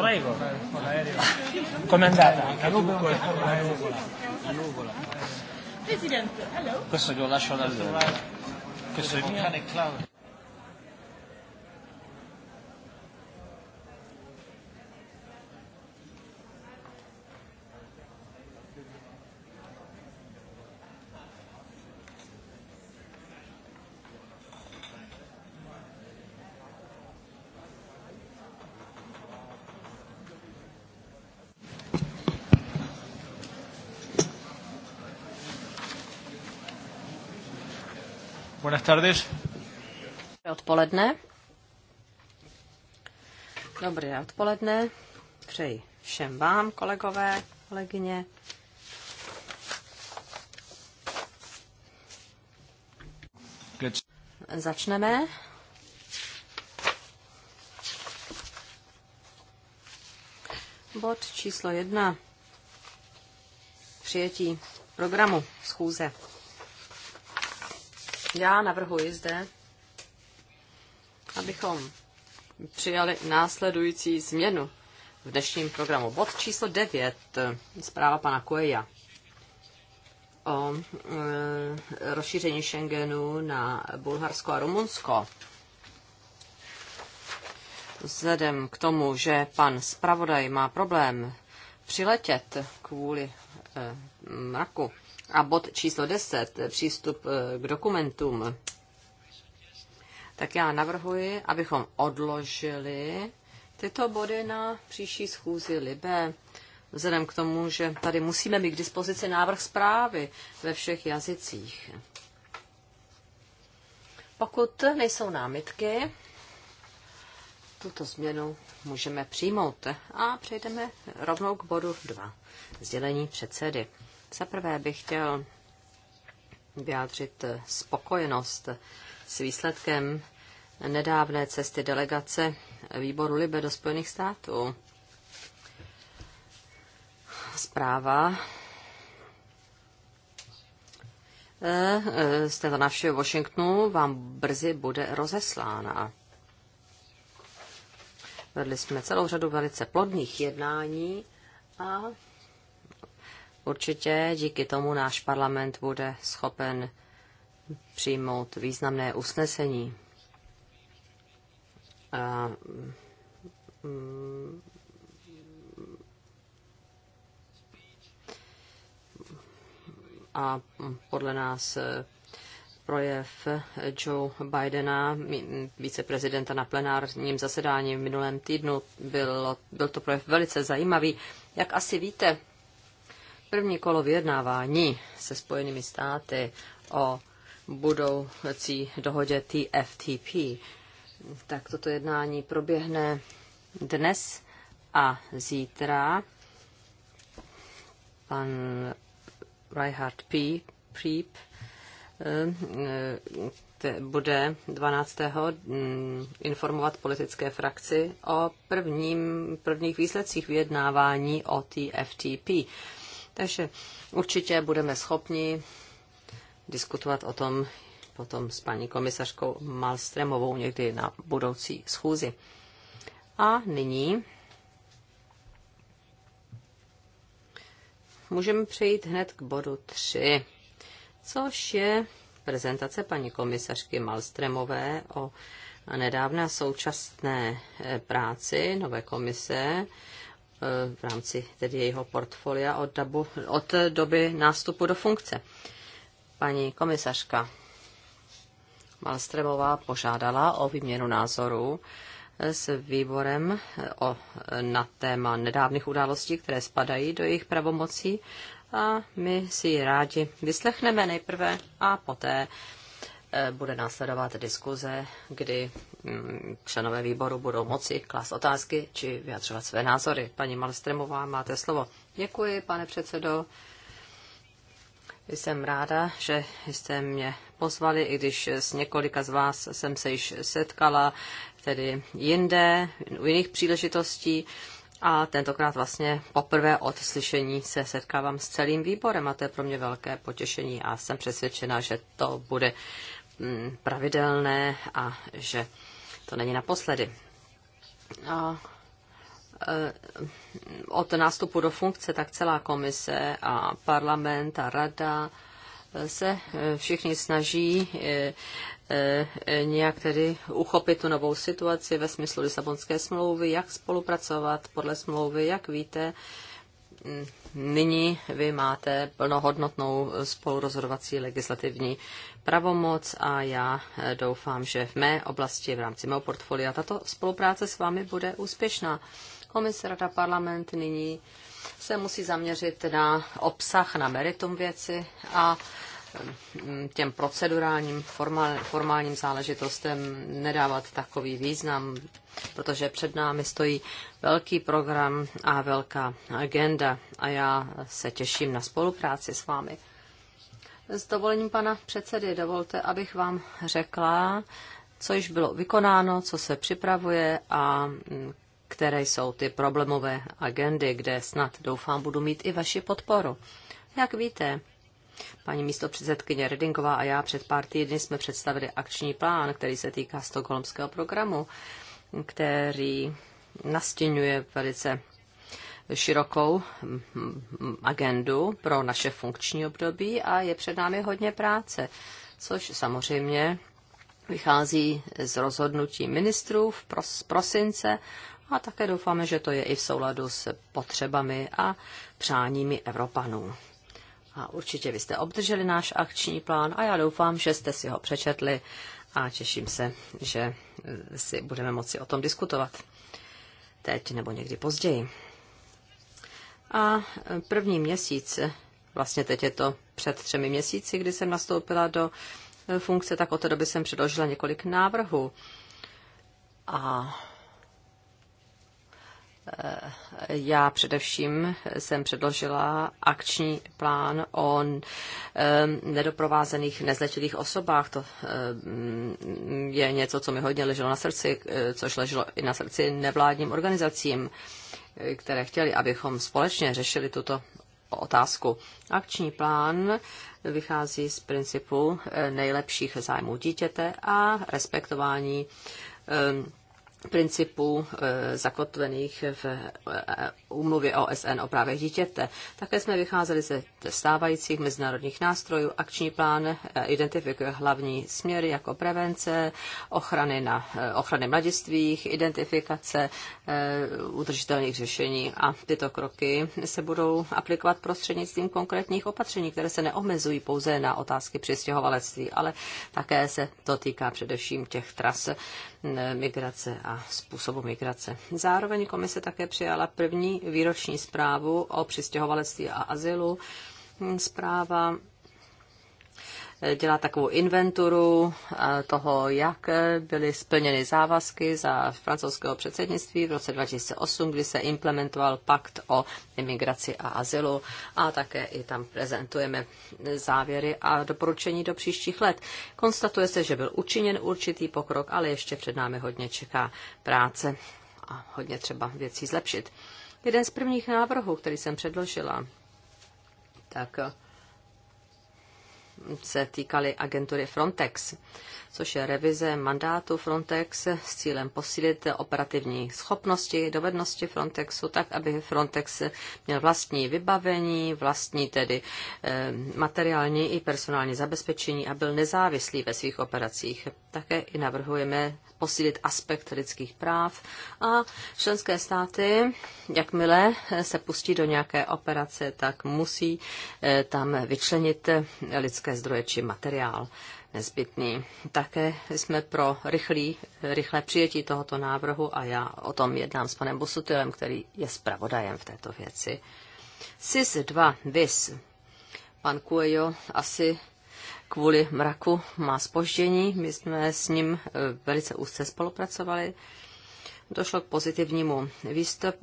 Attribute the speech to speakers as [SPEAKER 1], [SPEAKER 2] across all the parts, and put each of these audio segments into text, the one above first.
[SPEAKER 1] Prego. Come è andata? La nuvola. La nuvola. Presidente, hello.
[SPEAKER 2] Questo glielo lascio da lui. Questo è il mio. Buenas tardes.
[SPEAKER 3] Odpoledne. Dobré odpoledne. Přeji všem vám, kolegové, kolegyně. Začneme. Bod číslo jedna. Přijetí programu schůze. Já navrhuji zde, abychom přijali následující změnu v dnešním programu. Bod číslo 9, zpráva pana Koeja o e, rozšíření Schengenu na Bulharsko a Rumunsko. Vzhledem k tomu, že pan zpravodaj má problém přiletět kvůli e, mraku, a bod číslo 10, přístup eh, k dokumentům, tak já navrhuji, abychom odložili tyto body na příští schůzi Libe, vzhledem k tomu, že tady musíme mít k dispozici návrh zprávy ve všech jazycích. Pokud nejsou námitky, tuto změnu můžeme přijmout a přejdeme rovnou k bodu 2. Sdělení předsedy. Za prvé bych chtěl vyjádřit spokojenost s výsledkem nedávné cesty delegace výboru Libe do Spojených států. Zpráva eh, z této návštěvy Washingtonu vám brzy bude rozeslána. Vedli jsme celou řadu velice plodných jednání a Určitě díky tomu náš parlament bude schopen přijmout významné usnesení. A, mm, a podle nás eh, projev Joe Bidena, viceprezidenta na plenárním zasedání v minulém týdnu, byl, byl to projev velice zajímavý. Jak asi víte, První kolo vyjednávání se Spojenými státy o budoucí dohodě TFTP, tak toto jednání proběhne dnes a zítra. Pan Reinhard P. Priep eh, eh, bude 12. Mm, informovat politické frakci o prvním, prvních výsledcích vyjednávání o TFTP. Takže určitě budeme schopni diskutovat o tom potom s paní komisařkou Malstremovou někdy na budoucí schůzi. A nyní můžeme přejít hned k bodu 3, což je prezentace paní komisařky Malstremové o nedávné současné práci nové komise Eh, v rámci tedy jeho portfolia od, dabu, od doby nástupu do funkce. Paní komisařka Malstremová požádala o výměnu názorů eh, s výborem eh, o, na téma nedávných událostí, které spadají do jejich pravomocí a my si ji rádi vyslechneme nejprve a poté Eh, bude následovat diskuze, kdy mm, členové výboru budou moci klást otázky či vyjadřovat své názory. Paní Malstremová, máte slovo. Děkuji, pane předsedo. Jsem ráda, že jste mě pozvali, i když s několika z vás jsem se již setkala, tedy jinde, u jiných příležitostí. A tentokrát vlastně poprvé od slyšení se setkávám s celým výborem a to je pro mě velké potěšení a jsem přesvědčena, že to bude Mm, pravidelné a že to není naposledy. A eh, od nástupu do funkce, tak celá komise a parlament a rada eh, se eh, všichni snaží nějak tedy uchopit tu novou situaci ve smyslu Lisabonské smlouvy, jak spolupracovat podle smlouvy, jak víte, nyní vy máte plnohodnotnou spolurozhodovací legislativní pravomoc a já eh, doufám, že v mé oblasti, v rámci mého portfolia, tato spolupráce s vámi bude úspěšná. Komise Rada Parlament nyní se musí zaměřit na obsah, na meritum věci a těm procedurálním formál, formálním záležitostem nedávat takový význam, protože před námi stojí velký program a velká agenda a já se těším na spolupráci s vámi. S dovolením pana předsedy dovolte, abych vám řekla, co již bylo vykonáno, co se připravuje a které jsou ty problémové agendy, kde snad doufám budu mít i vaši podporu. Jak víte, Paní místo předsedkyně Redingová a já před pár týdny jsme představili akční plán, který se týká stokholmského programu, který nastěňuje velice širokou hm, hm, agendu pro naše funkční období a je před námi hodně práce, což samozřejmě vychází z rozhodnutí ministrů v pros- prosince a také doufáme, že to je i v souladu s potřebami a přáními Evropanů. A určitě vy jste obdrželi náš akční plán a já doufám, že jste si ho přečetli a těším se, že eh, si budeme moci o tom diskutovat teď nebo někdy později. A eh, první měsíc, vlastně teď je to před třemi měsíci, kdy jsem nastoupila do eh, funkce, tak od té doby jsem předložila několik návrhů. A já především jsem předložila akční plán o eh, nedoprovázených nezlečilých osobách. To eh, je něco, co mi hodně leželo na srdci, eh, což leželo i na srdci nevládním organizacím, které chtěli, abychom společně řešili tuto otázku. Akční plán vychází z principu nejlepších zájmů dítěte a respektování principů eh, zakotvených v eh, úmluvě OSN o právech dítěte. Také jsme vycházeli ze stávajících mezinárodních nástrojů. Akční plán eh, identifikuje hlavní směry jako prevence, ochrany, na, ochrany mladistvých, identifikace udržitelných řešení a tyto kroky se budou aplikovat prostřednictvím konkrétních opatření, které se neomezují pouze na otázky přistěhovalectví, ale také se to týká především těch tras Eh, migrace a způsobu migrace. Zároveň komise také přijala první výroční zprávu o přistěhovalectví a azylu. Hm, zpráva dělat takovou inventuru eh, toho, jak eh, byly splněny závazky za francouzského předsednictví v roce 2008, kdy se implementoval pakt o imigraci a azylu a také i tam prezentujeme závěry a doporučení do příštích let. Konstatuje se, že byl učiněn určitý pokrok, ale ještě před námi hodně čeká práce a hodně třeba věcí zlepšit. Jeden z prvních návrhů, který jsem předložila, tak se týkaly agentury Frontex což je revize mandátu Frontex s cílem posílit operativní schopnosti, dovednosti Frontexu, tak aby Frontex měl vlastní vybavení, vlastní tedy eh, materiální i personální zabezpečení a byl nezávislý ve svých operacích. Také i navrhujeme posílit aspekt lidských práv a členské státy, jakmile se pustí do nějaké operace, tak musí eh, tam vyčlenit lidské zdroje či materiál nezbytný. Také jsme pro rychlý, rychlé přijetí tohoto návrhu a já o tom jednám s panem Busutilem, který je zpravodajem v této věci. SIS 2 VIS. Pan Kuejo asi kvůli mraku má spoždění. My jsme s ním eh, velice úzce spolupracovali došlo k pozitivnímu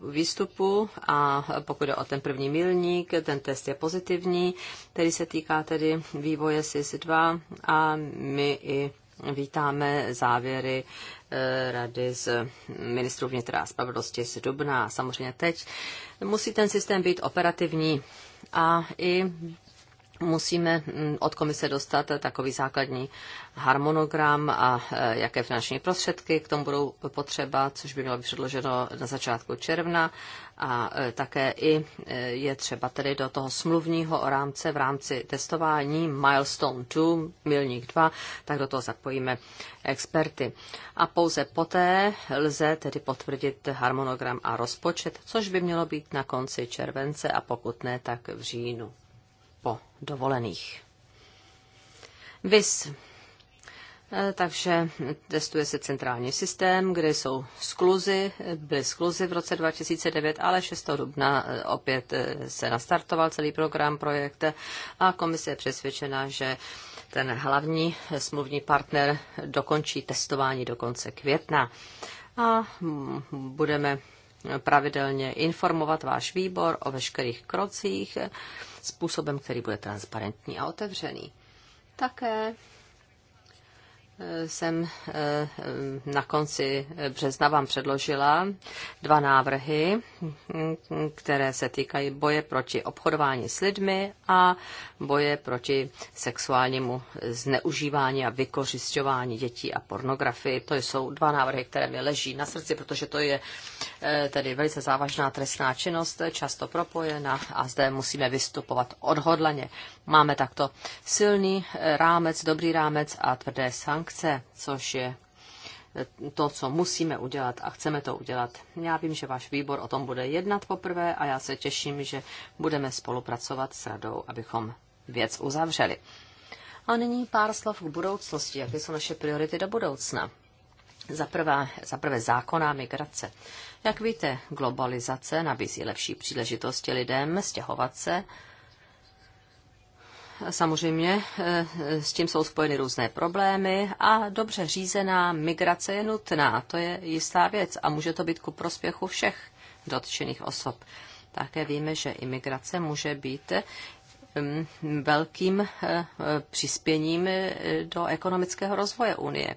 [SPEAKER 3] výstupu a pokud jde o ten první milník, ten test je pozitivní, který se týká tedy vývoje SIS-2 a my i vítáme závěry eh, rady z ministrů vnitra a spravedlnosti z Dubna. Samozřejmě teď musí ten systém být operativní a i musíme mm, od komise dostat takový základní harmonogram a e, jaké finanční prostředky k tomu budou potřeba, což by mělo být předloženo na začátku června. A e, také i e, je třeba tedy do toho smluvního rámce v rámci testování Milestone 2, milník 2, tak do toho zapojíme experty. A pouze poté lze tedy potvrdit harmonogram a rozpočet, což by mělo být na konci července a pokud ne, tak v říjnu po dovolených. VIS. Eh, takže testuje se centrální systém, kde jsou skluzy, byly skluzy v roce 2009, ale 6. dubna eh, opět eh, se nastartoval celý program, projekt a komise je přesvědčena, že ten hlavní smluvní partner dokončí testování do konce května a mm, budeme pravidelně informovat váš výbor o veškerých krocích způsobem, který bude transparentní a otevřený. Také jsem eh, na konci března vám předložila dva návrhy, které se týkají boje proti obchodování s lidmi a boje proti sexuálnímu zneužívání a vykořišťování dětí a pornografii. To jsou dva návrhy, které mi leží na srdci, protože to je eh, tedy velice závažná trestná činnost, často propojena a zde musíme vystupovat odhodlaně máme takto silný rámec, dobrý rámec a tvrdé sankce, což je eh, to, co musíme udělat a chceme to udělat. Já vím, že váš výbor o tom bude jednat poprvé a já se těším, že budeme spolupracovat s radou, abychom věc uzavřeli. A nyní pár slov k budoucnosti. Jaké jsou naše priority do budoucna? Za prvé, zákonná migrace. Jak víte, globalizace nabízí lepší příležitosti lidem stěhovat se samozřejmě eh, s tím jsou spojeny různé problémy a dobře řízená migrace je nutná. To je jistá věc a může to být ku prospěchu všech dotčených osob. Také víme, že imigrace může být mm, velkým eh, eh, přispěním do ekonomického rozvoje Unie.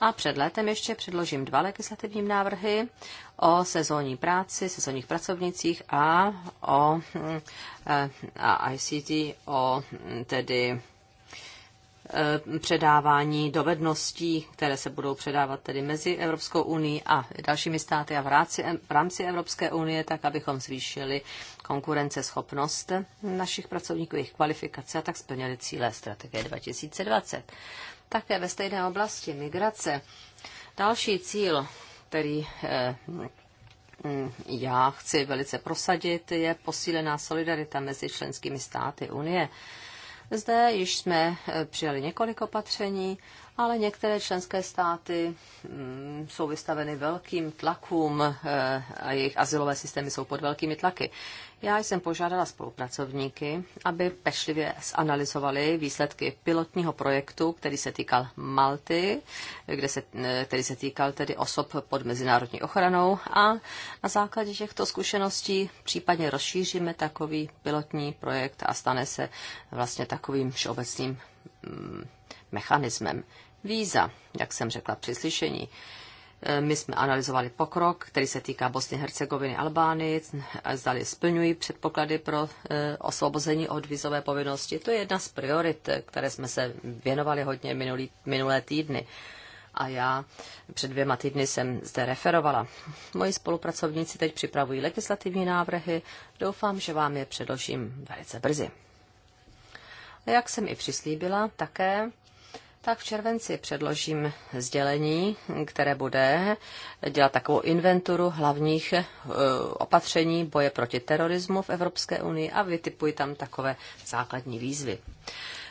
[SPEAKER 3] A před létem ještě předložím dva legislativní návrhy o sezónní práci, sezónních pracovnicích a o hm, a ICT, o hm, tedy hm, předávání dovedností, které se budou předávat tedy mezi Evropskou unii a dalšími státy a v rámci, Evropské unie, tak abychom zvýšili konkurenceschopnost našich pracovníků, jejich kvalifikace a tak splnili cíle strategie 2020 také ve stejné oblasti migrace. Další cíl, který eh, mm, já chci velice prosadit, je posílená solidarita mezi členskými státy Unie. Zde již jsme eh, přijali několik opatření ale některé členské státy mm, jsou vystaveny velkým tlakům eh, a jejich asilové systémy jsou pod velkými tlaky. Já jsem požádala spolupracovníky, aby pečlivě zanalizovali výsledky pilotního projektu, který se týkal Malty, kde se, eh, který se týkal tedy osob pod mezinárodní ochranou a na základě těchto zkušeností případně rozšíříme takový pilotní projekt a stane se vlastně takovým všeobecným mm, mechanismem víza, jak jsem řekla při slyšení. E, my jsme analyzovali pokrok, který se týká Bosny, Hercegoviny, Albány, zdali splňují předpoklady pro e, osvobození od vizové povinnosti. To je jedna z priorit, které jsme se věnovali hodně minulý, minulé týdny. A já před dvěma týdny jsem zde referovala. Moji spolupracovníci teď připravují legislativní návrhy. Doufám, že vám je předložím velice brzy. A jak jsem i přislíbila, také tak v červenci předložím sdělení, které bude dělat takovou inventuru hlavních eh, opatření boje proti terorismu v Evropské unii a vytipuji tam takové základní výzvy.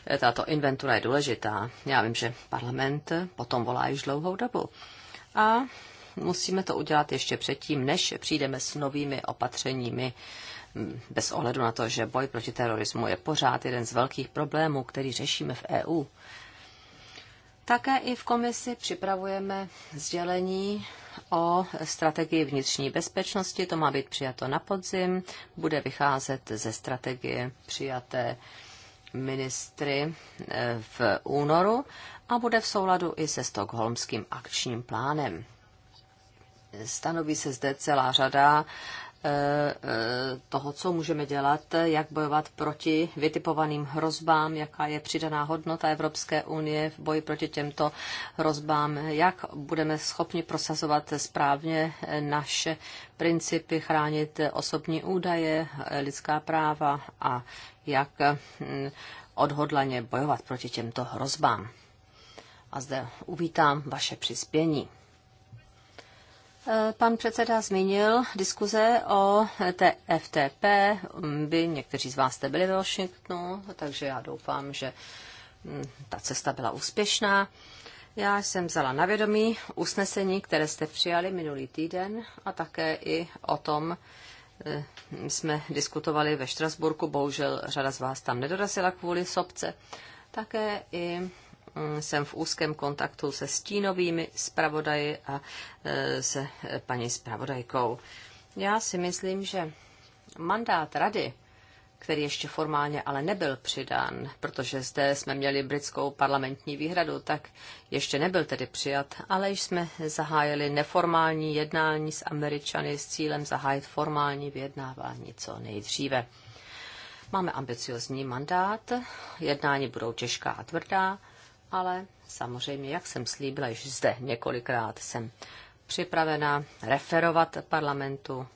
[SPEAKER 3] Eh, tato inventura je důležitá. Já vím, že parlament potom volá již dlouhou dobu. A musíme to udělat ještě předtím, než přijdeme s novými opatřeními, mm, bez ohledu na to, že boj proti terorismu je pořád jeden z velkých problémů, který řešíme v EU. Také i v komisi připravujeme sdělení o strategii vnitřní bezpečnosti. To má být přijato na podzim. Bude vycházet ze strategie přijaté ministry eh, v únoru a bude v souladu i se stokholmským akčním plánem. Stanoví se zde celá řada Eh, eh, toho, co můžeme dělat, jak bojovat proti vytipovaným hrozbám, jaká je přidaná hodnota Evropské unie v boji proti těmto hrozbám, jak budeme schopni prosazovat správně naše principy, chránit osobní údaje, lidská práva a jak hm, odhodlaně bojovat proti těmto hrozbám. A zde uvítám vaše přispění. Pan předseda zmínil diskuze o TFTP. By někteří z vás jste byli ve Washingtonu, takže já doufám, že mm, ta cesta byla úspěšná. Já jsem vzala na vědomí usnesení, které jste přijali minulý týden a také i o tom mm, jsme diskutovali ve Štrasburku. Bohužel řada z vás tam nedorazila kvůli sobce. Také i jsem v úzkém kontaktu se stínovými zpravodaji a e, se paní zpravodajkou. Já si myslím, že mandát rady, který ještě formálně ale nebyl přidán, protože zde jsme měli britskou parlamentní výhradu, tak ještě nebyl tedy přijat, ale již jsme zahájili neformální jednání s Američany s cílem zahájit formální vyjednávání co nejdříve. Máme ambiciozní mandát, jednání budou těžká a tvrdá, ale samozřejmě, jak jsem slíbila již zde několikrát, jsem připravena referovat parlamentu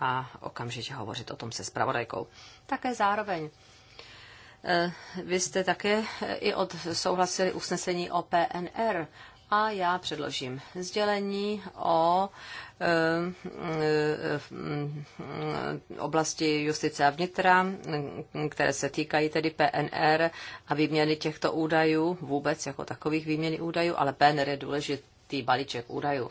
[SPEAKER 3] a okamžitě hovořit o tom se zpravodajkou. Také zároveň eh, vy jste také eh, i odsouhlasili usnesení o PNR a já předložím sdělení o eh, eh, eh, oblasti justice a vnitra, které se týkají tedy PNR a výměny těchto údajů, vůbec jako takových výměny údajů, ale PNR je důležitý balíček údajů.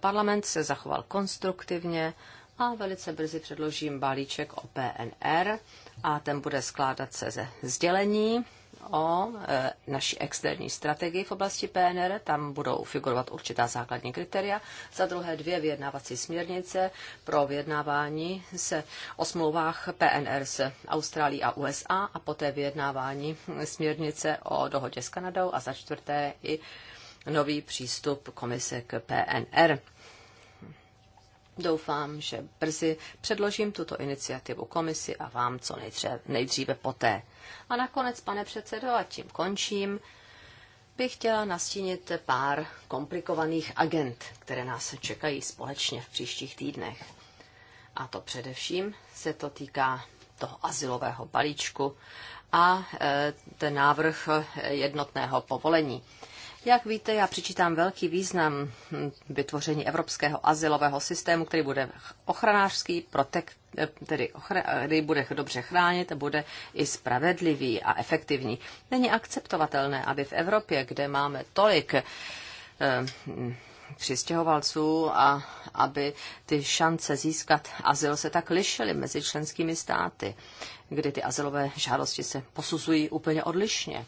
[SPEAKER 3] Parlament se zachoval konstruktivně a velice brzy předložím balíček o PNR a ten bude skládat se ze sdělení o e, naší externí strategii v oblasti PNR. Tam budou figurovat určitá základní kritéria. Za druhé dvě vyjednávací směrnice pro vyjednávání se o smlouvách PNR s Austrálií a USA a poté vyjednávání směrnice o dohodě s Kanadou a za čtvrté i nový přístup komise k PNR. Doufám, že brzy předložím tuto iniciativu komisi a vám co nejdře, nejdříve poté. A nakonec, pane předsedo, a tím končím, bych chtěla nastínit pár komplikovaných agent, které nás čekají společně v příštích týdnech. A to především se to týká toho asilového balíčku a e, ten návrh jednotného povolení. Jak víte, já přičítám velký význam vytvoření evropského asilového systému, který bude ochranářský, protekt, tedy který bude dobře chránit, bude i spravedlivý a efektivní. Není akceptovatelné, aby v Evropě, kde máme tolik eh, hm, přistěhovalců a aby ty šance získat azyl se tak lišily mezi členskými státy, kdy ty azylové žádosti se posuzují úplně odlišně.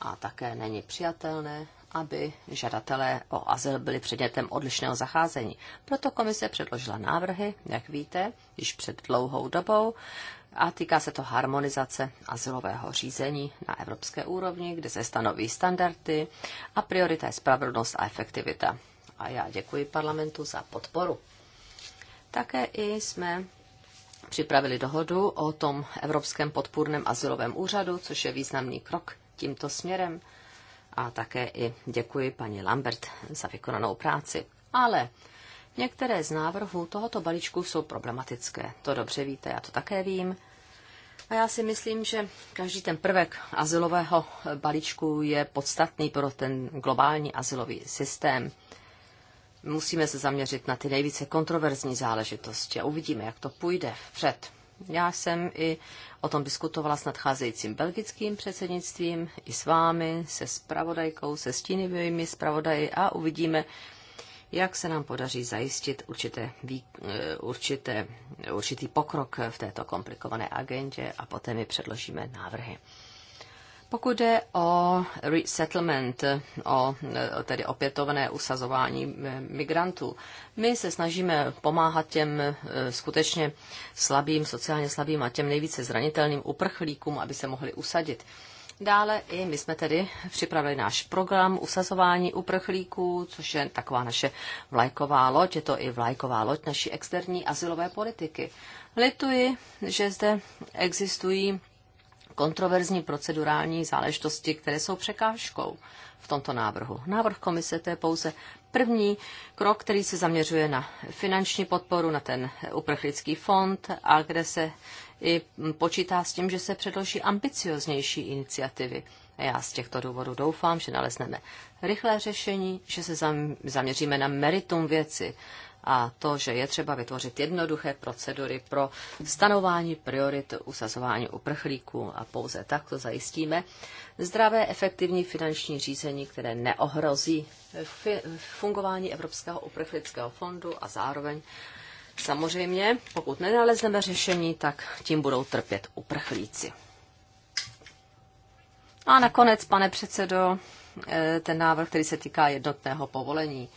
[SPEAKER 3] A také není přijatelné, aby žadatelé o azyl byli předmětem odlišného zacházení. Proto komise předložila návrhy, jak víte, již před dlouhou dobou, a týká se to harmonizace azylového řízení na evropské úrovni, kde se stanoví standardy a priorita je spravedlnost a efektivita. A já děkuji parlamentu za podporu. Také i jsme připravili dohodu o tom Evropském podpůrném azylovém úřadu, což je významný krok tímto směrem a také i děkuji paní Lambert za vykonanou práci. Ale některé z návrhů tohoto balíčku jsou problematické. To dobře víte, já to také vím. A já si myslím, že každý ten prvek asilového balíčku je podstatný pro ten globální asilový systém. Musíme se zaměřit na ty nejvíce kontroverzní záležitosti a uvidíme, jak to půjde vpřed. Já jsem i o tom diskutovala s nadcházejícím belgickým předsednictvím, i s vámi, se spravodajkou, se stínivými spravodaji a uvidíme, jak se nám podaří zajistit určité, eh, určité, určitý pokrok v této komplikované agendě a poté mi předložíme návrhy. Pokud jde o resettlement, o tedy opětovné usazování eh, migrantů, my se snažíme pomáhat těm eh, skutečně slabým, sociálně slabým a těm nejvíce zranitelným uprchlíkům, aby se mohli usadit. Dále i my jsme tedy připravili náš program usazování uprchlíků, což je taková naše vlajková loď, je to i vlajková loď naší externí asilové politiky. Lituji, že zde existují kontroverzní procedurální záležitosti, které jsou překážkou v tomto návrhu. Návrh komise to je pouze první krok, který se zaměřuje na finanční podporu, na ten uprchlický fond a kde se i počítá s tím, že se předloží ambicioznější iniciativy. A já z těchto důvodů doufám, že nalezneme rychlé řešení, že se zaměříme na meritum věci a to, že je třeba vytvořit jednoduché procedury pro stanování priorit usazování uprchlíků a pouze tak, to zajistíme zdravé, efektivní finanční řízení, které neohrozí fungování Evropského uprchlického fondu a zároveň samozřejmě, pokud nenalezneme řešení, tak tím budou trpět uprchlíci. A nakonec, pane předsedo, eh, ten návrh, který se týká jednotného povolení.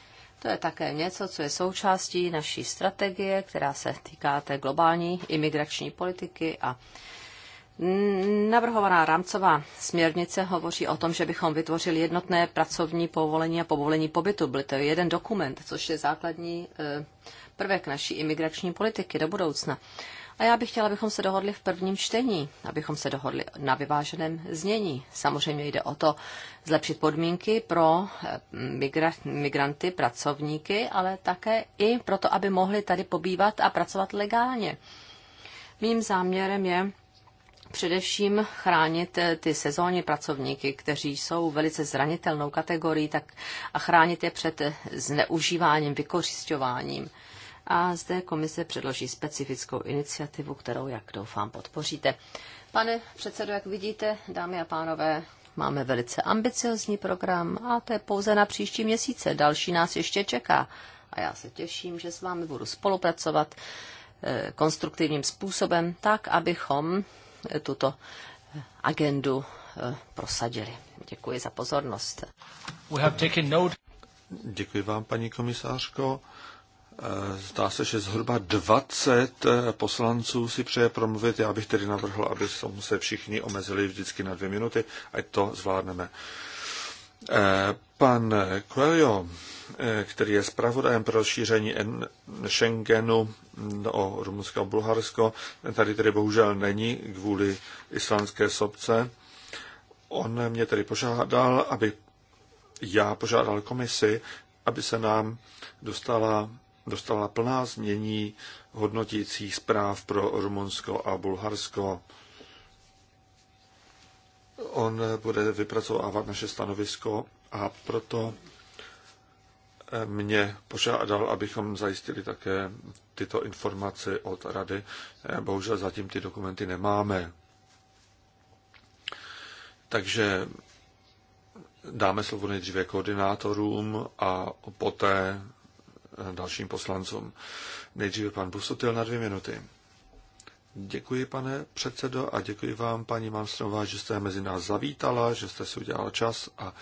[SPEAKER 3] To je také něco, co je součástí naší strategie, která se týká té globální imigrační politiky a Navrhovaná rámcová směrnice hovoří o tom, že bychom vytvořili jednotné pracovní povolení a povolení pobytu. Byl to jeden dokument, což je základní eh, prvek naší imigrační politiky do budoucna. A já bych chtěla, abychom se dohodli v prvním čtení, abychom se dohodli na vyváženém znění. Samozřejmě jde o to zlepšit podmínky pro eh, migra- migranty, pracovníky, ale také i proto, aby mohli tady pobývat a pracovat legálně. Mým záměrem je především chránit eh, ty sezónní pracovníky, kteří jsou velice zranitelnou kategorií, tak a chránit je před eh, zneužíváním, vykořišťováním a zde komise předloží specifickou iniciativu, kterou, jak doufám, podpoříte. Pane předsedo, jak vidíte, dámy a pánové, máme velice ambiciozní program a to je pouze na příští měsíce. Další nás ještě čeká a já se těším, že s vámi budu spolupracovat eh, konstruktivním způsobem, tak, abychom eh, tuto eh, agendu prosadili. Děkuji za pozornost.
[SPEAKER 2] Děkuji vám, paní komisářko. Eh, zdá se, že zhruba 20 eh, poslanců si přeje promluvit. Já bych tedy navrhl, aby se všichni omezili vždycky na dvě minuty, ať to zvládneme. Eh, pan Coelho, který je zpravodajem pro rozšíření Schengenu mm, o Rumunsko a Bulharsko, tady tedy bohužel není kvůli islandské sobce. On mě tedy požádal, aby já požádal komisi, aby se nám dostala dostala plná změní hodnotících zpráv pro Rumunsko a Bulharsko. On bude vypracovávat naše stanovisko a proto eh, mě požádal, abychom zajistili také tyto informace od rady. Eh, bohužel zatím ty dokumenty nemáme. Takže dáme slovo nejdříve koordinátorům a poté dalším poslancům. Nejdříve pan Busotil na dvě minuty. Děkuji, pane předsedo, a děkuji vám, paní Malmstrová, že jste mezi nás zavítala, že jste si udělala čas a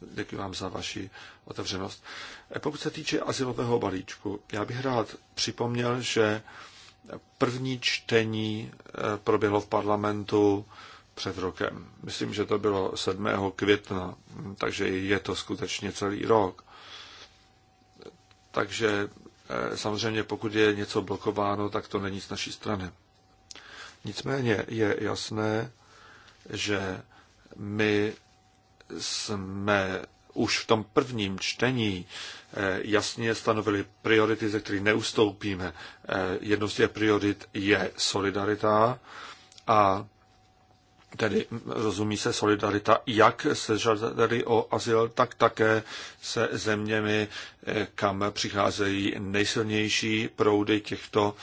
[SPEAKER 2] děkuji vám za vaši otevřenost. E, pokud se týče asilového balíčku, já bych rád připomněl, že první čtení e, proběhlo v parlamentu před rokem. Myslím, že to bylo 7. května, takže je to skutečně celý rok. Takže eh, samozřejmě pokud je něco blokováno, tak to není z naší strany. Nicméně je jasné, že my jsme už v tom prvním čtení eh, jasně stanovili priority, ze kterých neustoupíme. Eh, jednou z těch priorit je solidarita a tedy rozumí se solidarita jak se žadateli o azyl, tak také se zeměmi, eh, kam přicházejí nejsilnější proudy těchto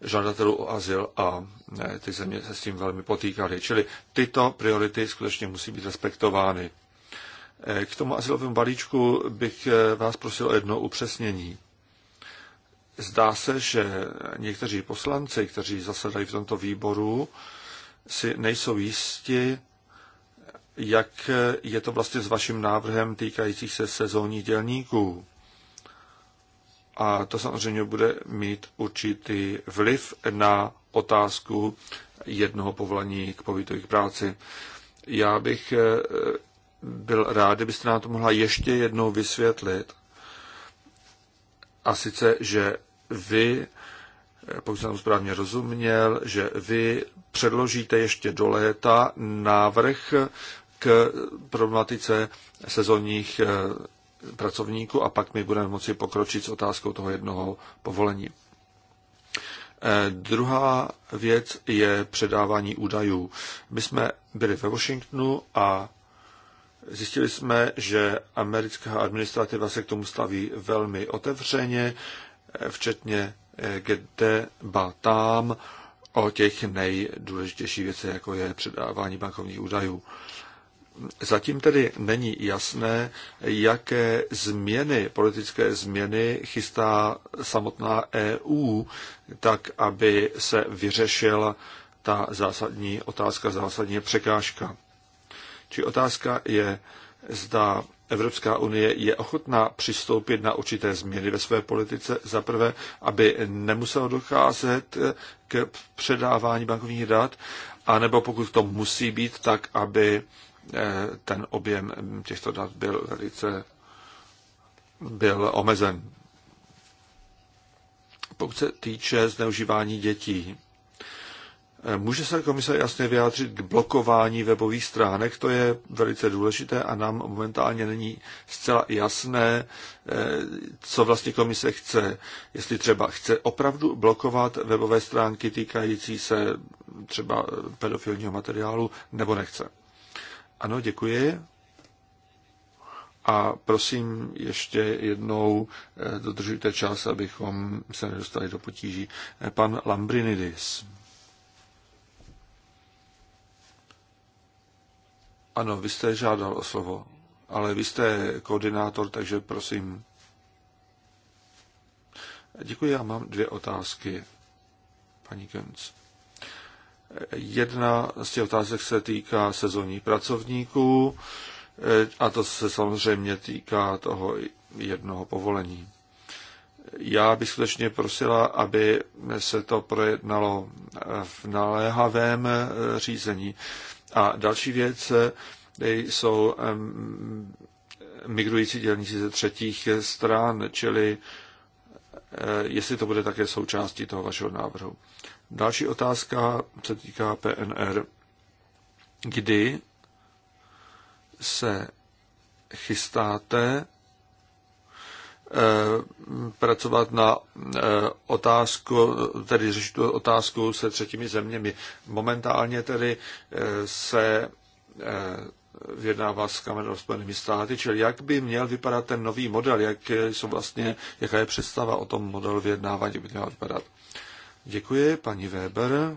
[SPEAKER 2] žadatelů o azyl a eh, ty země se s tím velmi potýkaly. Čili tyto priority skutečně musí být respektovány. Eh, k tomu asilovému balíčku bych vás prosil o jedno upřesnění. Zdá se, že někteří poslanci, kteří zasedají v tomto výboru, si nejsou jisti, jak je to vlastně s vaším návrhem týkajících se sezónních dělníků. A to samozřejmě bude mít určitý vliv na otázku jednoho povolení k pobytu k práci. Já bych eh, byl rád, kdybyste nám to mohla ještě jednou vysvětlit. A sice, že vy, eh, pokud jsem správně rozuměl, že vy předložíte ještě do léta návrh k problematice sezónních eh, pracovníků a pak my budeme moci pokročit s otázkou toho jednoho povolení. Eh, druhá věc je předávání údajů. My jsme byli ve Washingtonu a zjistili jsme, že americká administrativa se k tomu staví velmi otevřeně, eh, včetně kde ba tam o těch nejdůležitějších věcech, jako je předávání bankovních údajů. Zatím tedy není jasné, jaké změny, politické změny chystá samotná EU, tak aby se vyřešila ta zásadní otázka, zásadní překážka. Či otázka je, zda Evropská unie je ochotná přistoupit na určité změny ve své politice, zaprvé, aby nemuselo docházet k předávání bankovních dat, anebo pokud to musí být, tak aby eh, ten objem těchto dat byl velice byl omezen. Pokud se týče zneužívání dětí, Eh, může se komise jasně vyjádřit k blokování webových stránek, to je velice důležité a nám momentálně není zcela jasné, eh, co vlastně komise chce. Jestli třeba chce opravdu blokovat webové stránky týkající se třeba pedofilního materiálu, nebo nechce. Ano, děkuji. A prosím ještě jednou eh, dodržujte čas, abychom se nedostali do potíží. Pan Lambrinidis. Ano, vy jste žádal o slovo, ale vy jste koordinátor, takže prosím. Děkuji, já mám dvě otázky, paní Kemc. Jedna z těch otázek se týká sezónních pracovníků a to se samozřejmě týká toho jednoho povolení. Já bych skutečně prosila, aby se to projednalo v naléhavém řízení. A další věc e, jsou migrující dělníci ze třetích stran, čili e, jestli to bude také součástí toho vašeho návrhu. Další otázka se týká PNR. Kdy se chystáte Eh, pracovat na eh, otázku, tedy řešit otázku se třetími zeměmi. Momentálně tedy eh, se vyjednává s Kamerou Spojenými státy, čili jak by měl vypadat ten nový model, jak jsou vlastně, jaká je představa o tom modelu vyjednávání, jak by měl vypadat. Děkuji, paní Weber.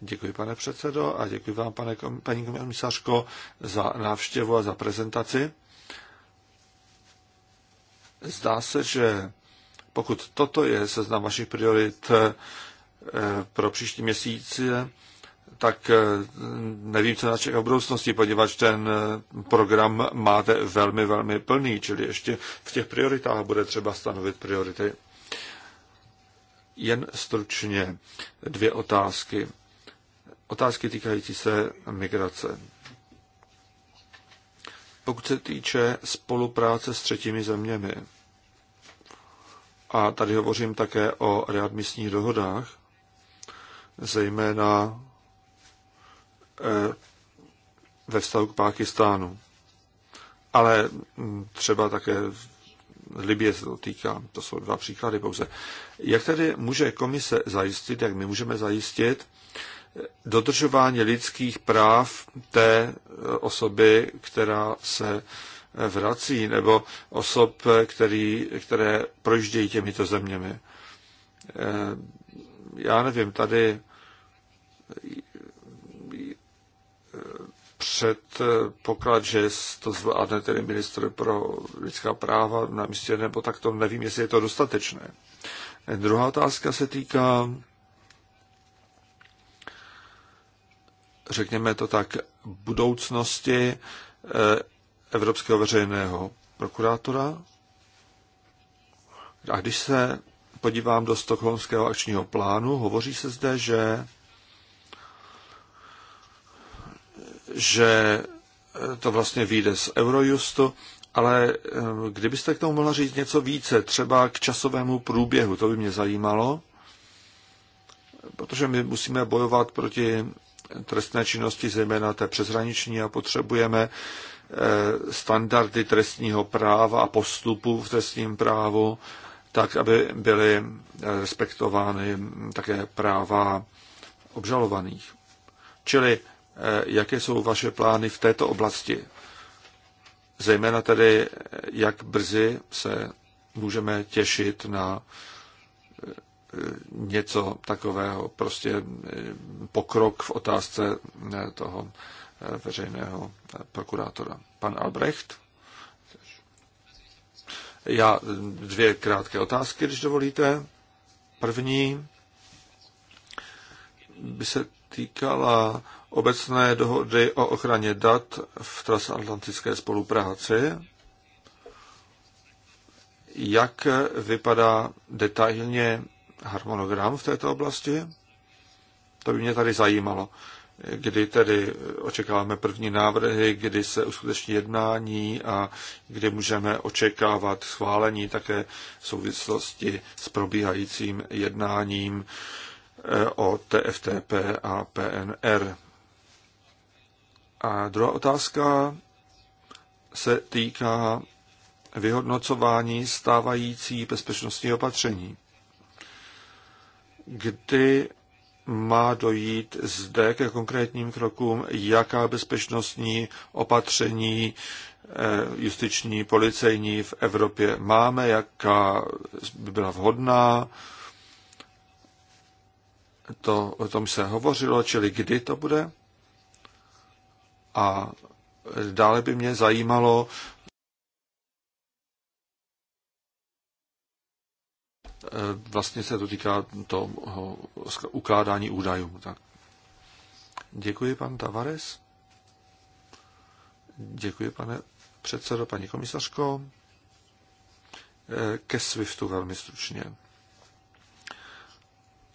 [SPEAKER 2] Děkuji, pane předsedo, a děkuji vám, pane, paní komisařko, za návštěvu a za prezentaci. Zdá se, že pokud toto je seznam vašich priorit eh, pro příští měsíc, tak eh, nevím, co nás čeká v budoucnosti, poněvadž ten eh, program máte velmi, velmi plný, čili ještě v těch prioritách bude třeba stanovit priority. Jen stručně dvě otázky. Otázky týkající se migrace pokud se týče spolupráce s třetími zeměmi, a tady hovořím také o readmisních dohodách, zejména eh, ve vztahu k Pákistánu. Ale hm, třeba také Libě se to týká, to jsou dva příklady pouze. Jak tedy může komise zajistit, jak my můžeme zajistit, dodržování lidských práv té eh, osoby, která se eh, vrací, nebo osob, eh, který, které projíždějí těmito zeměmi. Já nevím, tady předpoklad, že to zvládne tedy ministr pro lidská práva na místě, nebo tak to nevím, jestli je to dostatečné. Druhá otázka se týká řekněme to tak, budoucnosti eh, Evropského veřejného prokurátora. A když se podívám do Stockholmského akčního plánu, hovoří se zde, že, že eh, to vlastně vyjde z Eurojustu, ale eh, kdybyste k tomu mohla říct něco více, třeba k časovému průběhu, to by mě zajímalo, protože my musíme bojovat proti trestné činnosti, zejména té přeshraniční, a potřebujeme eh, standardy trestního práva a postupu v trestním právu, tak, aby byly eh, respektovány také práva obžalovaných. Čili eh, jaké jsou vaše plány v této oblasti? Zejména tedy, jak brzy se můžeme těšit na něco takového, prostě eh, pokrok v otázce eh, toho eh, veřejného prokurátora. Pan Albrecht? Já dvě krátké otázky, když dovolíte. První by se týkala obecné dohody o ochraně dat v transatlantické spolupráci. Jak vypadá detailně harmonogram v této oblasti? To by mě tady zajímalo. Kdy tedy očekáváme první návrhy, kdy se uskuteční jednání a kdy můžeme očekávat schválení také v souvislosti s probíhajícím jednáním eh, o TFTP a PNR. A druhá otázka se týká vyhodnocování stávající bezpečnostní opatření kdy má dojít zde ke konkrétním krokům, jaká bezpečnostní opatření eh, justiční, policejní v Evropě máme, jaká by byla vhodná. To, o tom se hovořilo, čili kdy to bude. A dále by mě zajímalo, Eh, vlastně se to týká toho ukládání údajů. Tak. Děkuji, pan Tavares. Děkuji, pane předsedo, paní komisařko. Eh, ke SWIFTu velmi stručně.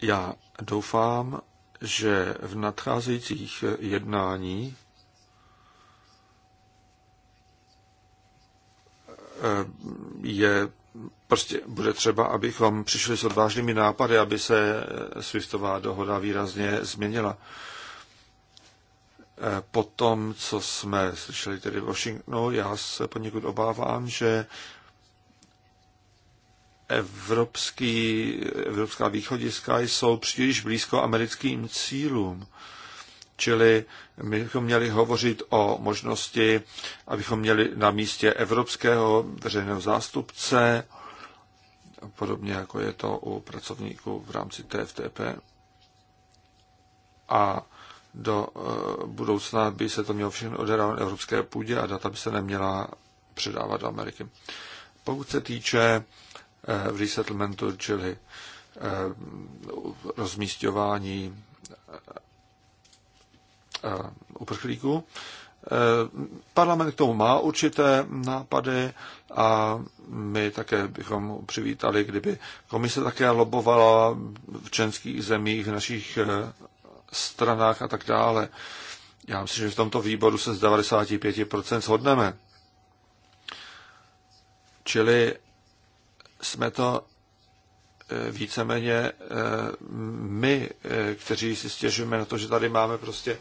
[SPEAKER 2] Já doufám, že v nadcházejících jednání eh, je Prostě bude třeba, abychom přišli s odvážnými nápady, aby se eh, Swiftová dohoda výrazně změnila. Eh, po tom, co jsme slyšeli tedy v Washingtonu, já se poněkud obávám, že evropský, evropská východiska jsou příliš blízko americkým cílům. Čili my bychom měli hovořit o možnosti, abychom měli na místě evropského veřejného zástupce, podobně jako je to u pracovníků v rámci TFTP. A do eh, budoucna by se to mělo všechno odehrávat na evropské půdě a data by se neměla předávat do Ameriky. Pokud se týče eh, resettlementu, čili eh, rozmístování uprchlíků, Eh, parlament k tomu má určité nápady a my také bychom přivítali, kdyby komise také lobovala v členských zemích, v našich eh, stranách a tak dále. Já myslím, že v tomto výboru se z 95% shodneme. Čili jsme to víceméně eh, my, eh, kteří si stěžujeme na to, že tady máme prostě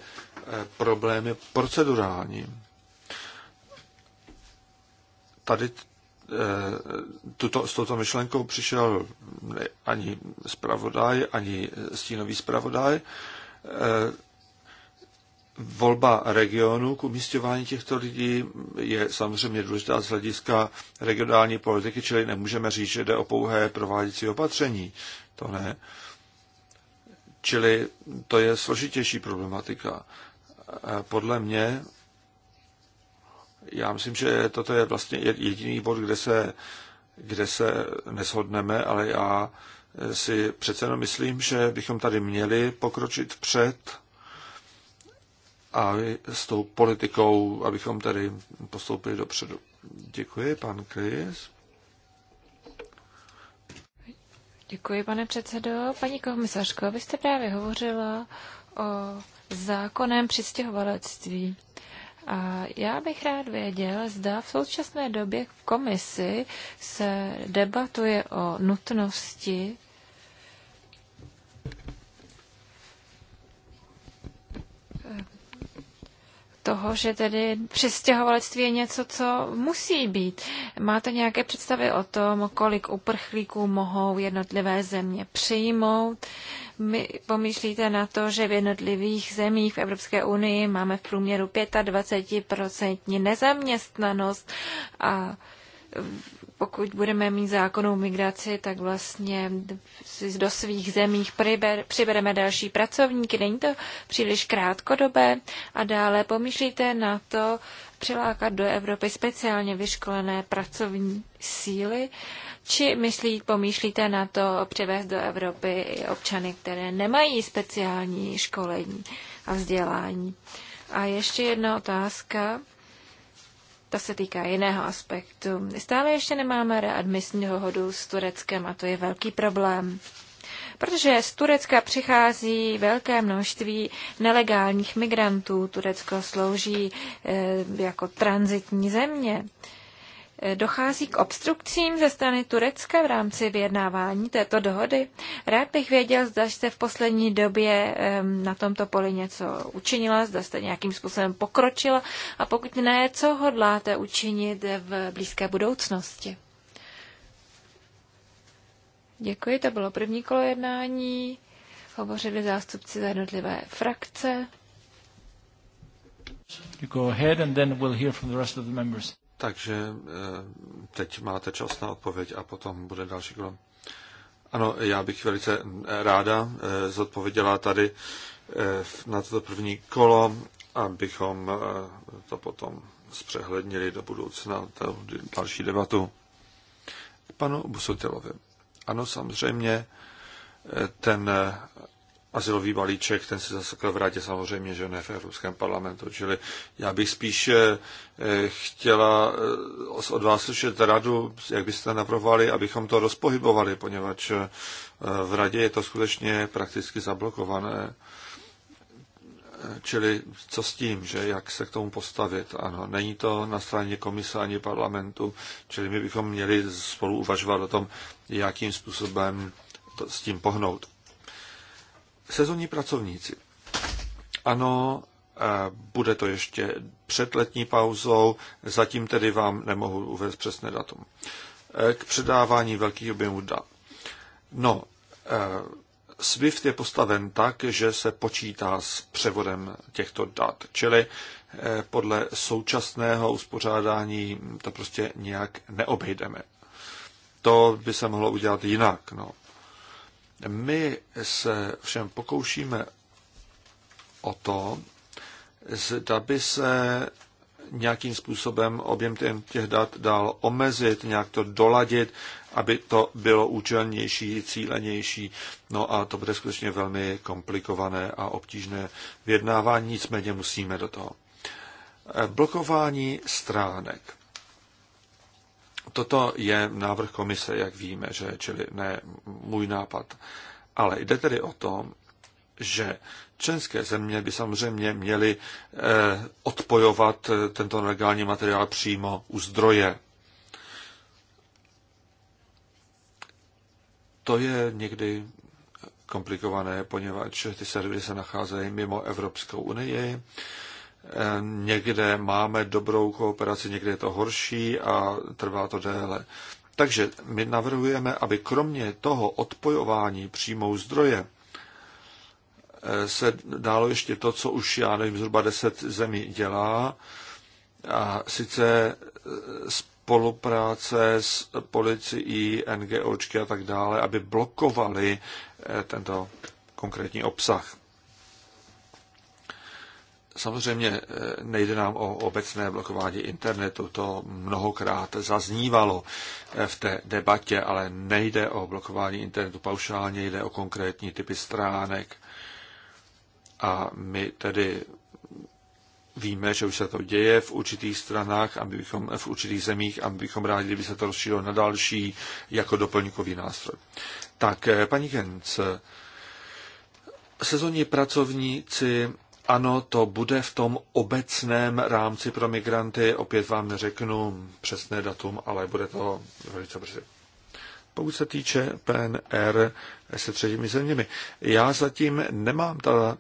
[SPEAKER 2] eh, problémy procedurální. Tady tuto, s touto myšlenkou přišel ani zpravodaj, ani stínový zpravodaj. Volba regionu k umístěvání těchto lidí je samozřejmě důležitá z hlediska regionální politiky, čili nemůžeme říct, že jde o pouhé prováděcí opatření. To ne. Čili to je složitější problematika. Podle mě, já myslím, že toto je vlastně jediný bod, kde se, kde se neshodneme, ale já si přece jenom myslím, že bychom tady měli pokročit před a s tou politikou, abychom tedy postoupili dopředu. Děkuji, pan Kris.
[SPEAKER 1] Děkuji, pane předsedo. Paní komisařko, vy jste právě hovořila o zákonem přistěhovalectví. A já bych rád věděl, zda v současné době v komisi se debatuje o nutnosti toho, že tedy přistěhovalectví je něco, co musí být. Máte nějaké představy o tom, kolik uprchlíků mohou jednotlivé země přijmout? My pomýšlíte na to, že v jednotlivých zemích v Evropské unii máme v průměru 25% nezaměstnanost a pokud budeme mít zákonnou migraci, tak vlastně do svých zemích přibereme další pracovníky. Není to příliš krátkodobé a dále pomýšlíte na to přilákat do Evropy speciálně vyškolené pracovní síly, či myslí, pomýšlíte na to přivést do Evropy i občany, které nemají speciální školení a vzdělání. A ještě jedna otázka to se týká jiného aspektu. Stále ještě nemáme readmisní dohodu s Tureckem a to je velký problém. Protože z Turecka přichází velké množství nelegálních migrantů. Turecko slouží e, jako transitní země. E, Dochází k obstrukcím ze strany Turecka v rámci vyjednávání této dohody. Rád bych věděl, zda jste v poslední době na tomto poli něco učinila, zda jste nějakým způsobem pokročila a pokud ne, co hodláte učinit v blízké budoucnosti. Děkuji, to bylo první kolo jednání. Hovořili zástupci za jednotlivé frakce. You go ahead and then we'll hear
[SPEAKER 2] from the rest of the members. Takže eh, teď máte čas na odpověď a potom bude další kolo. Ano, já bych velice eh, ráda eh, zodpověděla tady na toto první kolo, abychom to potom zpřehlednili do budoucna, další debatu. K panu Busutilovi. Ano, samozřejmě ten asilový balíček, ten se zasekl v radě samozřejmě, že ne v Evropském parlamentu. Čili já bych spíše eh, chtěla eh, od vás slyšet radu, jak byste navrhovali, abychom to rozpohybovali, poněvadž eh, v radě je to skutečně prakticky zablokované. Čili co s tím, že jak se k tomu postavit? Ano, není to na straně komise ani parlamentu, čili my bychom měli spolu uvažovat o tom, jakým způsobem to, s tím pohnout. Sezonní pracovníci. Ano, eh, bude to ještě před letní pauzou, zatím tedy vám nemohu uvést přesné datum. Eh, k předávání velkých objemů dat. No, eh, SWIFT je postaven tak, že se počítá s převodem těchto dat, čili podle současného uspořádání to prostě nějak neobejdeme. To by se mohlo udělat jinak. No. My se všem pokoušíme o to, zda by se nějakým způsobem objem těch dat dal omezit, nějak to doladit, aby to bylo účelnější, cílenější. No a to bude skutečně velmi komplikované a obtížné vyjednávání, nicméně musíme do toho. Blokování stránek toto je návrh komise, jak víme, že, čili ne můj nápad. Ale jde tedy o to, že členské země by samozřejmě měly eh, odpojovat eh, tento nelegální materiál přímo u zdroje. To je někdy komplikované, poněvadž ty servery se nacházejí mimo Evropskou unii. Eh, někde máme dobrou kooperaci, někde je to horší a trvá to déle. Takže my navrhujeme, aby kromě toho odpojování přímou zdroje eh, se dálo ještě to, co už, já nevím, zhruba deset zemí dělá, a sice eh, spolupráce s policií, NGOčky a tak dále, aby blokovali eh, tento konkrétní obsah. Samozřejmě eh, nejde nám o obecné blokování internetu, to mnohokrát zaznívalo eh, v té debatě, ale nejde o blokování internetu paušálně, jde o konkrétní typy stránek. A my tedy víme, že už se to děje v určitých stranách, aby bychom, v určitých zemích a bychom rádi, kdyby se to rozšířilo na další jako doplňkový nástroj. Tak, eh, paní Genc, sezónní pracovníci ano, to bude v tom obecném rámci pro migranty. Opět vám neřeknu přesné datum, ale bude to velice brzy. Pokud se týče PNR se třetími zeměmi, já zatím nemám ta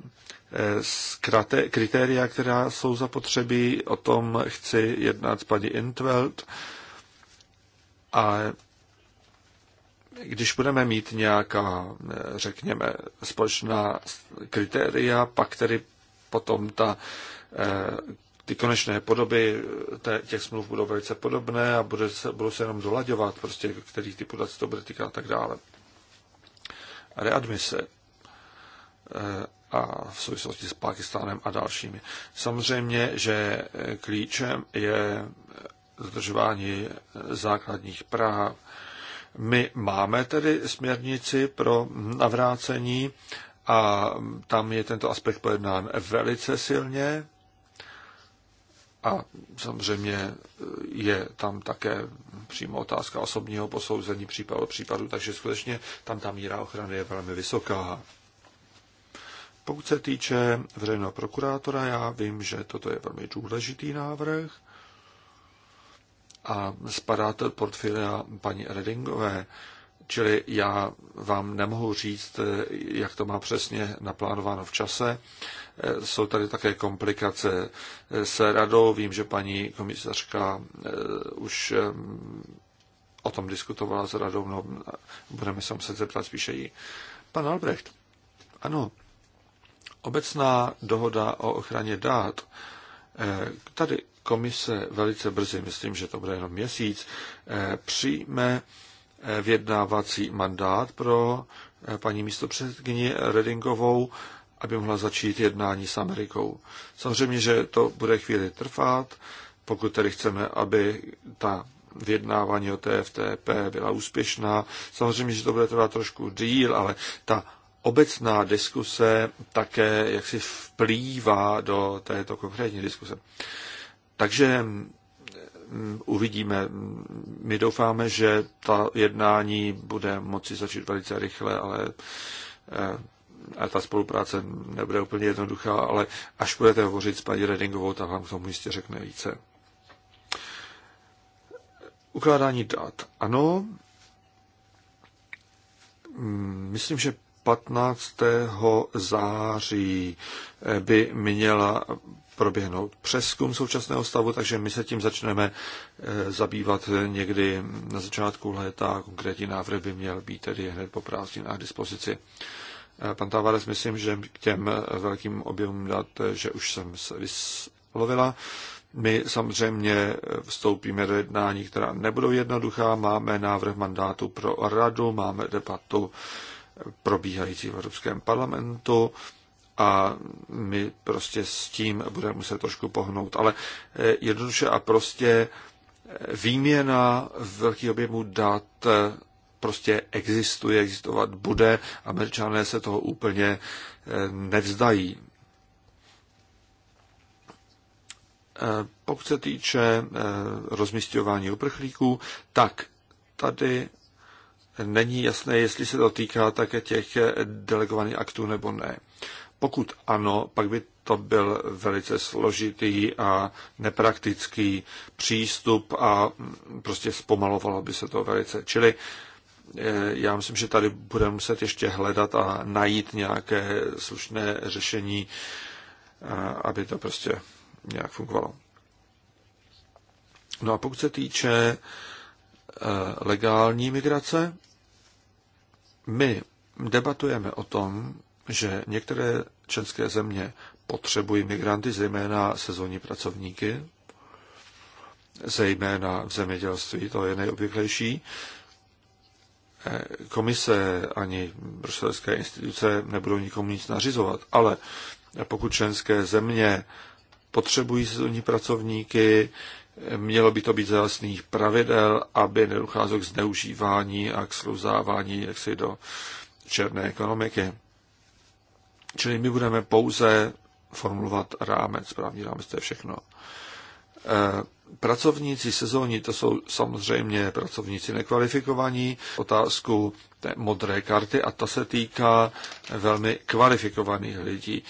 [SPEAKER 2] zkrate, eh, kritéria, která jsou zapotřebí. O tom chci jednat s paní Intveld. A když budeme mít nějaká, eh, řekněme, společná kritéria, pak tedy potom ta, eh, ty konečné podoby těch smluv budou velice podobné a bude se, budou se jenom dolaďovat, prostě, který ty dat se to bude týkat a tak dále. Readmise eh, a v souvislosti s Pakistánem a dalšími. Samozřejmě, že eh, klíčem je zadržování základních práv. My máme tedy směrnici pro navrácení a tam je tento aspekt pojednán velice silně. A samozřejmě je tam také přímo otázka osobního posouzení případu případu, takže skutečně tam ta míra ochrany je velmi vysoká. Pokud se týče veřejného prokurátora, já vím, že toto je velmi důležitý návrh a spadá to portfilia paní Redingové. Čili já vám nemohu říct, eh, jak to má přesně naplánováno v čase. Eh, jsou tady také komplikace eh, s radou. Vím, že paní komisařka už o tom diskutovala s radou. No, budeme se muset zeptat spíše jí. Pan Albrecht, ano, obecná dohoda o ochraně dát. Tady komise velice brzy, myslím, že to bude jenom měsíc, přijme Eh, vědnávací mandát pro eh, paní místopředsedkyni Redingovou, aby mohla začít jednání s Amerikou. Samozřejmě, že to bude chvíli trvat, pokud tedy chceme, aby ta vyjednávání o TFTP byla úspěšná. Samozřejmě, že to bude trvat trošku díl, ale ta obecná diskuse také jaksi vplývá do této konkrétní diskuse. Takže Mm, uvidíme. My doufáme, že ta jednání bude moci začít velice rychle, ale eh, a ta spolupráce nebude úplně jednoduchá, ale až budete hovořit s paní Redingovou, tak vám k tomu jistě řekne více. Ukládání dat. Ano, mm, myslím, že 15. září eh, by měla proběhnout přeskum současného stavu, takže my se tím začneme eh, zabývat někdy na začátku léta. Konkrétní návrh by měl být tedy hned po prázdninách k dispozici. Eh, pan Tavares, myslím, že k těm eh, velkým objemům dat, že už jsem se vyslovila. My samozřejmě vstoupíme do jednání, která nebudou jednoduchá. Máme návrh mandátu pro radu, máme debatu probíhající v Evropském parlamentu a my prostě s tím budeme muset trošku pohnout. Ale eh, jednoduše a prostě eh, výměna velkých objemů dat eh, prostě existuje, existovat bude. Američané se toho úplně nevzdají. Pokud se týče rozmístěvání uprchlíků, tak tady není jasné, jestli se to týká také těch delegovaných aktů nebo ne. Pokud ano, pak by to byl velice složitý a nepraktický přístup a prostě zpomalovalo by se to velice. Čili eh, já myslím, že tady budeme muset ještě hledat a najít nějaké slušné řešení, eh, aby to prostě nějak fungovalo. No a pokud se týče eh, legální migrace, my debatujeme o tom, že některé české země potřebují migranty, zejména sezónní pracovníky, zejména v zemědělství, to je nejobvyklejší. Eh, komise ani bruselské instituce nebudou nikomu nic nařizovat, ale pokud členské země potřebují sezónní pracovníky, eh, mělo by to být za jasných pravidel, aby nedocházelo k zneužívání a k sluzávání jaksi do černé ekonomiky. Čili my budeme pouze formulovat rámec, právní rámec, to je všechno. E, pracovníci sezóní, to jsou samozřejmě pracovníci nekvalifikovaní. Otázku té modré karty a ta se týká velmi kvalifikovaných lidí.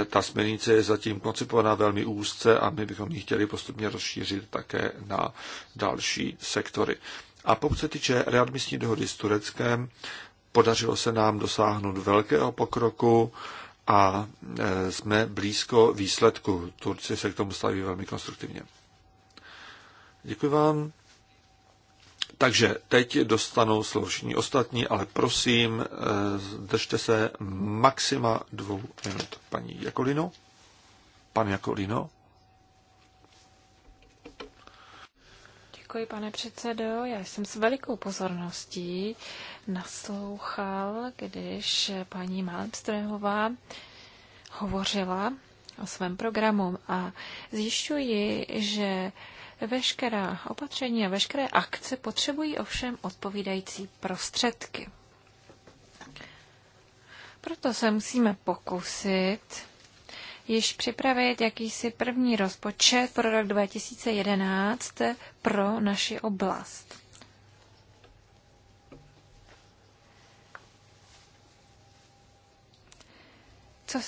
[SPEAKER 2] E, ta směrnice je zatím koncipovaná velmi úzce a my bychom ji chtěli postupně rozšířit také na další sektory. A pokud se týče readmisní dohody s Tureckem, podařilo se nám dosáhnout velkého pokroku a e, jsme blízko výsledku. Turci se k tomu staví velmi konstruktivně. Děkuji vám. Takže teď dostanou slovo ostatní, ale prosím, e, držte se maxima dvou minut. Paní Jakolino? Pan Jakolino?
[SPEAKER 1] Děkuji, pane předsedo. Já jsem s velikou pozorností naslouchal, když paní Malmströmová hovořila o svém programu a zjišťuji, že veškerá opatření a veškeré akce potřebují ovšem odpovídající prostředky. Proto se musíme pokusit již připravit jakýsi první rozpočet pro rok 2011 pro naši oblast. Co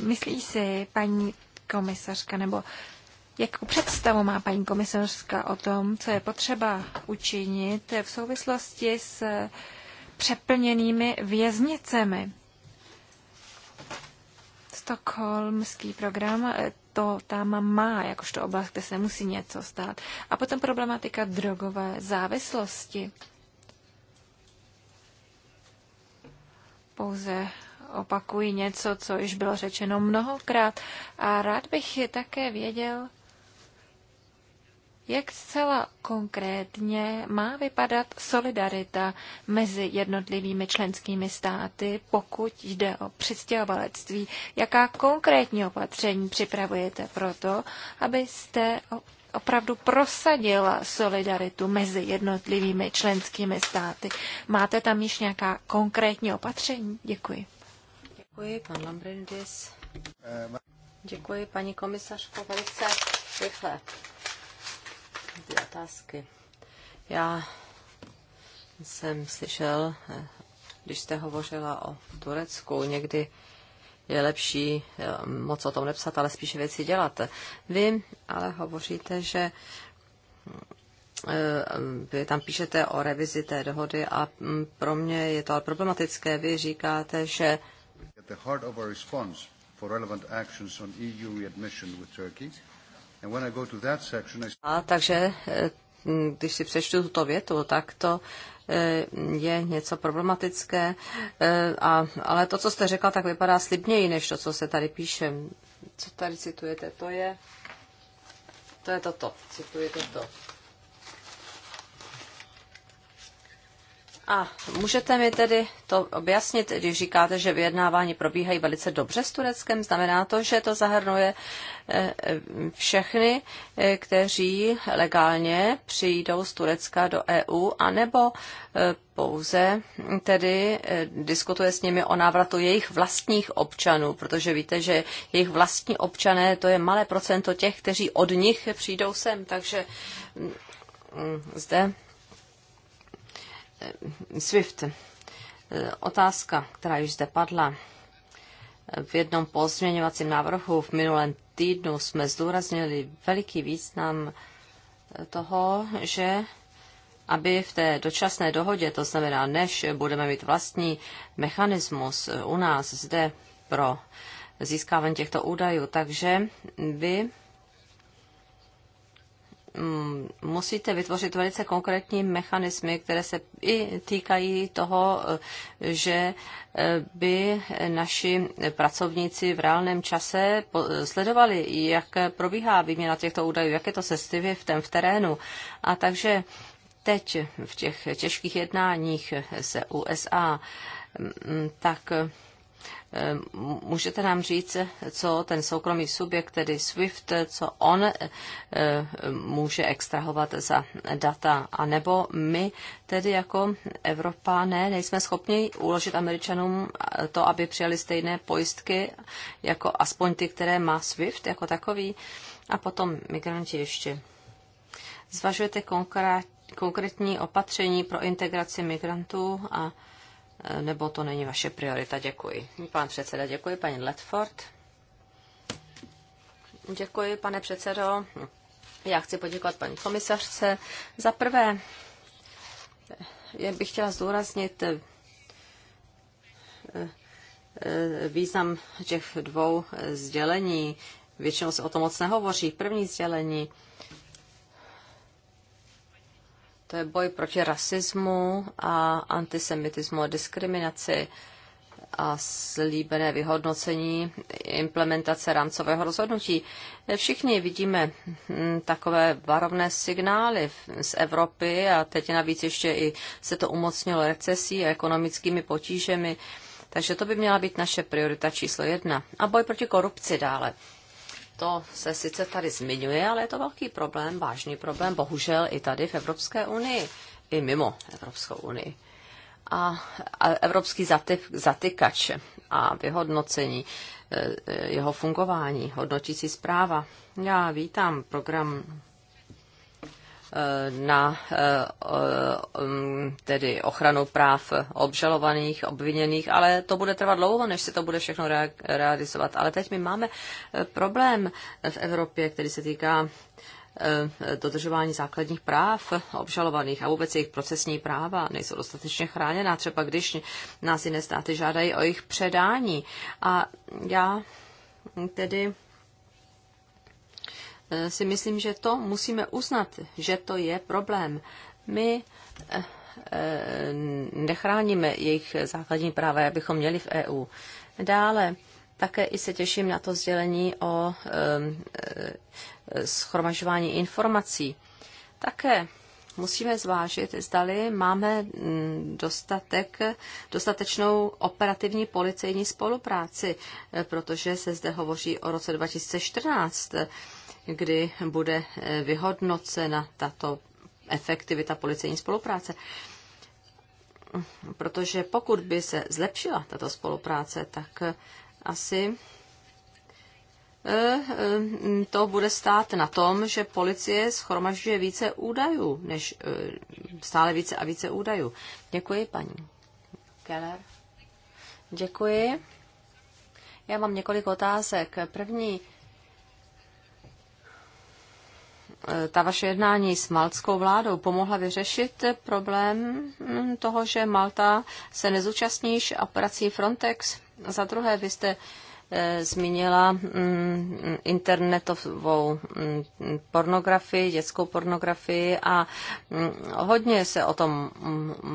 [SPEAKER 1] myslí si paní komisařka, nebo Jakou představu má paní komisařka o tom, co je potřeba učinit v souvislosti s přeplněnými věznicemi? Stockholmský program eh, to tam má, jakožto oblast, kde se musí něco stát. A potom problematika drogové závislosti. Pouze opakuji něco, co již bylo řečeno mnohokrát. A rád bych také věděl, jak zcela konkrétně má vypadat solidarita mezi jednotlivými členskými státy, pokud jde o přistěhovalectví? Jaká konkrétní opatření připravujete proto, abyste opravdu prosadila solidaritu mezi jednotlivými členskými státy? Máte tam již nějaká konkrétní opatření? Děkuji.
[SPEAKER 3] Děkuji, pan Lambrindis. Děkuji, paní komisařko, velice rychle ty otázky. Já jsem slyšel, eh, když jste hovořila o Turecku, někdy je lepší eh, moc o tom nepsat, ale spíše věci dělat. Vy ale hovoříte, že eh, vy tam píšete o revizi té dohody a mm, pro mě je to ale problematické. Vy říkáte, že
[SPEAKER 2] At the heart of our response for
[SPEAKER 3] relevant actions on EU readmission with Turkey a takže eh, když si přečtu tuto větu, tak to eh, je něco problematické, eh, a, ale to, co jste řekla, tak vypadá slibněji, než to, co se tady píše. Co tady citujete, to je, to je toto, cituji toto. A můžete mi tedy to objasnit, když říkáte, že vyjednávání probíhají velice dobře s Tureckem, znamená to, že to zahrnuje eh, eh, všechny, eh, kteří legálně přijdou z Turecka do EU, anebo pouze tedy diskutuje s nimi o návratu jejich vlastních občanů, protože víte, že jejich vlastní občané, to je malé procento těch, kteří od nich přijdou sem, takže mm, mm, zde SWIFT. Eh, otázka, která již zde padla. V jednom pozměňovacím návrhu v minulém týdnu jsme zdůraznili veliký význam toho, že aby v té dočasné dohodě, to znamená, než budeme mít vlastní mechanismus u nás zde pro získávání těchto údajů, takže by Mm, musíte vytvořit velice konkrétní mechanismy, které se i týkají toho, eh, že eh, by naši pracovníci v reálném čase sledovali, jak probíhá výměna těchto údajů, jak je to se tom v terénu. A takže teď v těch těžkých jednáních se USA, mm, tak Eh, můžete nám říct, co ten soukromý subjekt, tedy SWIFT, co on eh, může extrahovat za data, a nebo my tedy jako Evropa ne, nejsme schopni uložit Američanům to, aby přijali stejné pojistky, jako aspoň ty, které má SWIFT jako takový. A potom migranti ještě. Zvažujete konkrétní opatření pro integraci migrantů a nebo to není vaše priorita? Děkuji. Pan předseda, děkuji. Paní Ledford. Děkuji, pane předsedo. Já chci poděkovat paní komisařce. Za prvé bych chtěla zdůraznit eh, eh, význam těch dvou sdělení. Většinou se o tom moc nehovoří. První sdělení to je boj proti rasismu a antisemitismu a diskriminaci a slíbené vyhodnocení implementace rámcového rozhodnutí. Všichni vidíme hm, takové varovné signály z Evropy a teď navíc ještě i se to umocnilo recesí a ekonomickými potížemi. Takže to by měla být naše priorita číslo jedna. A boj proti korupci dále to se sice tady zmiňuje, ale je to velký problém, vážný problém, bohužel i tady v Evropské unii, i mimo Evropskou unii. A, a evropský zaty, zatykač a vyhodnocení eh, eh, jeho fungování, hodnotící zpráva. Já vítám program Eh, na eh, mm, tedy ochranu práv obžalovaných, obviněných, ale to bude trvat dlouho, než se to bude všechno realizovat. Ale teď my máme eh, problém v Evropě, který se týká dodržování základních práv obžalovaných a vůbec jejich procesní práva nejsou dostatečně chráněná, třeba když nás jiné státy žádají o jejich předání. A já tedy Eh, si myslím, že to musíme uznat, že to je problém. My eh, eh, nechráníme jejich základní práva, abychom měli v EU. Dále také i se těším na to sdělení o schromažování informací. Také musíme zvážit, zdali máme mm, dostatek, dostatečnou operativní policejní spolupráci, protože se zde hovoří o roce 2014 kdy bude eh, vyhodnocena tato efektivita policejní spolupráce. Protože pokud by se zlepšila tato spolupráce, tak eh, asi eh, to bude stát na tom, že policie schromažďuje více údajů, než stále více a více údajů. Děkuji, paní Keller. Děkuji. Já mám několik otázek. První Eh, ta vaše jednání s maltskou vládou pomohla vyřešit problém hm, toho, že Malta se nezúčastní operací Frontex? Za druhé, vy jste eh, zmínila hm, internetovou hm, pornografii, dětskou pornografii a hodně se o tom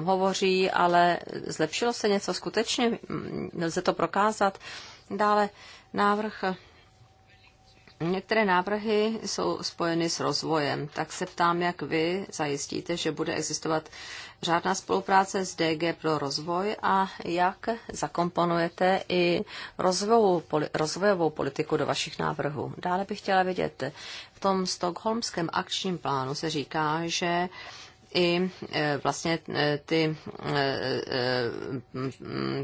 [SPEAKER 3] hovoří, ale zlepšilo se něco skutečně? Lze to prokázat? Dále návrh Některé návrhy jsou spojeny s rozvojem, tak se ptám, jak vy zajistíte, že bude existovat řádná spolupráce s DG pro rozvoj a jak zakomponujete i rozvojovou, rozvojovou politiku do vašich návrhů. Dále bych chtěla vědět, v tom stokholmském akčním plánu se říká, že i e, vlastně e, ty e,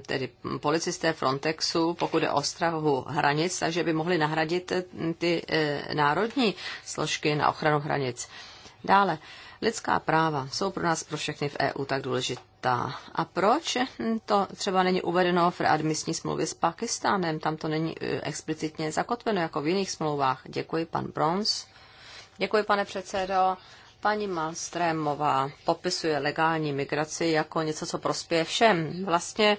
[SPEAKER 3] tedy policisté Frontexu, pokud je o strahu hranic, takže by mohli nahradit ty národní složky na ochranu hranic. Dále, lidská práva jsou pro nás pro všechny v EU tak důležitá. A proč to třeba není uvedeno v readmisní smlouvě s Pakistánem? Tam to není explicitně zakotveno jako v jiných smlouvách. Děkuji, pan Bronz. Děkuji, pane předsedo. Paní Malstrémová popisuje legální migraci jako něco, co prospěje všem. Vlastně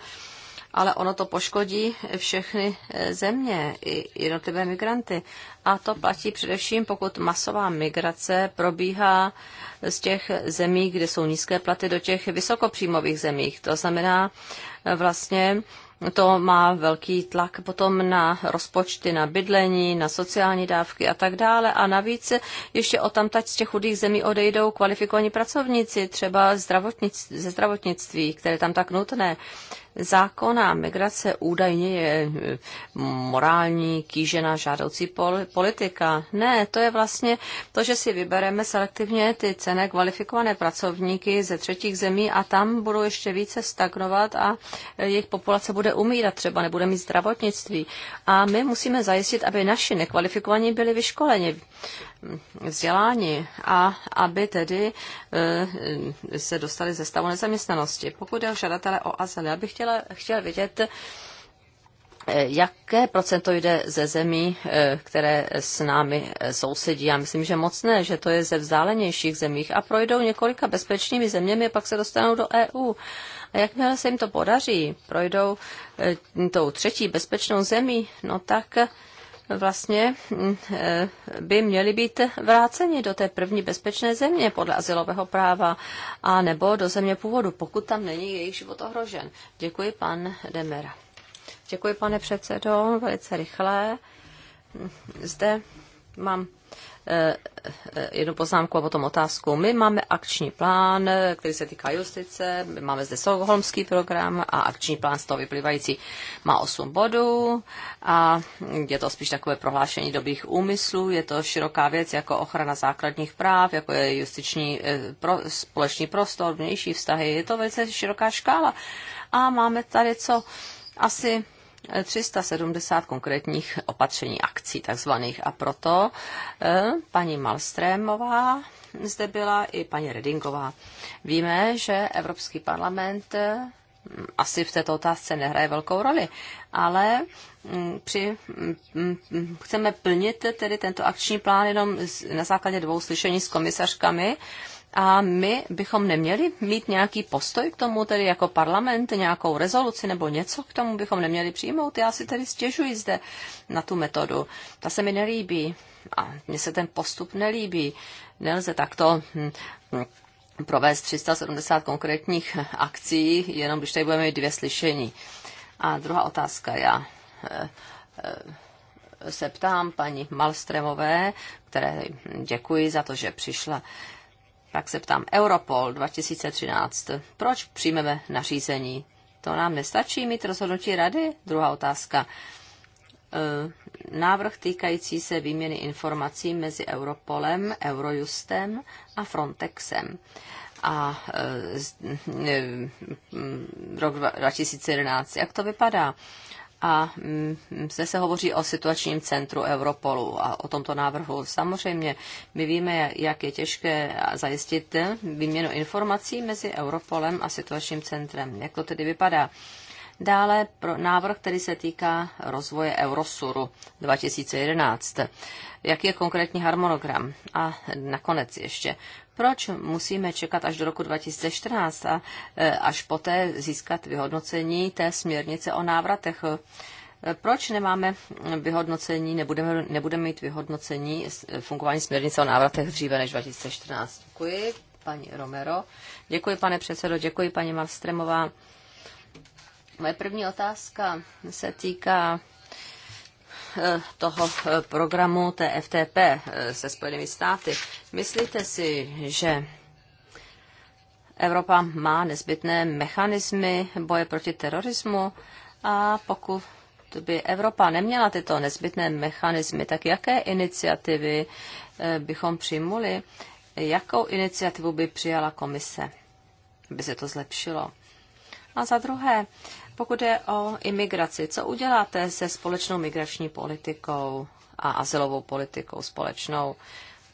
[SPEAKER 3] ale ono to poškodí všechny e, země i jednotlivé migranty. A to platí především, pokud masová migrace probíhá z těch zemí, kde jsou nízké platy, do těch vysokopříjmových zemích. To znamená, e, vlastně to má velký tlak potom na rozpočty, na bydlení, na sociální dávky a tak dále. A navíc ještě o tam z těch chudých zemí odejdou kvalifikovaní pracovníci, třeba zdravotnic, ze zdravotnictví, které tam tak nutné. Zákonná migrace údajně je eh, morální, kýžená, žádoucí politika. Ne, to je vlastně to, že si vybereme selektivně ty cené kvalifikované pracovníky ze třetích zemí a tam budou ještě více stagnovat a eh, jejich populace bude umírat, třeba nebude mít zdravotnictví. A my musíme zajistit, aby naši nekvalifikovaní byli vyškoleni vzdělání a aby tedy eh, se dostali ze stavu nezaměstnanosti. Pokud je o žadatele o azyl, já bych chtěla, chtěla vidět, eh, Jaké procento jde ze zemí, eh, které s námi sousedí? Já myslím, že moc ne, že to je ze vzdálenějších zemích a projdou několika bezpečnými zeměmi a pak se dostanou do EU. A jakmile se jim to podaří, projdou tou třetí bezpečnou zemí, no tak vlastně mm, eh, by měli být vráceni do té první bezpečné země podle asilového práva a nebo do země původu, pokud tam není jejich život ohrožen. Děkuji, pan Demera. Děkuji, pane předsedo, velice rychle. Zde mám eh, eh, jednu poznámku a potom otázku. My máme akční plán, eh, který se týká justice, my máme zde Sokholmský program a akční plán z toho vyplývající má 8 bodů a je to spíš takové prohlášení dobých úmyslů, je to široká věc jako ochrana základních práv, jako je justiční pro, společný prostor, vnější vztahy, je to velice široká škála. A máme tady co asi 370 konkrétních opatření akcí takzvaných. A proto eh, paní Malstrémová zde byla i paní Redingová. Víme, že Evropský parlament eh, asi v této otázce nehraje velkou roli, ale mm, při, mm, mm, chceme plnit tedy tento akční plán jenom na základě dvou slyšení s komisařkami, a my bychom neměli mít nějaký postoj k tomu, tedy jako parlament, nějakou rezoluci nebo něco k tomu bychom neměli přijmout. Já si tedy stěžuji zde na tu metodu. Ta se mi nelíbí a mně se ten postup nelíbí. Nelze takto hm, provést 370 konkrétních akcí, jenom když tady budeme mít dvě slyšení. A druhá otázka, já eh, eh, se ptám paní Malstremové, které hm, děkuji za to, že přišla tak se ptám, Europol 2013, proč přijmeme nařízení? To nám nestačí mít rozhodnutí rady? Druhá otázka. E, návrh týkající se výměny informací mezi Europolem, Eurojustem a Frontexem. A e, e, rok 2011, jak to vypadá? A mm, zde se hovoří o situačním centru Europolu a o tomto návrhu. Samozřejmě my víme, jak je těžké zajistit výměnu informací mezi Europolem a situačním centrem. Jak to tedy vypadá? Dále pro návrh, který se týká rozvoje Eurosuru 2011. Jaký je konkrétní harmonogram? A nakonec ještě proč musíme čekat až do roku 2014 a e, až poté získat vyhodnocení té směrnice o návratech? E, proč nemáme vyhodnocení, nebudeme, nebudeme mít vyhodnocení e, fungování směrnice o návratech dříve než 2014? Děkuji, paní Romero. Děkuji, pane předsedo, děkuji, paní Malstremová. Moje první otázka se týká eh, toho eh, programu TFTP eh, se Spojenými státy. Myslíte si, že Evropa má nezbytné mechanismy boje proti terorismu a pokud by Evropa neměla tyto nezbytné mechanismy, tak jaké iniciativy bychom přijmuli? Jakou iniciativu by přijala komise, aby se to zlepšilo? A za druhé, pokud je o imigraci, co uděláte se společnou migrační politikou a asilovou politikou společnou?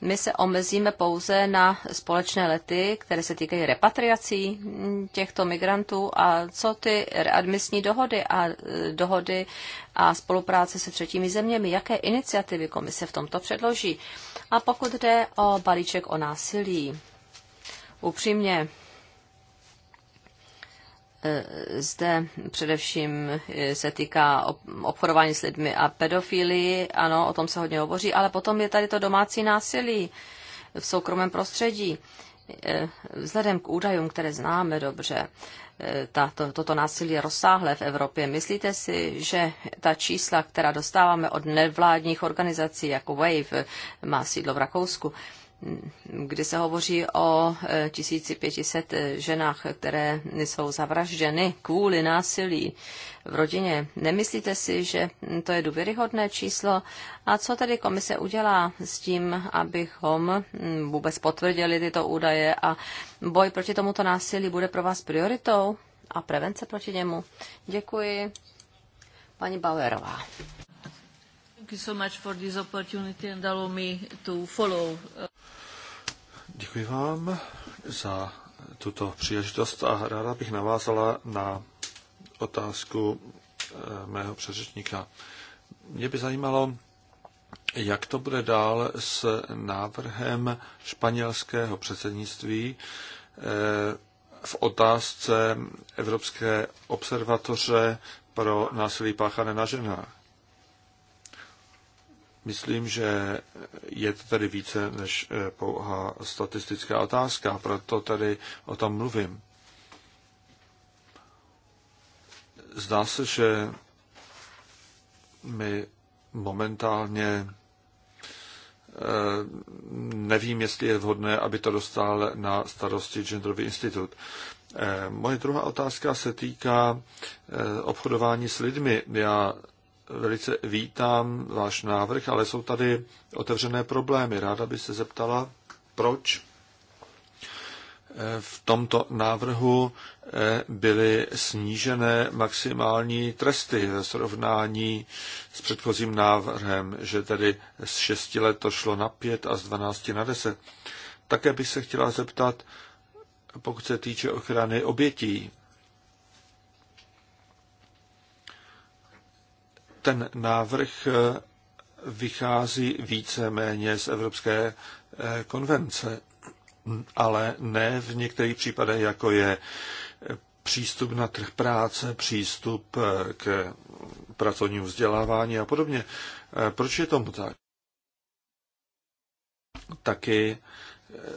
[SPEAKER 3] My se omezíme pouze na společné lety, které se týkají repatriací mm, těchto migrantů a co ty readmisní dohody a e, dohody a spolupráce se třetími zeměmi, jaké iniciativy komise v tomto předloží. A pokud jde o balíček o násilí, upřímně zde především eh, se týká obchodování s lidmi a pedofilii, ano, o tom se hodně hovoří, ale potom je tady to domácí násilí v soukromém prostředí. Eh, vzhledem k údajům, které známe dobře, eh, ta to toto násilí je rozsáhlé v Evropě. Myslíte si, že ta čísla, která dostáváme od nevládních organizací jako WAVE, má sídlo v Rakousku, kdy se hovoří o 1500 e, e, ženách, které jsou zavražděny kvůli násilí v rodině. Nemyslíte si, že to je důvěryhodné číslo? A co tedy komise udělá s tím, abychom mm, vůbec potvrdili tyto údaje a boj proti tomuto násilí bude pro vás prioritou a prevence proti němu? Děkuji. Paní Bauerová.
[SPEAKER 2] Děkuji vám za tuto příležitost a ráda bych navázala na otázku uh, mého předřečníka. Mě by zajímalo, jak to bude dál s návrhem španělského předsednictví uh, v otázce Evropské observatoře pro násilí páchané na ženách. Myslím, že je to tady více než eh, pouhá statistická otázka, proto tady o tom mluvím. Zdá se, že my momentálně eh, nevím, jestli je vhodné, aby to dostal na starosti Genderový institut. Eh, moje druhá otázka se týká obchodování s lidmi. Já velice vítám váš návrh, ale jsou tady otevřené problémy. Ráda by se zeptala, proč v tomto návrhu eh, byly snížené maximální tresty ve srovnání s předchozím návrhem, že tedy z 6 let to šlo na 5 a z 12 na 10. Také bych se chtěla zeptat, pokud se týče ochrany obětí, ten návrh eh, vychází víceméně z Evropské eh, konvence, ale ne v některých případech, jako je eh, přístup na trh práce, přístup k pracovnímu vzdělávání a podobně. Proč je tomu tak? Taky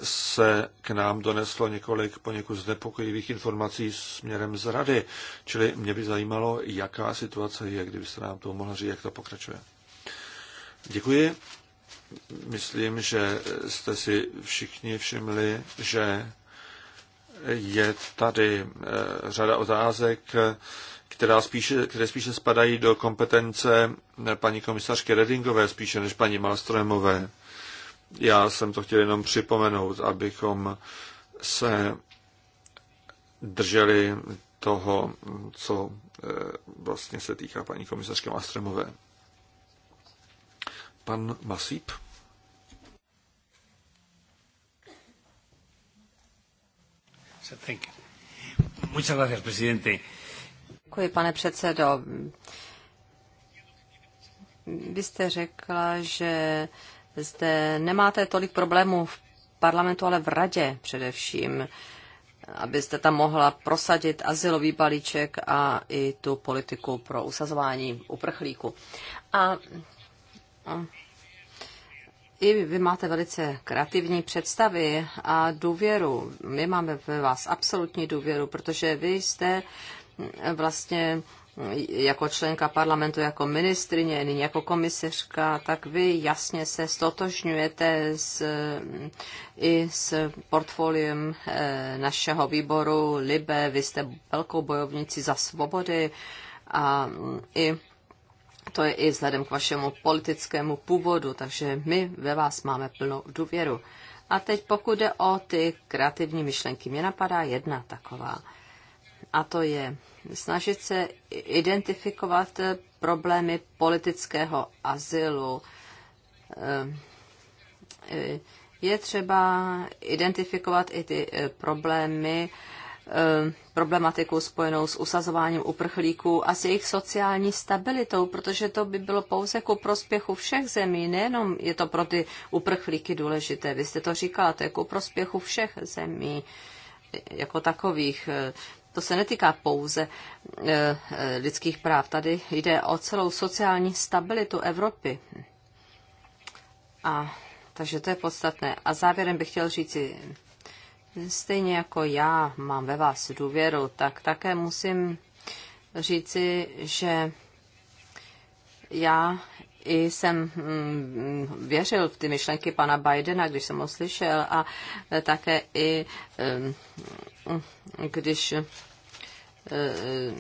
[SPEAKER 2] se k nám doneslo několik poněkud znepokojivých informací směrem z rady. Čili mě by zajímalo, jaká situace je, kdybyste nám to mohla říct, jak to pokračuje. Děkuji. Myslím, že jste si všichni všimli, že je tady eh, řada otázek, která spíše, které spíše spadají do kompetence eh, paní komisařky Redingové, spíše než paní Malstromové. Já jsem to chtěl jenom připomenout, abychom se drželi toho, co eh, vlastně se týká paní komisařky Mastremové. Pan Masíp.
[SPEAKER 3] Děkuji, pane předsedo. Vy jste řekla, že zde nemáte tolik problémů v parlamentu, ale v radě především, abyste tam mohla prosadit asilový balíček a i tu politiku pro usazování uprchlíků. A, a i vy máte velice kreativní představy a důvěru. My máme ve vás absolutní důvěru, protože vy jste vlastně jako členka parlamentu, jako ministrině, nyní jako komisařka, tak vy jasně se stotožňujete s, i s portfoliem eh, našeho výboru Libe. Vy jste velkou bojovnici za svobody a mm, i to je i vzhledem k vašemu politickému původu, takže my ve vás máme plnou důvěru. A teď pokud jde o ty kreativní myšlenky, mě napadá jedna taková. A to je snažit se identifikovat problémy politického azylu. Eh, je třeba identifikovat i ty eh, problémy, eh, problematiku spojenou s usazováním uprchlíků a s jejich sociální stabilitou, protože to by bylo pouze ku prospěchu všech zemí, nejenom je to pro ty uprchlíky důležité, vy jste to říkala, to je ku prospěchu všech zemí jako takových. To se netýká pouze e, e, lidských práv. Tady jde o celou sociální stabilitu Evropy. A, takže to je podstatné. A závěrem bych chtěl říci, stejně jako já mám ve vás důvěru, tak také musím říci, že já i jsem mm, věřil v ty myšlenky pana Bidena, když jsem ho slyšel a e, také i e, když e,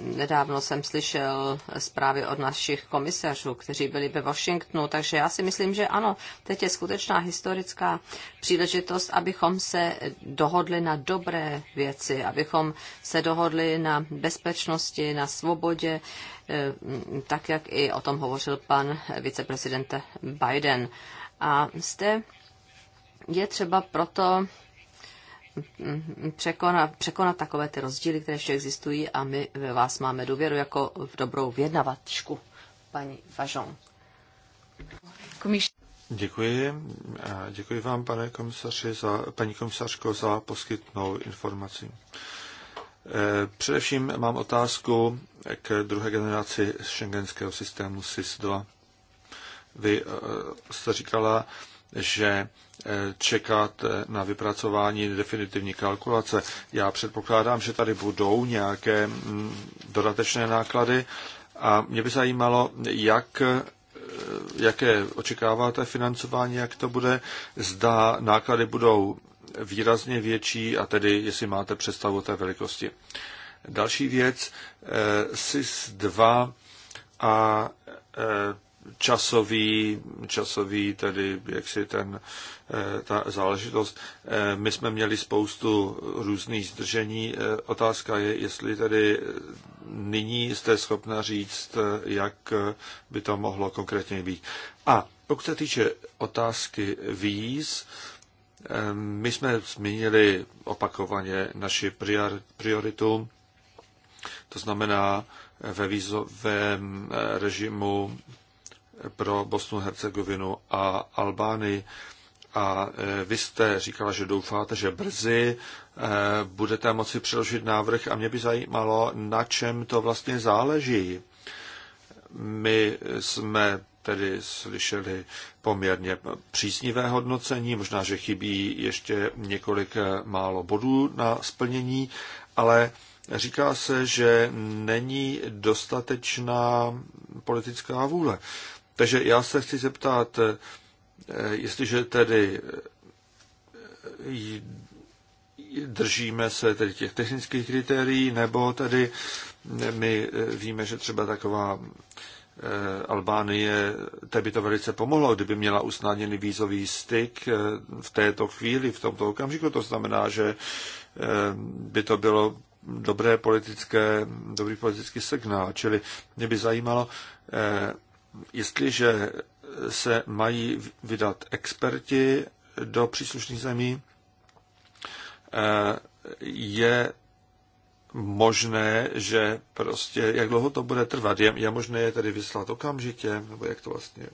[SPEAKER 3] Nedávno jsem slyšel zprávy od našich komisařů, kteří byli ve Washingtonu, takže já si myslím, že ano, teď je skutečná historická příležitost, abychom se dohodli na dobré věci, abychom se dohodli na bezpečnosti, na svobodě, Eh, tak jak i o tom hovořil pan viceprezident Biden. A zde je třeba proto mm, překonat, překonat takové ty rozdíly, které ještě existují a my ve vás máme důvěru jako v dobrou vědnavačku, paní Fajon.
[SPEAKER 2] Děkuji. Děkuji vám, pane komisaři, za, paní komisařko, za poskytnou informaci. Eh, především mám otázku k druhé generaci šengenského systému SIS-2. Vy eh, jste říkala, že eh, čekat na vypracování definitivní kalkulace. Já předpokládám, že tady budou nějaké mm, dodatečné náklady a mě by zajímalo, jak jaké očekáváte financování, jak to bude, zda náklady budou výrazně větší a tedy, jestli máte představu o té velikosti. Další věc, eh, SIS-2 a eh, časový, časový tedy jak si ten, eh, ta záležitost. My jsme měli spoustu různých zdržení. Otázka je, jestli tedy nyní jste schopna říct, jak by to mohlo konkrétně být. A pokud se týče otázky výz. Ehm, my jsme zmínili opakovaně naši prioritu, to znamená eh, ve vízovém eh, režimu pro Bosnu, Hercegovinu a Albánii. A eh, vy jste říkala, že doufáte, že brzy budete moci přeložit návrh a mě by zajímalo, na čem to vlastně záleží. My jsme tedy slyšeli poměrně příznivé hodnocení, možná, že chybí ještě několik eh, málo bodů na splnění, ale říká se, že není dostatečná politická vůle. Takže já se chci zeptat, eh, jestliže tedy eh, držíme se tedy těch technických kritérií, nebo tedy my víme, že třeba taková Eh, Albánie, té by to velice pomohlo, kdyby měla usnadněný vízový styk eh, v této chvíli, v tomto okamžiku. To znamená, že eh, by to bylo dobré politické, dobrý politický signál. Čili mě by zajímalo, jestliže se mají vydat experti do příslušných zemí, je možné, že prostě, jak dlouho to bude trvat, je, je možné je tedy vyslat okamžitě, nebo jak to vlastně je?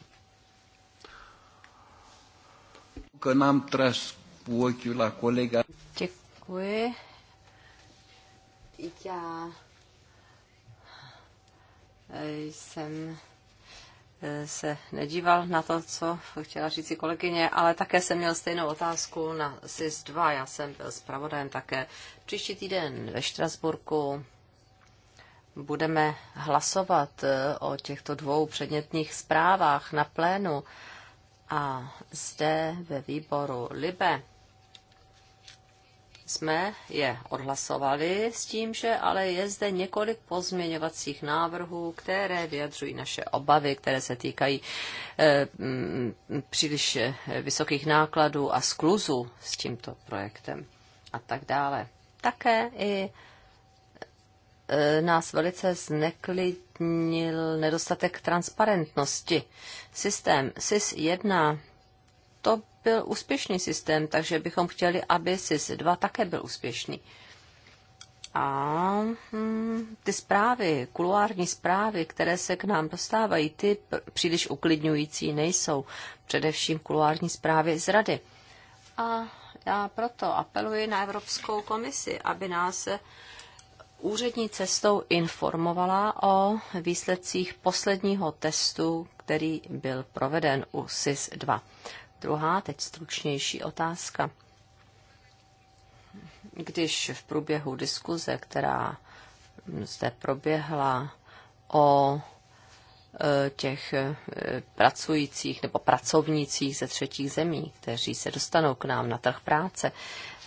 [SPEAKER 3] Děkuji. Já eh, jsem se nedíval na to, co chtěla říct kolegyně, ale také jsem měl stejnou otázku na SIS 2. Já jsem byl zpravodajem také. Příští týden ve Štrasburku budeme hlasovat e, o těchto dvou předmětných zprávách na plénu a zde ve výboru LIBE jsme je odhlasovali s tím, že ale je zde několik pozměňovacích návrhů, které vyjadřují naše obavy, které se týkají e, eh, m, mm, příliš eh, vysokých nákladů a skluzu s tímto projektem a tak dále. Také i e, nás velice zneklidnil nedostatek transparentnosti. Systém SIS 1 byl úspěšný systém, takže bychom chtěli, aby SIS-2 také byl úspěšný. A hm, ty zprávy, kuluární zprávy, které se k nám dostávají, ty příliš uklidňující nejsou. Především kuluární zprávy z rady. A já proto apeluji na Evropskou komisi, aby nás úřední cestou informovala o výsledcích posledního testu, který byl proveden u SIS-2. Druhá, teď stručnější otázka. Když v průběhu diskuze, která zde proběhla o e, těch e, pracujících nebo pracovnících ze třetích zemí, kteří se dostanou k nám na trh práce,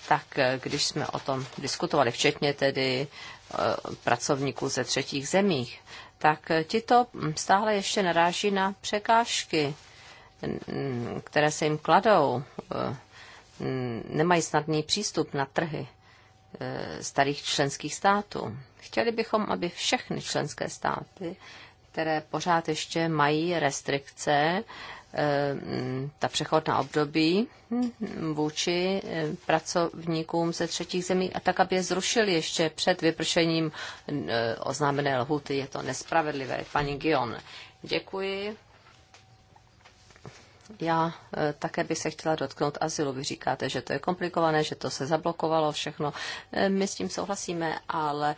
[SPEAKER 3] tak e, když jsme o tom diskutovali, včetně tedy pracovníků ze třetích zemích, tak ti to stále ještě naráží na překážky které se jim kladou, eh, nemají snadný přístup na trhy eh, starých členských států. Chtěli bychom, aby všechny členské státy, které pořád ještě mají restrikce, eh, ta přechodná období hm, vůči pracovníkům ze třetích zemí, a tak, aby je zrušili ještě před vypršením oznámené lhuty. Je to nespravedlivé. Paní Gion, děkuji. Já e, také bych se chtěla dotknout Asilu. Vy říkáte, že to je komplikované, že to se zablokovalo všechno. E, my s tím souhlasíme, ale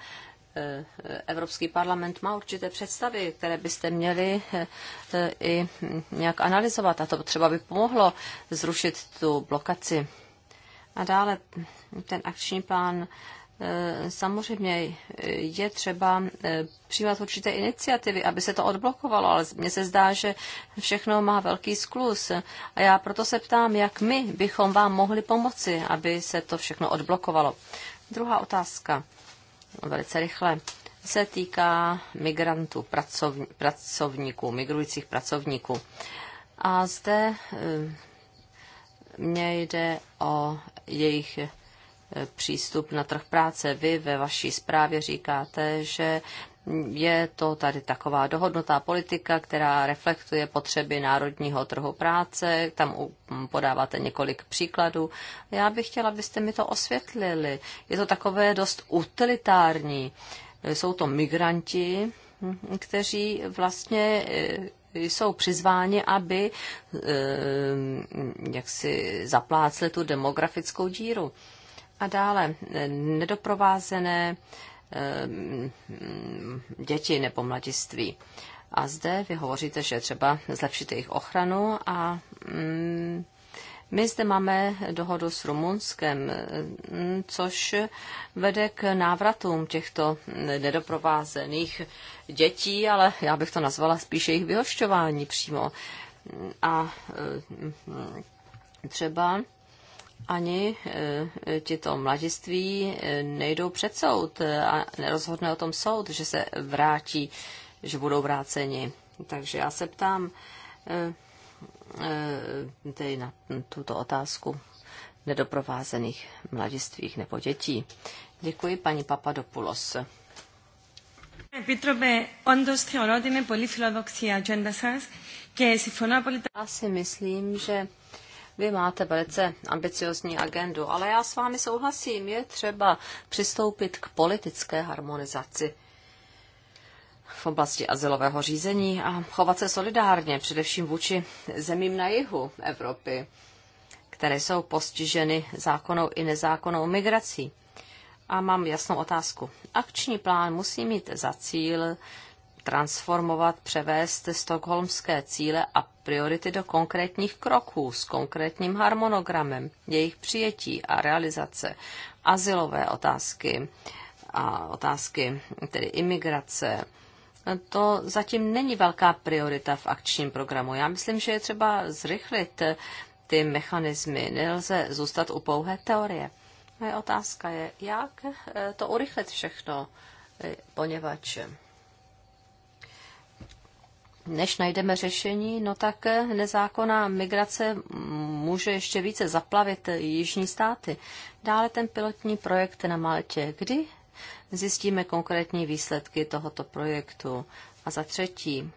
[SPEAKER 3] e, Evropský parlament má určité představy, které byste měli i nějak analyzovat a to třeba by pomohlo zrušit tu blokaci. A dále ten akční plán Eh, samozřejmě je třeba eh, přijímat určité iniciativy, aby se to odblokovalo, ale mně se zdá, že všechno má velký sklus. A já proto se ptám, jak my bychom vám mohli pomoci, aby se to všechno odblokovalo. Druhá otázka, velice rychle, se týká migrantů, pracovní, pracovníků, migrujících pracovníků. A zde eh, mně jde o jejich přístup na trh práce. Vy ve vaší zprávě říkáte, že je to tady taková dohodnutá politika, která reflektuje potřeby národního trhu práce. Tam podáváte několik příkladů. Já bych chtěla, abyste mi to osvětlili. Je to takové dost utilitární. Jsou to migranti, kteří vlastně eh, jsou přizváni, aby eh, jaksi zaplácli tu demografickou díru. A dále nedoprovázené ehm, děti nebo mladiství. A zde vy hovoříte, že třeba zlepšit jejich ochranu a mm, my zde máme dohodu s Rumunskem, mm, což vede k návratům těchto nedoprovázených dětí, ale já bych to nazvala spíše jejich vyhošťování přímo. A mm, třeba ani e, e, tito mladiství e, nejdou před soud a nerozhodne o tom soud, že se vrátí, že budou vráceni. Takže já se ptám tedy na tuto otázku nedoprovázených mladistvích nebo dětí. Děkuji paní Papadopoulos.
[SPEAKER 1] Επίτροπε, Já si
[SPEAKER 3] myslím, že vy máte velice ambiciozní agendu, ale já s vámi souhlasím, je třeba přistoupit k politické harmonizaci v oblasti azylového řízení a chovat se solidárně, především vůči zemím na jihu Evropy, které jsou postiženy zákonnou i nezákonnou migrací. A mám jasnou otázku. Akční plán musí mít za cíl transformovat, převést stokholmské cíle a priority do konkrétních kroků s konkrétním harmonogramem jejich přijetí a realizace, asilové otázky a otázky tedy imigrace. To zatím není velká priorita v akčním programu. Já myslím, že je třeba zrychlit ty mechanismy. Nelze zůstat u pouhé teorie. Moje otázka je, jak eh, to urychlit všechno, eh, poněvadž než najdeme řešení, no tak nezákonná migrace může ještě více zaplavit jižní státy. Dále ten pilotní projekt na Maltě. Kdy zjistíme konkrétní výsledky tohoto projektu? A za třetí,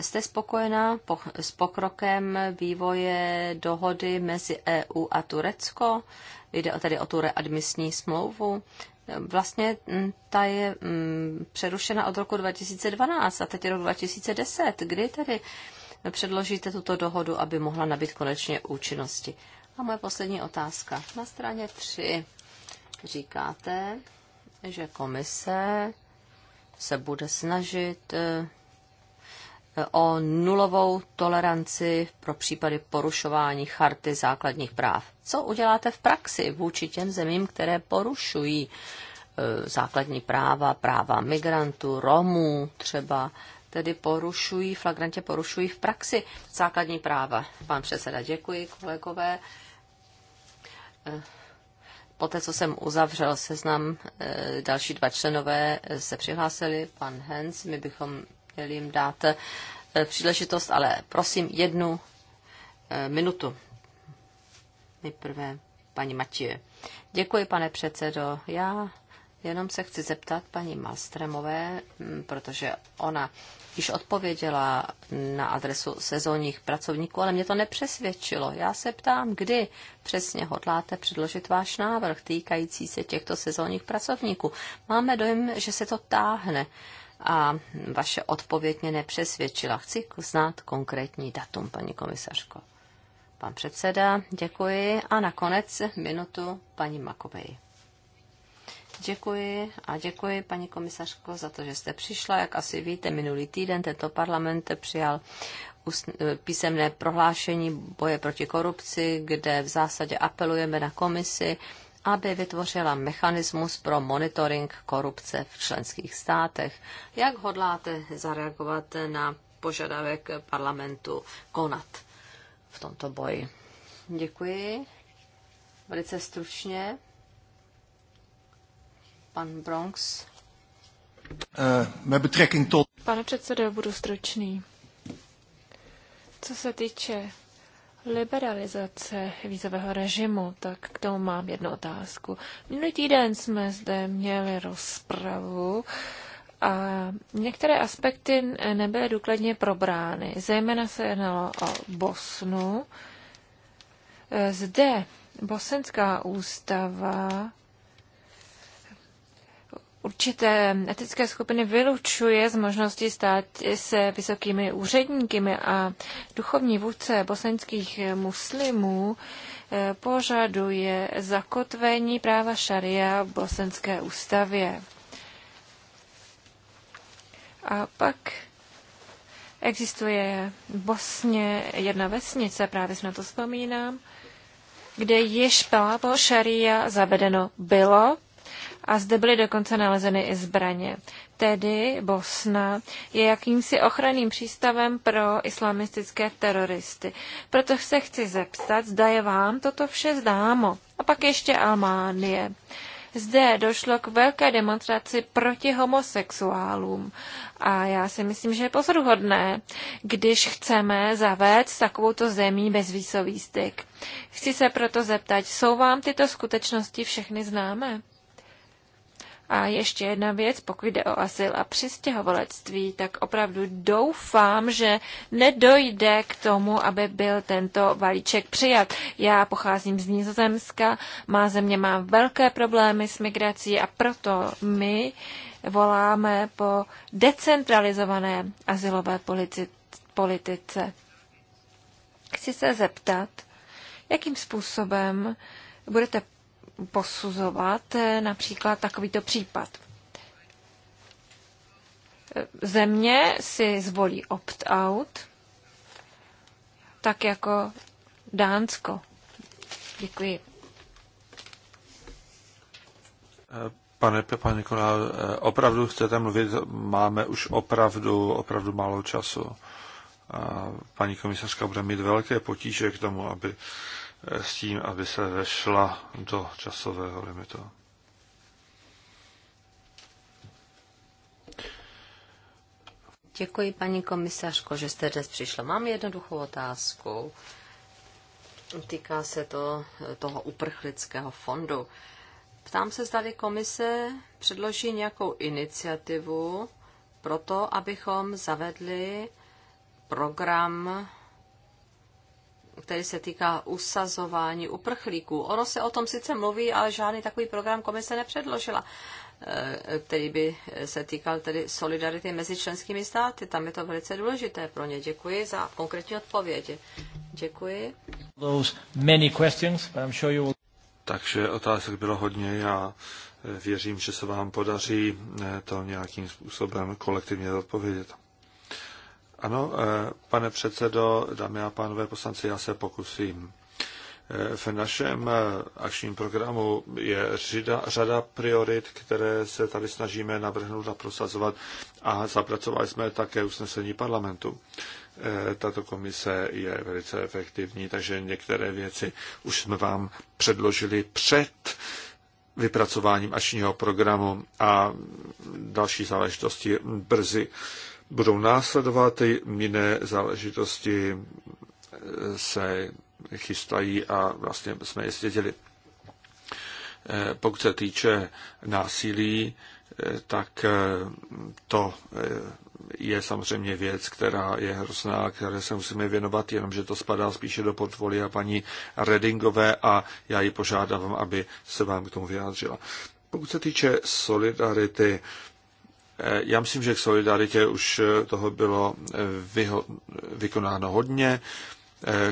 [SPEAKER 3] jste spokojená s pokrokem vývoje dohody mezi EU a Turecko? Jde tedy o tu readmisní smlouvu vlastně mm, ta je mm, přerušena od roku 2012 a teď je rok 2010. Kdy tedy předložíte tuto dohodu, aby mohla nabít konečně účinnosti? A moje poslední otázka. Na straně 3 říkáte, že komise se bude snažit eh, o nulovou toleranci pro případy porušování charty základních práv. Co uděláte v praxi vůči těm zemím, které porušují e, základní práva, práva migrantů, Romů třeba, tedy porušují, flagrantě porušují v praxi základní práva. Pan předseda, děkuji, kolegové. E, poté, co jsem uzavřel seznam, e, další dva členové se přihlásili. Pan Hens, my bychom chtěl jim dát eh, příležitost, ale prosím jednu eh, minutu. Nejprve paní Matěje. Děkuji, pane předsedo. Já jenom se chci zeptat paní Malstremové, mm, protože ona již odpověděla na adresu sezónních pracovníků, ale mě to nepřesvědčilo. Já se ptám, kdy přesně hodláte předložit váš návrh týkající se těchto sezónních pracovníků. Máme dojem, že se to táhne a vaše odpověď mě nepřesvědčila. Chci znát konkrétní datum, paní komisařko. Pan předseda, děkuji. A nakonec minutu paní Makovej. Děkuji a děkuji, paní komisařko, za to, že jste přišla. Jak asi víte, minulý týden tento parlament přijal písemné prohlášení boje proti korupci, kde v zásadě apelujeme na komisi, aby vytvořila mechanismus pro monitoring korupce v členských státech. Jak hodláte zareagovat na požadavek parlamentu konat v tomto boji? Děkuji. Velice
[SPEAKER 1] stručně. Pan Bronx.
[SPEAKER 2] Eh,
[SPEAKER 1] Pane předsedo, budu stručný. Co se týče liberalizace vízového režimu, tak k tomu mám jednu otázku. Minulý týden jsme zde měli rozpravu a některé aspekty nebyly důkladně probrány. Zejména se jednalo o Bosnu. Zde Bosenská ústava určité etické skupiny vylučuje z možnosti stát se vysokými úředníky a duchovní vůdce bosenských muslimů eh, požaduje zakotvení práva šaria v bosenské ústavě. A pak existuje v Bosně jedna vesnice, právě si na to vzpomínám, kde již právo šaria zavedeno bylo, a zde byly dokonce nalezeny i zbraně. Tedy Bosna je jakýmsi ochranným přístavem pro islamistické teroristy. Proto se chci zeptat, zda je vám toto vše známo. A pak ještě Almánie. Zde došlo k velké demonstraci proti homosexuálům. A já si myslím, že je pozoruhodné, když chceme zavést takovouto zemí výsový styk. Chci se proto zeptat, jsou vám tyto skutečnosti všechny známé? A ještě jedna věc, pokud jde o asyl a přistěhovalectví, tak opravdu doufám, že nedojde k tomu, aby byl tento balíček přijat. Já pocházím z Nizozemska, má země má velké problémy s migrací a proto my voláme po decentralizované Asilové politice. Chci se zeptat, jakým způsobem budete posuzovat eh, například takovýto případ. Eh, země si zvolí opt-out, tak jako Dánsko. Děkuji.
[SPEAKER 2] Eh, pane, pane Nikolá, opravdu chcete mluvit? Máme už opravdu, opravdu málo času. A paní komisařka bude mít velké potíže k tomu, aby Eh, s tím, aby se vešla do časového limitu.
[SPEAKER 3] Děkuji, paní komisařko, že jste dnes přišla. Mám jednoduchou otázku. Týká se to eh, toho uprchlického fondu. Ptám se, zda komise předloží nějakou iniciativu pro to, abychom zavedli program který se týká usazování uprchlíků. Ono se o tom sice mluví, ale žádný takový program komise nepředložila eh, který by se týkal tedy solidarity mezi členskými státy. Tam je to velice důležité pro ně. Děkuji za konkrétní odpověď. Děkuji.
[SPEAKER 1] Those many questions, but I'm sure you will...
[SPEAKER 2] Takže otázek bylo hodně. Já eh, věřím, že se vám podaří eh, to nějakým způsobem kolektivně odpovědět. Ano, eh, pane předsedo, dámy a pánové poslanci, já se pokusím. Eh, v našem eh, akčním programu je řada, řada priorit, které se tady snažíme navrhnout a prosazovat a zapracovali jsme také usnesení parlamentu. Tato komise je velice efektivní, takže některé věci už jsme vám předložili před vypracováním akčního programu a další záležitosti brzy budou následovat jiné záležitosti eh, se chystají a vlastně jsme je svěděli. Eh, pokud se týče násilí, eh, tak to je samozřejmě věc, která je hrozná, které se musíme věnovat, jenomže to spadá spíše do portfolia paní Redingové a já ji požádám, aby se vám k tomu vyjádřila. Pokud se týče solidarity, Eh, já myslím, že k solidaritě už eh, toho bylo eh, vyho- vykonáno hodně.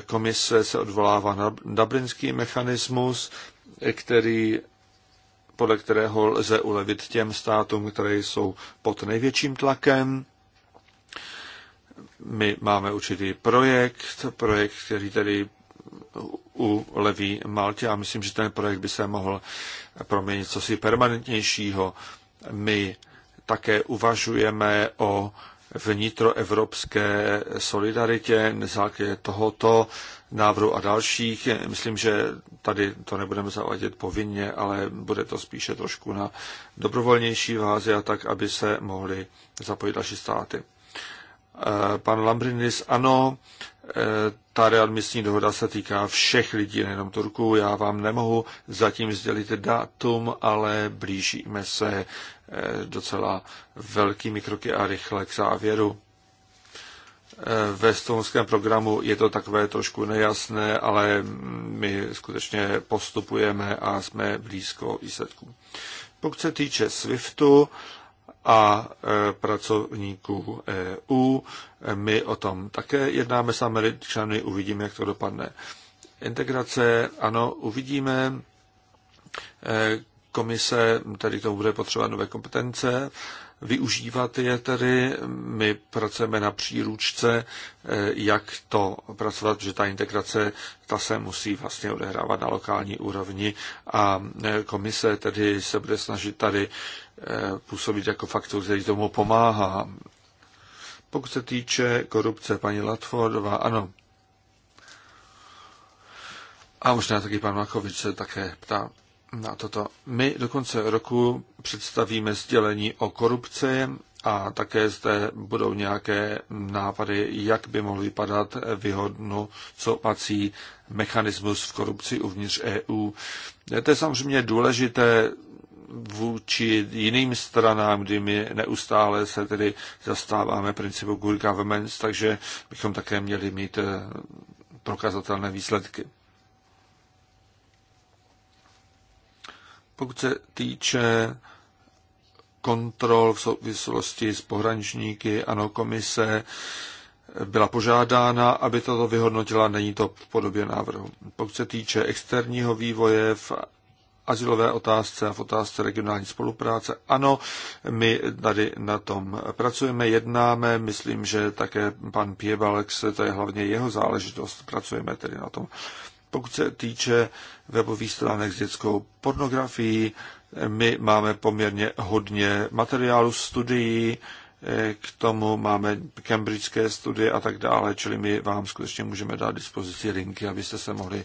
[SPEAKER 2] Komise se odvolává na dublinský mechanismus, který, podle kterého lze ulevit těm státům, které jsou pod největším tlakem. My máme určitý projekt, projekt, který tedy uleví Maltě a myslím, že ten projekt by se mohl proměnit co si permanentnějšího. My také uvažujeme o vnitroevropské solidaritě na základě tohoto návrhu a dalších. Myslím, že tady to nebudeme zavádět povinně, ale bude to spíše trošku na dobrovolnější váze, a tak, aby se mohly zapojit další státy. Eh, pan Lambrinis, ano, eh, ta readmisní dohoda se týká všech lidí, nejenom Turků. Já vám nemohu zatím sdělit datum, ale blížíme se Eh, docela velkými kroky a rychle k závěru. Eh, ve stonském programu je to takové trošku nejasné, ale my skutečně postupujeme a jsme blízko výsledků. Pokud se týče SWIFTu a eh, pracovníků EU, my o tom také jednáme s Američany, uvidíme, jak to dopadne. Integrace, ano, uvidíme, komise, tedy tomu bude potřeba nové kompetence, využívat je tedy. My pracujeme na příručce, eh, jak to pracovat, protože ta integrace, ta se musí vlastně odehrávat na lokální úrovni a eh, komise tedy se bude snažit tady eh, působit jako faktor, který tomu pomáhá. Pokud se týče korupce, paní Latfordová, ano. A možná taky pan Makovič se také ptá na toto. My do konce roku představíme sdělení o korupci a také zde budou nějaké nápady, jak by mohl vypadat vyhodnocovací mechanismus v korupci uvnitř EU. To je samozřejmě důležité vůči jiným stranám, kdy my neustále se tedy zastáváme principu good governance, takže bychom také měli mít prokazatelné výsledky. Pokud se týče kontrol v souvislosti s pohraničníky, ano, komise byla požádána, aby toto vyhodnotila, není to v podobě návrhu. Pokud se týče externího vývoje v azylové otázce a v otázce regionální spolupráce. Ano, my tady na tom pracujeme, jednáme, myslím, že také pan Piebalek, to je hlavně jeho záležitost, pracujeme tedy na tom. Pokud se týče webových stránek s dětskou pornografií, my máme poměrně hodně materiálu, studií, k tomu máme cambridgeské studie a tak dále, čili my vám skutečně můžeme dát dispozici linky, abyste se mohli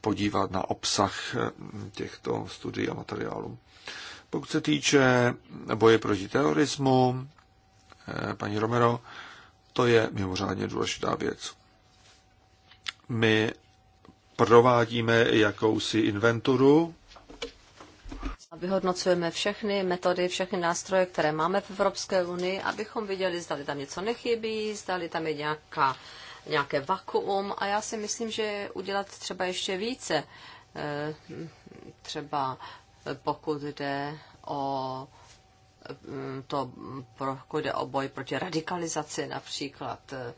[SPEAKER 2] podívat na obsah hm, těchto studií a materiálů. Pokud se týče boje proti terorismu, eh, paní Romero, to je mimořádně důležitá věc. My provádíme jakousi inventuru.
[SPEAKER 3] Vyhodnocujeme všechny metody, všechny nástroje, které máme v Evropské unii, abychom viděli, zda tam něco nechybí, zda tam je nějaká, nějaké vakuum. A já si myslím, že udělat třeba ještě více. Eh, třeba pokud jde o eh, to, pokud jde o boj proti radikalizaci například, eh,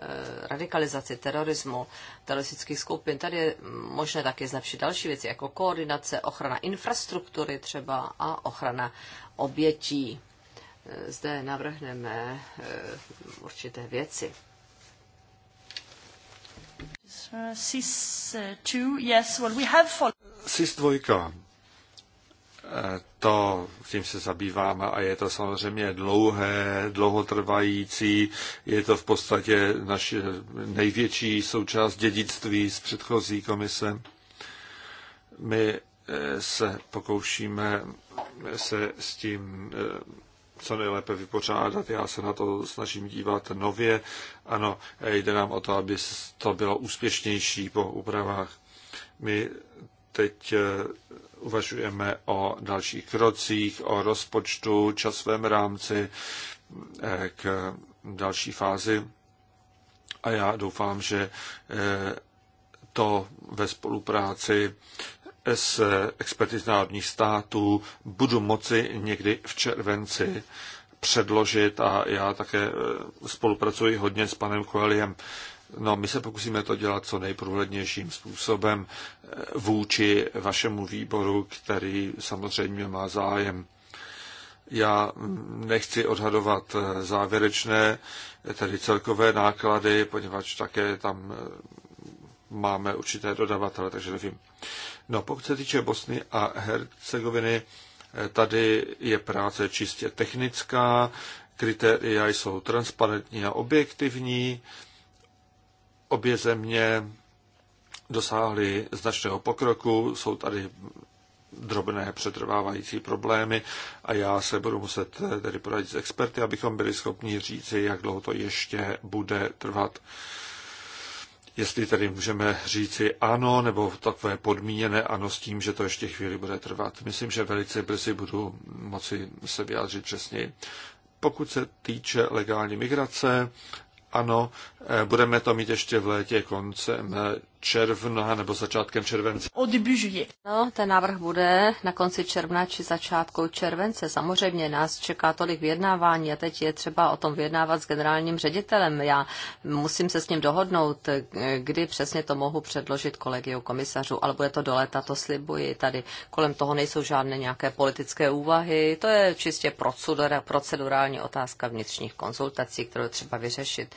[SPEAKER 3] Eh, radikalizaci, terorismu, teroristických skupin. Tady je možné taky zlepšit další věci, jako koordinace, ochrana infrastruktury třeba a ochrana obětí. Eh, zde navrhneme eh, určité věci.
[SPEAKER 1] SIS 2, yes, well we have followed.
[SPEAKER 2] SIS 2, to, tím se zabýváme a je to samozřejmě dlouhé, dlouhotrvající, je to v podstatě naše největší součást dědictví z předchozí komise. My eh, se pokoušíme se s tím eh, co nejlépe vypořádat. Já se na to snažím dívat nově. Ano, jde nám o to, aby to bylo úspěšnější po úpravách. My teď eh, uvažujeme o dalších krocích, o rozpočtu, časovém rámci eh, k další fázi. A já doufám, že eh, to ve spolupráci s experty z národních států budu moci někdy v červenci předložit a já také eh, spolupracuji hodně s panem Koeliem No, my se pokusíme to dělat co nejprůhlednějším způsobem eh, vůči vašemu výboru, který samozřejmě má zájem. Já mm, nechci odhadovat eh, závěrečné, eh, tedy celkové náklady, poněvadž také tam máme určité dodavatele, takže nevím. No, pokud se týče Bosny a Hercegoviny, tady je práce čistě technická, kritéria jsou transparentní a objektivní, Obě země dosáhly značného pokroku, jsou tady drobné přetrvávající problémy a já se budu muset tedy poradit s experty, abychom byli schopni říci, jak dlouho to ještě bude trvat. Jestli tedy můžeme říci ano, nebo takové podmíněné ano s tím, že to ještě chvíli bude trvat. Myslím, že velice brzy budu moci se vyjádřit přesněji. Pokud se týče legální migrace, ano, eh, budeme to mít ještě v létě koncem eh, června nebo začátkem července.
[SPEAKER 3] Od juillet. No, ten návrh bude na konci června či začátku července. Samozřejmě nás čeká tolik vyjednávání a teď je třeba o tom vyjednávat s generálním ředitelem. Já musím se s ním dohodnout, kdy přesně to mohu předložit kolegiu komisařů, ale bude to do léta, to slibuji. Tady kolem toho nejsou žádné nějaké politické úvahy. To je čistě procedura, procedurální otázka vnitřních konzultací, kterou třeba vyřešit.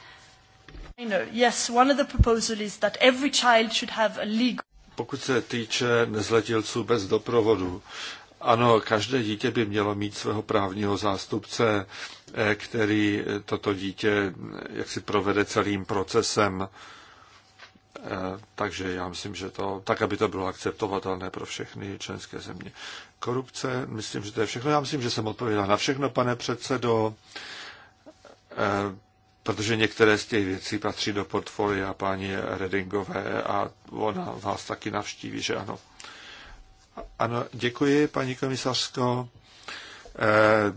[SPEAKER 2] Pokud se týče nezletilců bez doprovodu, ano, každé dítě by mělo mít svého právního zástupce, eh, který eh, toto dítě eh, jak si provede celým procesem. Takže já myslím, že to, tak, aby to bylo akceptovatelné pro všechny členské země. Korupce, myslím, že to je všechno. Já myslím, že jsem odpověděl na všechno, pane předsedo protože některé z těch věcí patří do portfolia paní Redingové a ona vás taky navštíví, že ano. Ano, děkuji, paní komisařsko. Eh,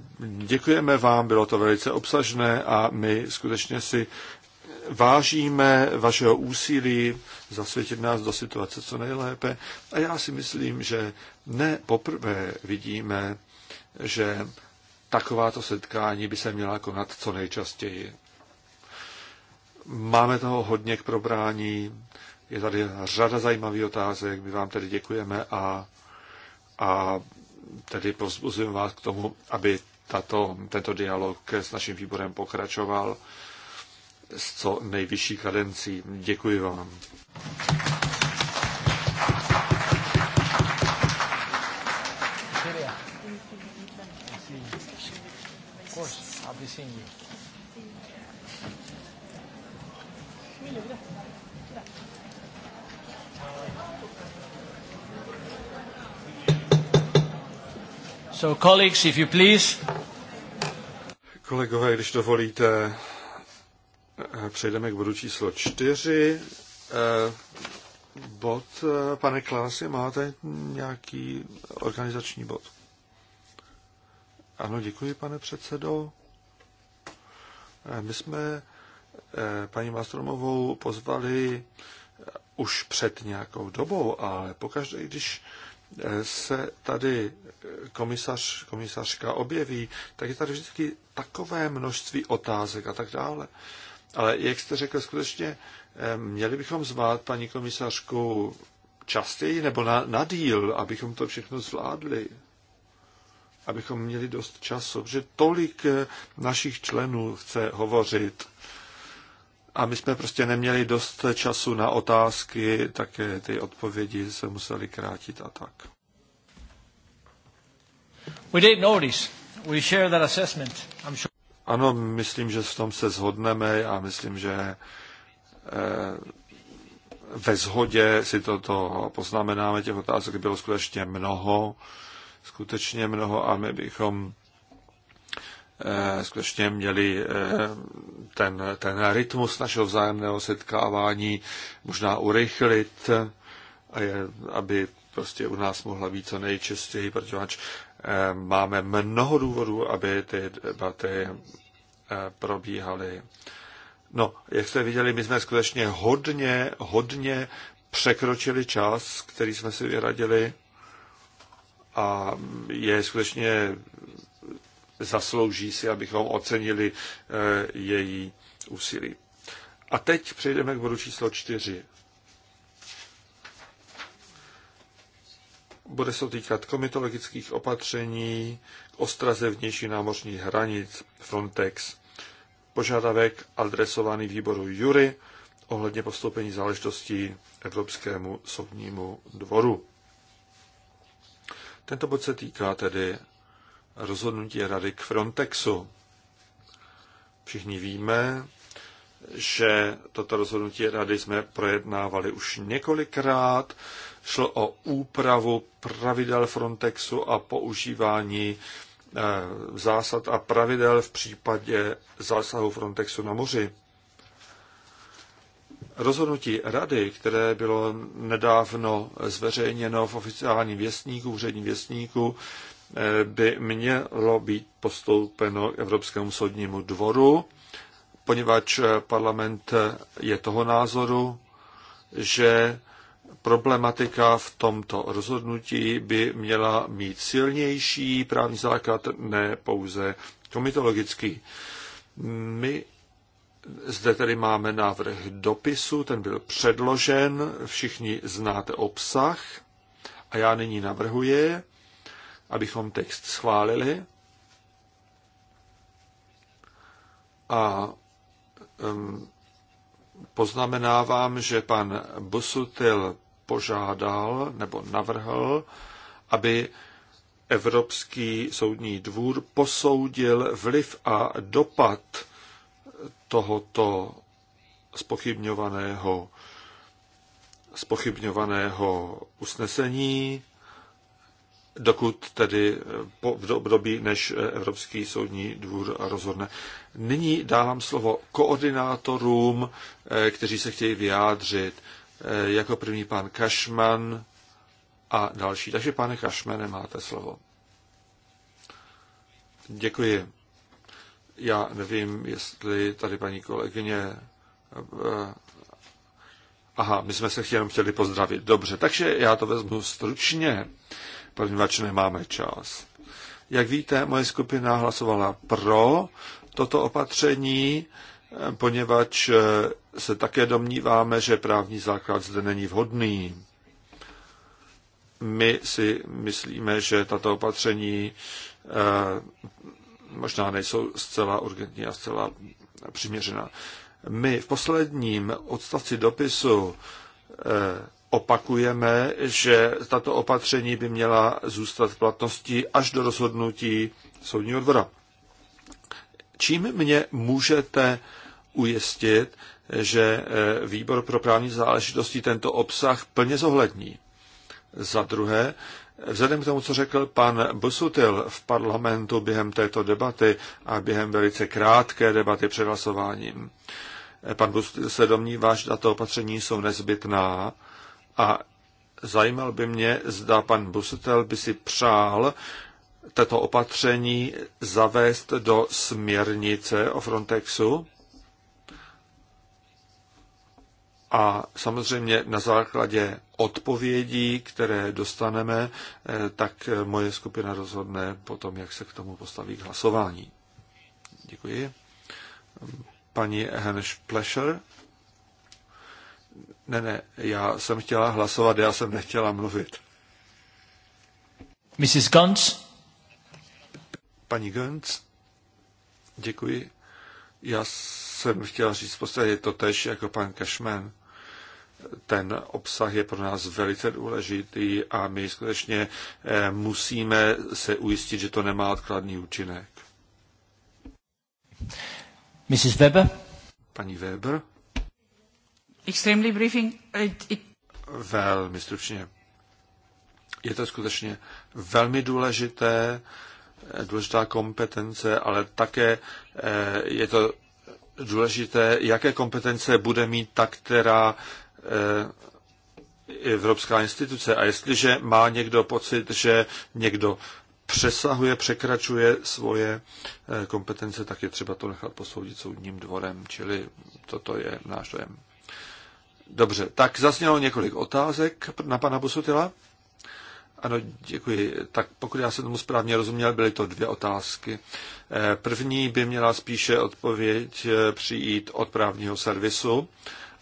[SPEAKER 2] děkujeme vám, bylo to velice obsažné a my skutečně si vážíme vašeho úsilí zasvětit nás do situace co nejlépe. A já si myslím, že ne poprvé vidíme, že takováto setkání by se měla konat co nejčastěji. Máme toho hodně k probrání, je tady řada zajímavých otázek, my vám tedy děkujeme a, a tedy pozbuzujeme vás k tomu, aby tato, tento dialog s naším výborem pokračoval s co nejvyšší kadencí. Děkuji vám.
[SPEAKER 1] Of you. So, colleagues, if you please.
[SPEAKER 2] Kolegové, když dovolíte, eh, přejdeme k bodu číslo čtyři. Eh, bod, eh, pane Klasi, máte nějaký organizační bod? Ano, děkuji, pane předsedo. My jsme Eh, paní Mastromovou pozvali eh, už před nějakou dobou, ale pokaždé, když eh, se tady komisař, komisařka objeví, tak je tady vždycky takové množství otázek a tak dále. Ale jak jste řekl, skutečně měli bychom zvát paní komisařku častěji nebo na, na díl, abychom to všechno zvládli. Abychom měli dost času, protože tolik našich členů chce hovořit a my jsme prostě neměli dost času na otázky, také ty odpovědi se museli krátit a tak.
[SPEAKER 1] We did notice. We share that assessment.
[SPEAKER 2] I'm sure. Ano, myslím, že v tom se zhodneme a myslím, že eh, ve shodě si toto poznamenáme. Těch otázek bylo skutečně mnoho, skutečně mnoho a my bychom Eh, skutečně měli eh, ten, ten rytmus našeho vzájemného setkávání možná urychlit, eh, aby prostě u nás mohla být co nejčistěji, protože máme mnoho důvodů, aby ty debaty probíhaly. No, jak jste viděli, my jsme skutečně hodně, hodně překročili čas, který jsme si vyradili a je skutečně zaslouží si, abychom ocenili eh, její úsilí. A teď přejdeme k bodu číslo čtyři. Bude se týkat komitologických opatření k ostraze vnější námořní hranic Frontex. Požadavek adresovaný výboru Jury ohledně postoupení záležitostí Evropskému soudnímu dvoru. Tento bod se týká tedy rozhodnutí Rady k Frontexu. Všichni víme, že toto rozhodnutí Rady jsme projednávali už několikrát. Šlo o úpravu pravidel Frontexu a používání eh, zásad a pravidel v případě zásahu Frontexu na moři. Rozhodnutí rady, které bylo nedávno zveřejněno v oficiálním věstníku, úředním věstníku, by mělo být postoupeno Evropskému soudnímu dvoru, poněvadž parlament je toho názoru, že problematika v tomto rozhodnutí by měla mít silnější právní základ, ne pouze komitologický. My zde tedy máme návrh dopisu, ten byl předložen, všichni znáte obsah a já nyní navrhuji, abychom text schválili a um, poznamenávám, že pan Busutil požádal nebo navrhl, aby Evropský soudní dvůr posoudil vliv a dopad tohoto spochybňovaného, spochybňovaného usnesení dokud tedy eh, v období, než eh, Evropský soudní dvůr rozhodne. Nyní dávám slovo koordinátorům, eh, kteří se chtějí vyjádřit. Jako první pan Kašman a další. Takže pane Kašmane, máte slovo. Děkuji. Já nevím, jestli tady paní kolegyně Aha, my jsme se chtěli, chtěli pozdravit. Dobře, takže já to vezmu stručně poněvadž nemáme čas. Jak víte, moje skupina hlasovala pro toto opatření, eh, poněvadž eh, se také domníváme, že právní základ zde není vhodný. My si myslíme, že tato opatření eh, možná nejsou zcela urgentní a zcela přiměřená. My v posledním odstavci dopisu opakujeme, že tato opatření by měla zůstat v platnosti až do rozhodnutí soudního dvora. Čím mě můžete ujistit, že eh, výbor pro právní záležitosti tento obsah plně zohlední? Za druhé, vzhledem k tomu, co řekl pan Busutil v parlamentu během této debaty a během velice krátké debaty před hlasováním, eh, pan Busutil se domnívá, že tato opatření jsou nezbytná, a zajímal by mě, zda pan Busetel by si přál tato opatření zavést do směrnice o Frontexu. A samozřejmě na základě odpovědí, které dostaneme, eh, tak eh, moje skupina rozhodne potom, jak se k tomu postaví k hlasování. Děkuji. Paní Henš Plesher. Ne, ne, já jsem chtěla hlasovat, já jsem nechtěla mluvit.
[SPEAKER 1] Mrs. Guns?
[SPEAKER 2] Paní Guns, děkuji. Já jsem chtěla říct v podstatě to tež jako pan Cashman. Ten obsah je pro nás velice důležitý a my skutečně eh, musíme se ujistit, že to nemá odkladný účinek.
[SPEAKER 1] Mrs. Weber?
[SPEAKER 2] Paní Weber?
[SPEAKER 1] extremely briefing, it, it...
[SPEAKER 2] Velmi stručně. Je to skutečně velmi důležité, eh, důležitá kompetence, ale také eh, je to důležité, jaké kompetence bude mít ta, která eh, evropská instituce. A jestliže má někdo pocit, že někdo přesahuje, překračuje svoje kompetence, tak je třeba to nechat posoudit soudním dvorem, čili toto je náš dojem. Dobře, tak zaznělo několik otázek na pana Busutila. Ano, děkuji. Tak pokud já jsem tomu správně rozuměl, byly to dvě otázky. Eh, první by měla spíše odpověď eh, přijít od právního servisu.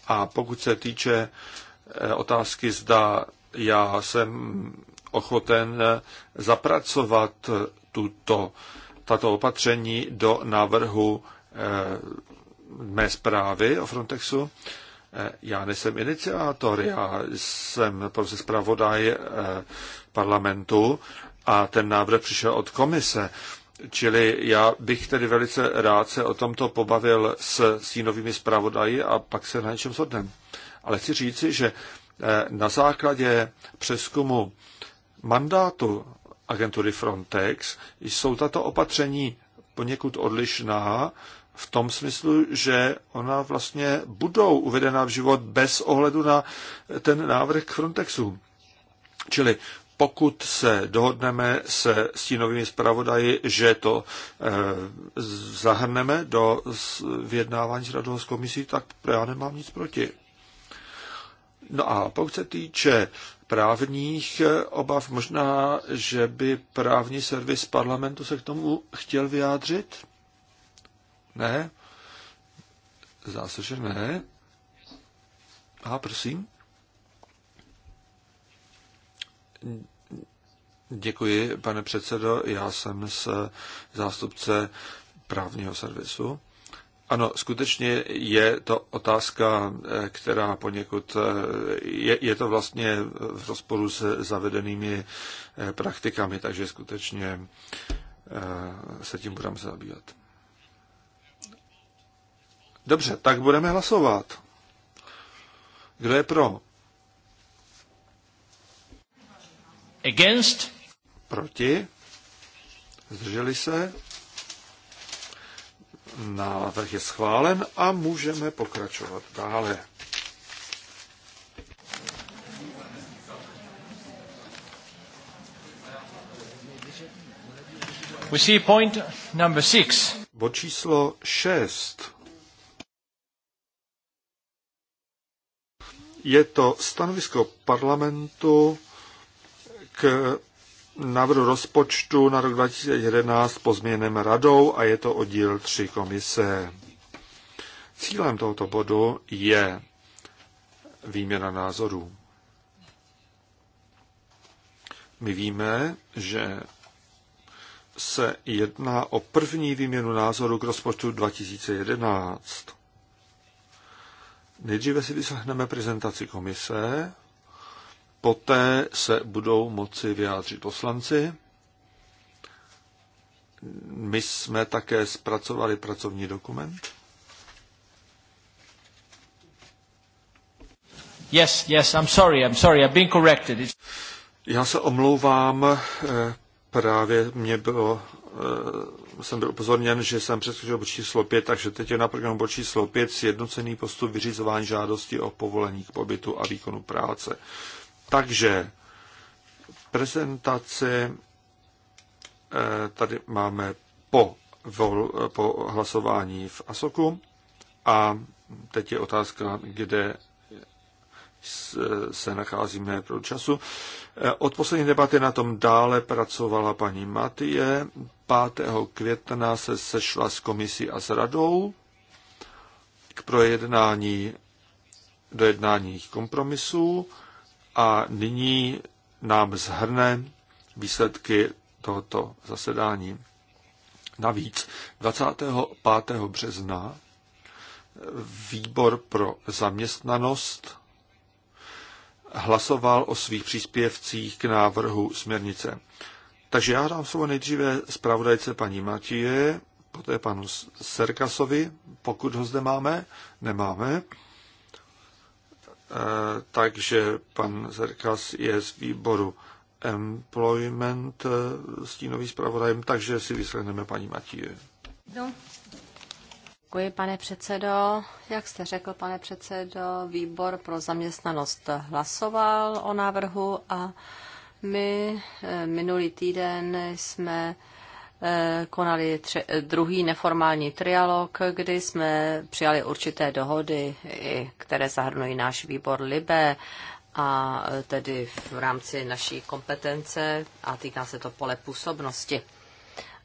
[SPEAKER 2] A pokud se týče eh, otázky, zda já jsem ochoten zapracovat tuto, tato opatření do návrhu mé zprávy o Frontexu, já nejsem iniciátor, já jsem prostě zpravodaj eh, parlamentu a ten návrh přišel od komise. Čili já bych tedy velice rád se o tomto pobavil s sínovými zpravodaji a pak se na něčem shodnem. Ale chci říci, že eh, na základě přeskumu mandátu agentury Frontex jsou tato opatření poněkud odlišná v tom smyslu, že ona vlastně budou uvedena v život bez ohledu na ten návrh k Frontexu. Čili pokud se dohodneme se stínovými zpravodaji, že to e, zahrneme do vyjednávání s radou s komisí, tak já nemám nic proti. No a pokud se týče právních eh, obav, možná, že by právní servis parlamentu se k tomu chtěl vyjádřit? Ne? Zdá se, že ne. A prosím. Děkuji, pane předsedo. Já jsem z zástupce právního servisu. Ano, skutečně je to otázka, která poněkud je, je to vlastně v rozporu s zavedenými eh, praktikami, takže skutečně eh, se tím budeme zabývat. Dobře, tak budeme hlasovat. Kdo je pro? Against? Proti? Zdrželi se? Návrh je schválen a můžeme pokračovat dále.
[SPEAKER 1] We see point
[SPEAKER 2] number six. Bod číslo 6. Je to stanovisko parlamentu k návrhu rozpočtu na rok 2011 změněném radou a je to oddíl 3 komise. Cílem tohoto bodu je výměna názorů. My víme, že se jedná o první výměnu názoru k rozpočtu 2011. Nejdříve si vyslechneme prezentaci komise, poté se budou moci vyjádřit poslanci. My jsme také zpracovali pracovní dokument. Yes, yes, I'm sorry, I'm sorry, I've been corrected. It's... Já se omlouvám, eh, právě mě bylo Eh, jsem byl upozorněn, že jsem přeskočil bod číslo 5, takže teď je na programu bod číslo 5 sjednocený postup vyřizování žádosti o povolení k pobytu a výkonu práce. Takže prezentaci eh, tady máme po, vol, po hlasování v ASOKu a teď je otázka, kde se nacházíme pro času. Eh, od poslední debaty na tom dále pracovala paní Matie. 5. května se sešla s komisí a s radou k projednání dojednání kompromisů a nyní nám zhrne výsledky tohoto zasedání. Navíc 25. března výbor pro zaměstnanost hlasoval o svých příspěvcích k návrhu směrnice. Takže já dám slovo nejdříve zpravodajce paní Matije, poté panu Serkasovi, pokud ho zde máme, nemáme. E, takže pan Serkas je z výboru Employment e, stínový zpravodajem, takže si vyslechneme paní Matěje.
[SPEAKER 1] No,
[SPEAKER 3] Děkuji, pane předsedo. Jak jste řekl, pane předsedo, výbor pro zaměstnanost hlasoval o návrhu a my eh, minulý týden jsme eh, konali tři, druhý neformální trialog, kdy jsme přijali určité dohody, které zahrnují náš výbor Libe a eh, tedy v rámci naší kompetence a týká se to pole působnosti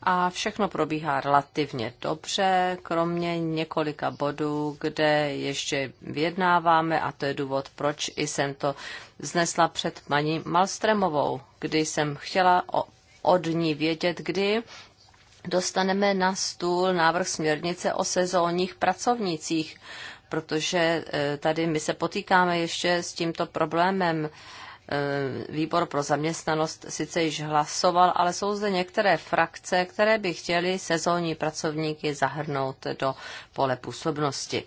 [SPEAKER 3] a všechno probíhá relativně dobře, kromě několika bodů, kde ještě vyjednáváme a to je důvod, proč jsem to znesla před paní Malstremovou, kdy jsem chtěla od ní vědět, kdy dostaneme na stůl návrh směrnice o sezónních pracovnících, protože eh, tady my se potýkáme ještě s tímto problémem Eh, výbor pro zaměstnanost sice již hlasoval, ale jsou zde některé frakce, které by chtěly sezónní pracovníky zahrnout do pole působnosti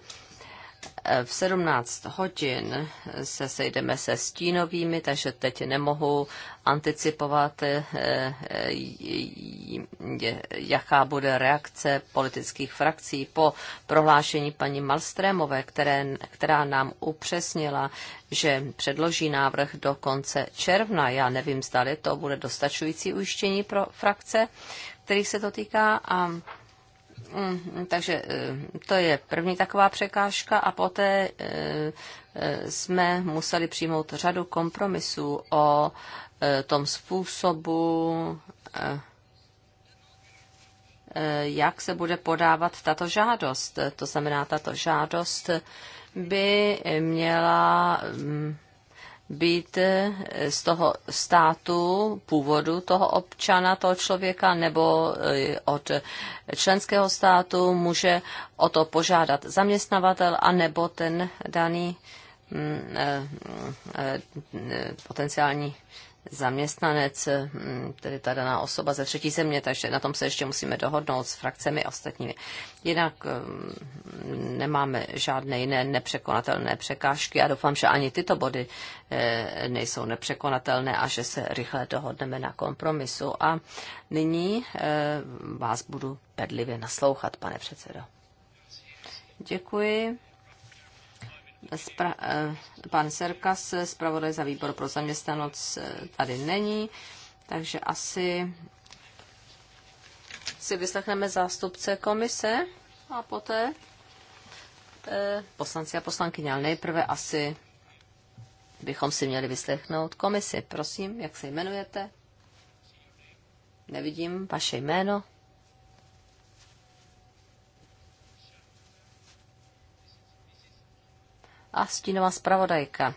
[SPEAKER 3] v 17 hodin se sejdeme se stínovými, takže teď nemohu anticipovat, eh, eh, jaká bude reakce politických frakcí po prohlášení paní Malstrémové, které, která nám upřesnila, že předloží návrh do konce června. Já nevím, zda to bude dostačující ujištění pro frakce, kterých se to týká. A Mhm, takže eh, to je první taková překážka a poté eh, eh, jsme museli přijmout řadu kompromisů o tom způsobu, jak se bude podávat tato žádost. To znamená, tato žádost by měla mm, být eh, z toho státu původu toho občana, toho člověka, nebo eh, od členského státu může o to požádat zaměstnavatel, anebo ten daný mm, eh, mm, potenciální zaměstnanec, hm, tedy ta daná osoba ze třetí země, takže na tom se ještě musíme dohodnout s frakcemi ostatními. Jinak hm, nemáme žádné jiné nepřekonatelné překážky a doufám, že ani tyto body eh, nejsou nepřekonatelné a že se rychle dohodneme na kompromisu. A nyní eh, vás budu bedlivě naslouchat, pane předsedo. Děkuji. Eh, pan Serkas, zpravodaj za výbor pro zaměstnanost, eh, tady není, takže asi si vyslechneme zástupce komise a poté eh, poslanci a poslankyně, ale nejprve asi bychom si měli vyslechnout komisi. Prosím, jak se jmenujete? Nevidím vaše jméno. a stínová zpravodajka.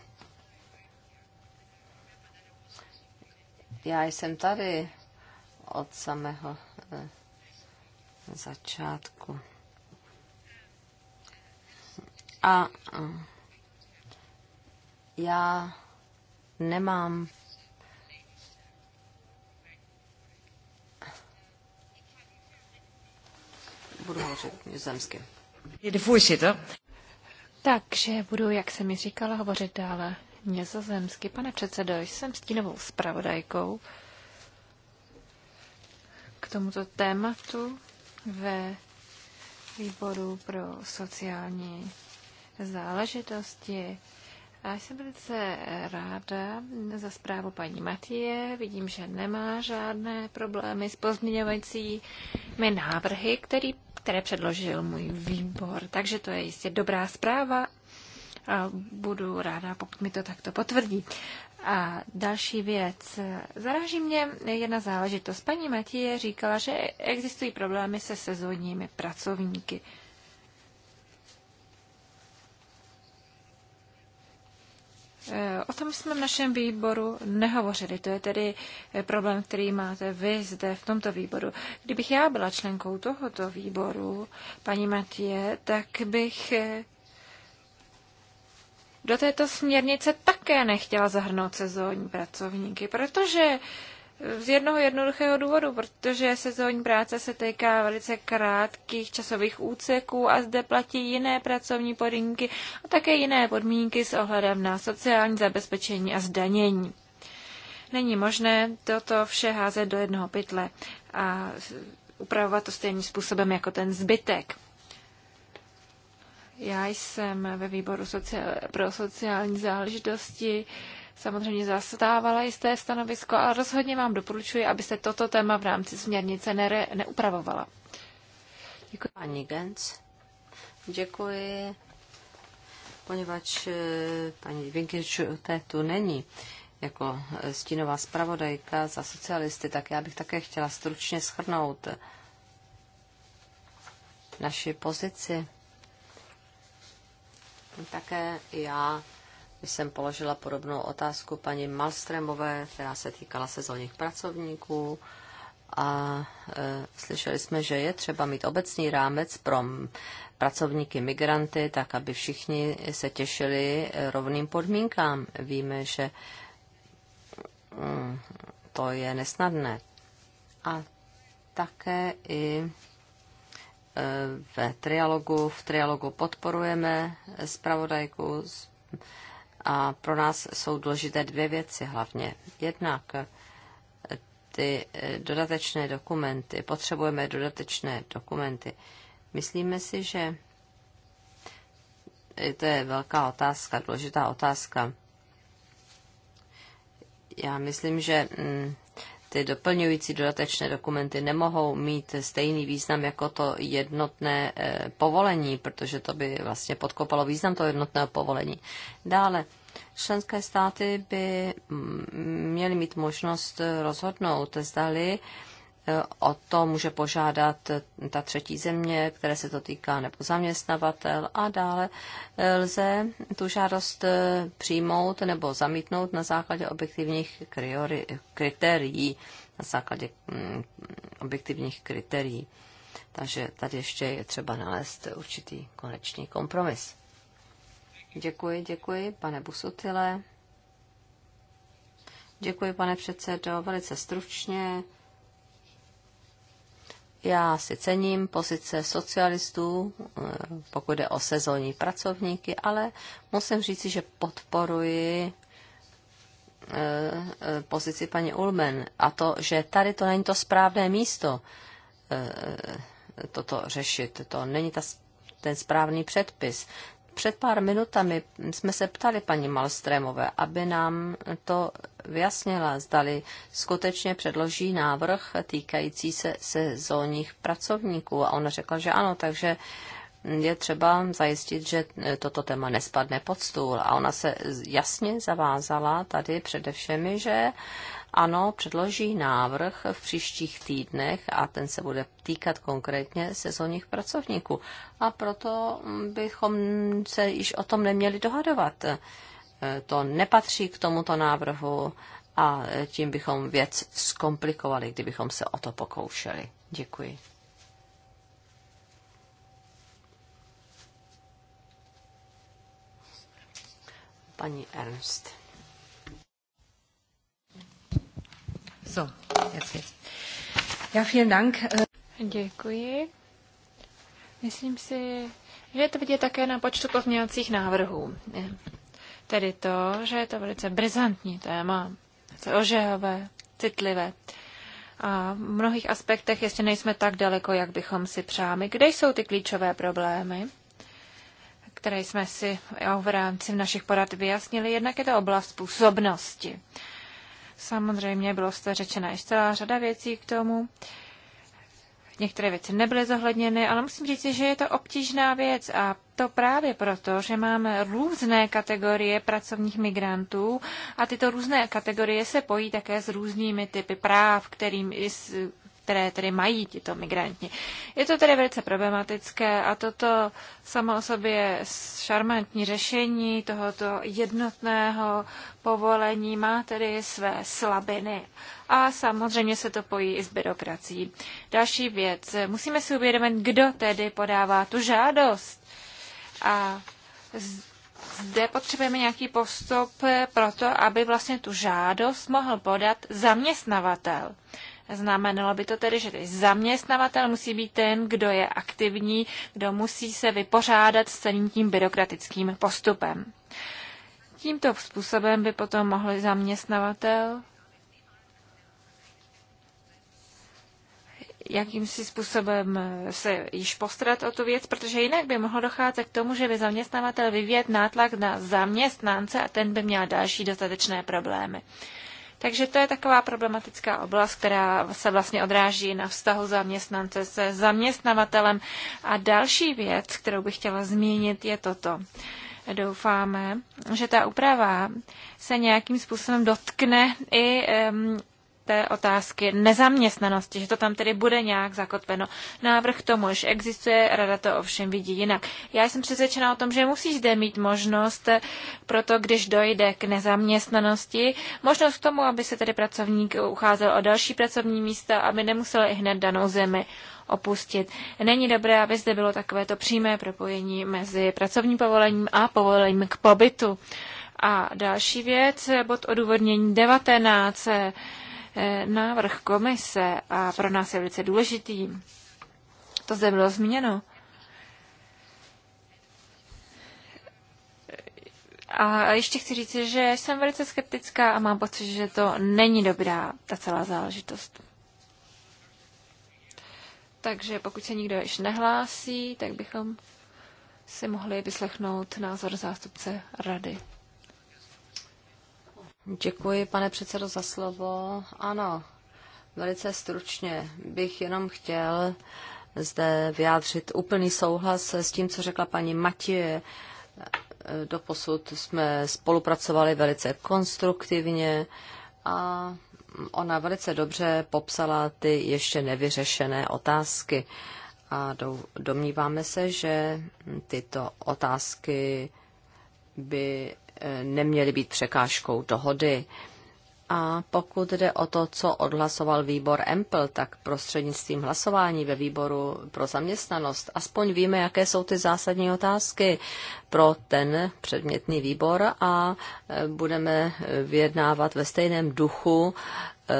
[SPEAKER 3] Já jsem tady od samého eh, začátku. A eh, já nemám budu hovořit nizozemsky. Voorzitter,
[SPEAKER 1] takže budu, jak jsem mi říkala, hovořit dále nězozemsky. Pane předsedo, jsem stínovou zpravodajkou k tomuto tématu ve výboru pro sociální záležitosti. A jsem velice ráda za zprávu paní Matie. Vidím, že nemá žádné problémy s pozměňovacími návrhy, který které předložil můj výbor. Takže to je jistě dobrá zpráva a budu ráda, pokud mi to takto potvrdí. A další věc. Zaráží mě jedna záležitost. Paní Matěje říkala, že existují problémy se sezónními pracovníky. Eh, o tom jsme v našem výboru nehovořili. To je tedy eh, problém, který máte vy zde v tomto výboru. Kdybych já byla členkou tohoto výboru, paní Matie, tak bych eh, do této směrnice také nechtěla zahrnout sezónní pracovníky, protože z jednoho jednoduchého důvodu, protože sezónní práce se týká velice krátkých časových úseků a zde platí jiné pracovní podmínky a také jiné podmínky s ohledem na sociální zabezpečení a zdanění. Není možné toto vše házet do jednoho pytle a upravovat to stejným způsobem jako ten zbytek. Já jsem ve výboru sociál, pro sociální záležitosti uh, samozřejmě zastávala jisté stanovisko, ale rozhodně vám doporučuji, abyste toto téma v rámci směrnice nere- neupravovala. Děkuji. pani Gens, děkuji, poněvadž eh,
[SPEAKER 3] paní Vinkičuté tu není jako eh, stínová zpravodajka za socialisty, tak já bych také chtěla stručně schrnout naši pozici. Také já jsem položila podobnou otázku paní Malstremové, která se týkala sezónních pracovníků a e, slyšeli jsme, že je třeba mít obecný rámec pro pracovníky migranty, tak aby všichni se těšili e, rovným podmínkám. Víme, že mm, to je nesnadné. A také i e, ve trialogu, v trialogu podporujeme zpravodajku, a pro nás jsou důležité dvě věci hlavně. Jednak eh, ty eh, dodatečné dokumenty, potřebujeme dodatečné dokumenty. Myslíme si, že eh, to je velká otázka, důležitá otázka. Já myslím, že mm, ty doplňující dodatečné dokumenty nemohou mít stejný význam jako to jednotné eh, povolení, protože to by vlastně podkopalo význam toho jednotného povolení. Dále, členské státy by mm, měly mít možnost rozhodnout, zdali o to může požádat ta třetí země, které se to týká, nebo zaměstnavatel a dále lze tu žádost eh, přijmout nebo zamítnout na základě objektivních kritérií, na základě mm, objektivních kritérií. Takže tady ještě je třeba nalézt určitý konečný kompromis. Děkuji, děkuji, pane Busutile. Děkuji, pane předsedo, velice stručně. Já si cením pozice socialistů, eh, pokud jde o sezónní pracovníky, ale musím říci, že podporuji eh, eh, pozici paní Ulmen a to, že tady to není to správné místo toto řešit. To není ta, ten správný předpis. Před pár minutami jsme se ptali paní Malstrémové, aby nám to vyjasnila, zdali skutečně předloží návrh týkající se sezónních pracovníků. A ona řekla, že ano, takže je třeba zajistit, že toto téma nespadne pod stůl. A ona se jasně zavázala tady především, že ano, předloží návrh v příštích týdnech a ten se bude týkat konkrétně sezónních pracovníků. A proto bychom se již o tom neměli dohadovat. E, to nepatří k tomuto návrhu a tím bychom věc zkomplikovali, kdybychom se o to pokoušeli. Děkuji. Paní Ernst. So,
[SPEAKER 1] jetzt geht's. Ja, vielen Dank. Děkuji. Myslím si, že je to vidět také na počtu pozměňovacích návrhů. Tedy to, že je to velice brizantní téma, ožehavé, citlivé. A v mnohých aspektech ještě nejsme tak daleko, jak bychom si přáli. Kde jsou ty klíčové problémy, které jsme si v rámci našich porad vyjasnili? Jednak je to oblast působnosti. Samozřejmě bylo jste řečena ještě celá řada věcí k tomu. Některé věci nebyly zohledněny, ale musím říct, že je to obtížná věc a to právě proto, že máme různé kategorie pracovních migrantů a tyto různé kategorie se pojí také s různými typy práv, kterým, které tedy mají tito migranti. Je to tedy velice problematické a toto samo o sobě šarmantní řešení tohoto jednotného povolení má tedy své slabiny. A samozřejmě se to pojí i s byrokrací. Další věc. Musíme si uvědomit, kdo tedy podává tu žádost. A zde potřebujeme nějaký postup pro to, aby vlastně tu žádost mohl podat zaměstnavatel. Znamenalo by to tedy, že zaměstnavatel musí být ten, kdo je aktivní, kdo musí se vypořádat s celým tím byrokratickým postupem. Tímto způsobem by potom mohl zaměstnavatel jakýmsi způsobem eh, se již postarat o tu věc, protože jinak by mohlo docházet k tomu, že by zaměstnavatel vyvíjet nátlak na zaměstnance a ten by měl další dostatečné problémy. Takže to je taková problematická oblast, která se vlastně odráží na vztahu zaměstnance se zaměstnavatelem. A další věc, kterou bych chtěla zmínit, je toto. Doufáme, že ta úprava se nějakým způsobem dotkne i um, té otázky nezaměstnanosti, že to tam tedy bude nějak zakotveno. Návrh tomu že existuje, rada to ovšem vidí jinak. Já jsem přesvědčena o tom, že musí zde mít možnost, proto když dojde k nezaměstnanosti, možnost k tomu, aby se tedy pracovník ucházel o další pracovní místa, aby nemusel i hned danou zemi opustit. Není dobré, aby zde bylo takovéto přímé propojení mezi pracovním povolením a povolením k pobytu. A další věc, bod odůvodnění 19 Eh, návrh komise a pro nás je velice důležitý. To zde bylo zmíněno. A ještě chci říct, že jsem velice skeptická a mám pocit, že to není dobrá ta celá záležitost. Takže pokud se nikdo již nehlásí, tak bychom si mohli vyslechnout názor zástupce rady. Děkuji, pane předsedo, za slovo. Ano,
[SPEAKER 3] velice stručně bych jenom chtěl zde vyjádřit úplný souhlas s tím, co řekla paní Matěje. Doposud jsme spolupracovali velice konstruktivně a ona velice dobře popsala ty ještě nevyřešené otázky. A domníváme se, že tyto otázky by neměly být překážkou dohody. A pokud jde o to, co odhlasoval výbor EMPL, tak prostřednictvím hlasování ve výboru pro zaměstnanost aspoň víme, jaké jsou ty zásadní otázky pro ten předmětný výbor a e, budeme vyjednávat ve stejném duchu e,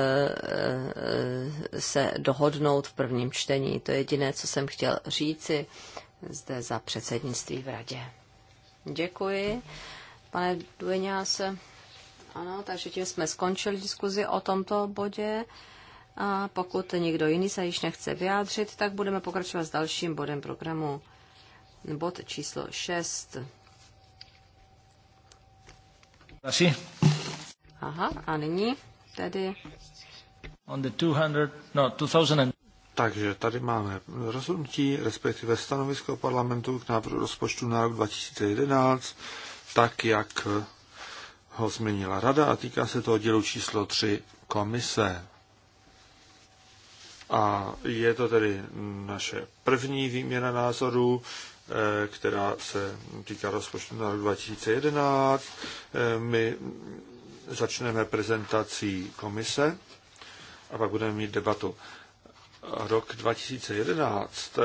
[SPEAKER 3] e, se dohodnout v prvním čtení. To je jediné, co jsem chtěl říci zde za předsednictví v radě. Děkuji pane Dueňáse. Ano, takže tím jsme skončili diskuzi o tomto bodě. A pokud někdo jiný se již nechce vyjádřit, tak budeme pokračovat s dalším bodem programu. Bod číslo 6. Asi. Aha, a nyní tedy...
[SPEAKER 2] On the 200, no, 2000 takže tady máme rozhodnutí, respektive stanovisko parlamentu k návrhu rozpočtu na rok 2011 tak, jak ho změnila rada a týká se toho dílu číslo 3 komise. A je to tedy naše první výměna názorů, eh, která se týká rozpočtu na rok 2011. Eh, my začneme prezentací komise a pak budeme mít debatu rok 2011 eh,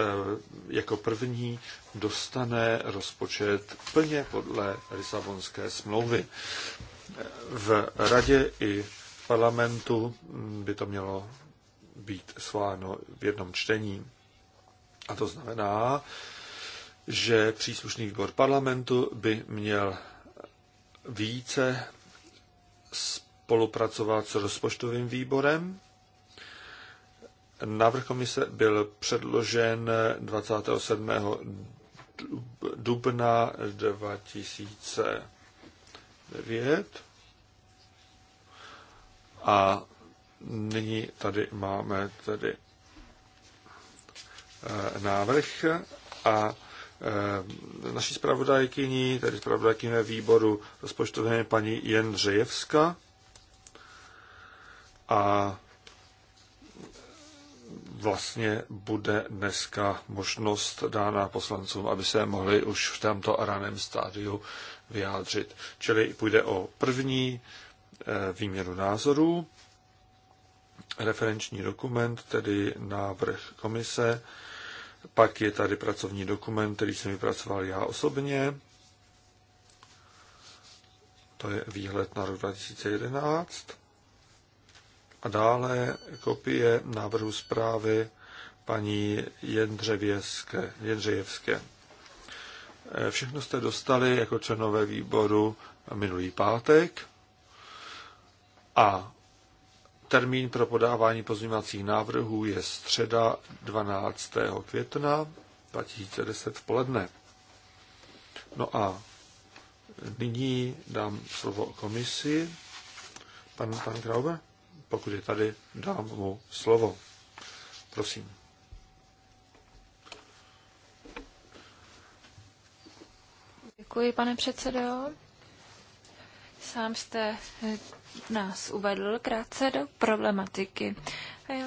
[SPEAKER 2] jako první dostane rozpočet plně podle Lisabonské smlouvy. V radě i v parlamentu by to mělo být sváno v jednom čtení. A to znamená, že příslušný výbor parlamentu by měl více spolupracovat s rozpočtovým výborem Návrh komise byl předložen 27. dubna 2009 a nyní tady máme tedy eh, návrh a eh, naší zpravodajkyní, tedy zpravodajkyně výboru rozpočtové paní Jendřejevska a vlastně bude dneska možnost dána poslancům, aby se mohli už v tomto raném stádiu vyjádřit. Čili půjde o první eh, výměnu názorů, referenční dokument, tedy návrh komise, pak je tady pracovní dokument, který jsem vypracoval já osobně, to je výhled na rok 2011, a dále kopie návrhu zprávy paní Jendřevěské, Jendřejevské. E, všechno jste dostali jako členové výboru minulý pátek a termín pro podávání pozměňovacích návrhů je středa 12. května 2010 v poledne. No a nyní dám slovo komisi. Pan, pan Krauber? pokud je tady, dám mu slovo. Prosím.
[SPEAKER 1] Děkuji, pane předsedo. Sám jste eh, nás uvedl krátce do problematiky. A já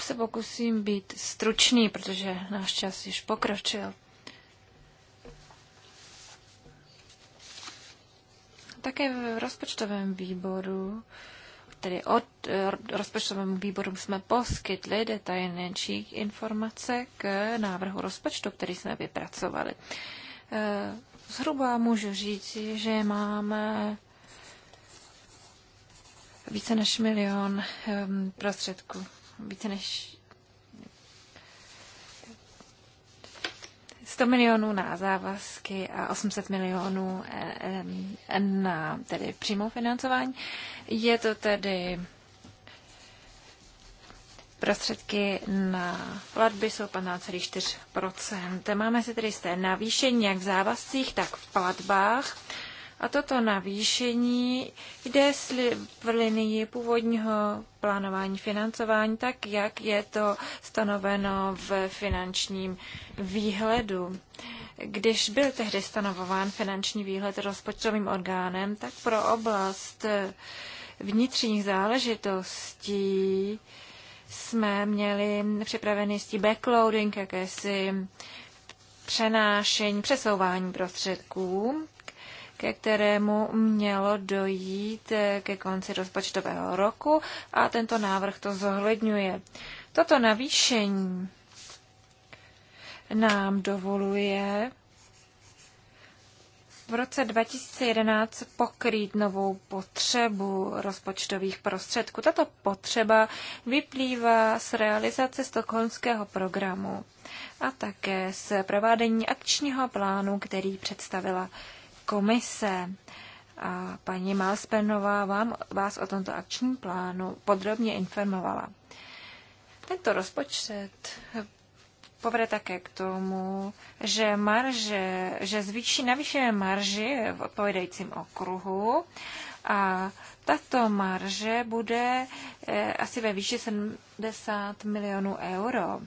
[SPEAKER 1] se pokusím být stručný, protože náš čas již pokročil. Také v rozpočtovém výboru tedy od eh, rozpočtovému výboru jsme poskytli detailnější informace k návrhu rozpočtu, který jsme vypracovali. Eh, zhruba můžu říct, že máme více než milion eh, prostředků, více než 100 milionů na závazky a 800 milionů eh, na tedy přímou financování. Je to tedy Prostředky na platby jsou 15,4%. Máme si tedy jisté navýšení jak v závazcích, tak v platbách. A toto navýšení jde v linii původního plánování financování, tak jak je to stanoveno v finančním výhledu. Když byl tehdy stanovován finanční výhled rozpočtovým orgánem, tak pro oblast eh, vnitřních záležitostí jsme měli připravený jistý backloading, jakési přenášení, přesouvání prostředků ke kterému mělo dojít eh, ke konci rozpočtového roku a tento návrh to zohledňuje. Toto navýšení nám dovoluje v roce 2011 pokrýt novou potřebu rozpočtových prostředků. Tato potřeba vyplývá z realizace stokholmského programu a také z provádění akčního plánu, který představila komise. A paní Malspenová vám, vás o tomto akčním plánu podrobně informovala. Tento rozpočet povede také k tomu, že marže, že zvýší, navýšíme marži v odpovědajícím okruhu a tato marže bude eh, asi ve výši 70 milionů euro.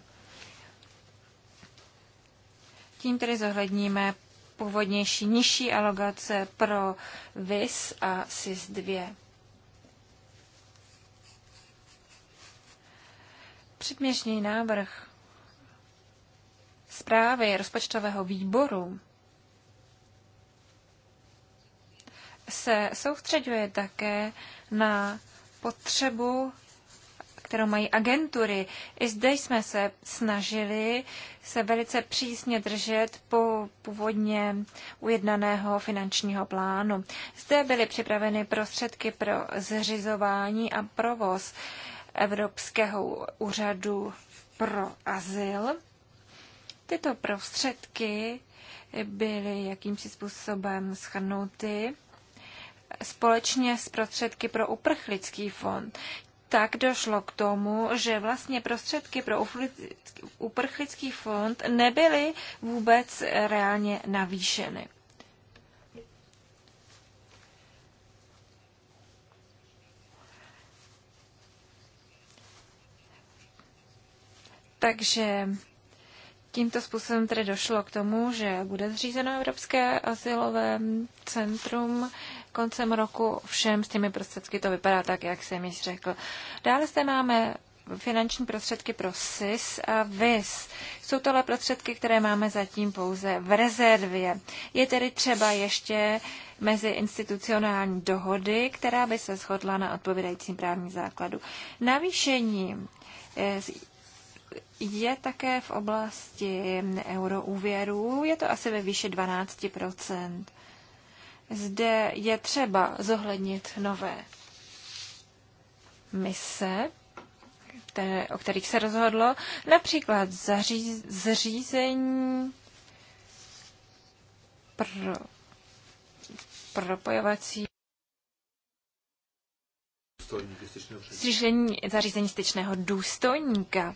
[SPEAKER 1] Tím tedy zohledníme původnější nižší alokace pro VIS a SIS-2. Předměžný návrh zprávy rozpočtového výboru se soustředuje také na potřebu kterou mají agentury. I zde jsme se snažili se velice přísně držet po původně ujednaného finančního plánu. Zde byly připraveny prostředky pro zřizování a provoz Evropského úřadu pro azyl. Tyto prostředky byly jakýmsi způsobem schrnuty společně s prostředky pro uprchlický fond tak došlo k tomu, že vlastně prostředky pro uprchlický fond nebyly vůbec reálně navýšeny. Takže tímto způsobem tedy došlo k tomu, že bude zřízeno Evropské asilové centrum, koncem roku všem s těmi prostředky to vypadá tak, jak jsem již řekl. Dále zde máme finanční prostředky pro SIS a VIS. Jsou tohle prostředky, které máme zatím pouze v rezervě. Je tedy třeba ještě mezi institucionální dohody, která by se shodla na odpovědajícím právním základu. Navýšení eh, je také v oblasti euroúvěrů, je to asi ve výši 12 zde je třeba zohlednit nové mise, které, o kterých se rozhodlo, například zaříz, zřízení pro propojovací
[SPEAKER 2] zřízení zařízení
[SPEAKER 1] styčného důstojníka.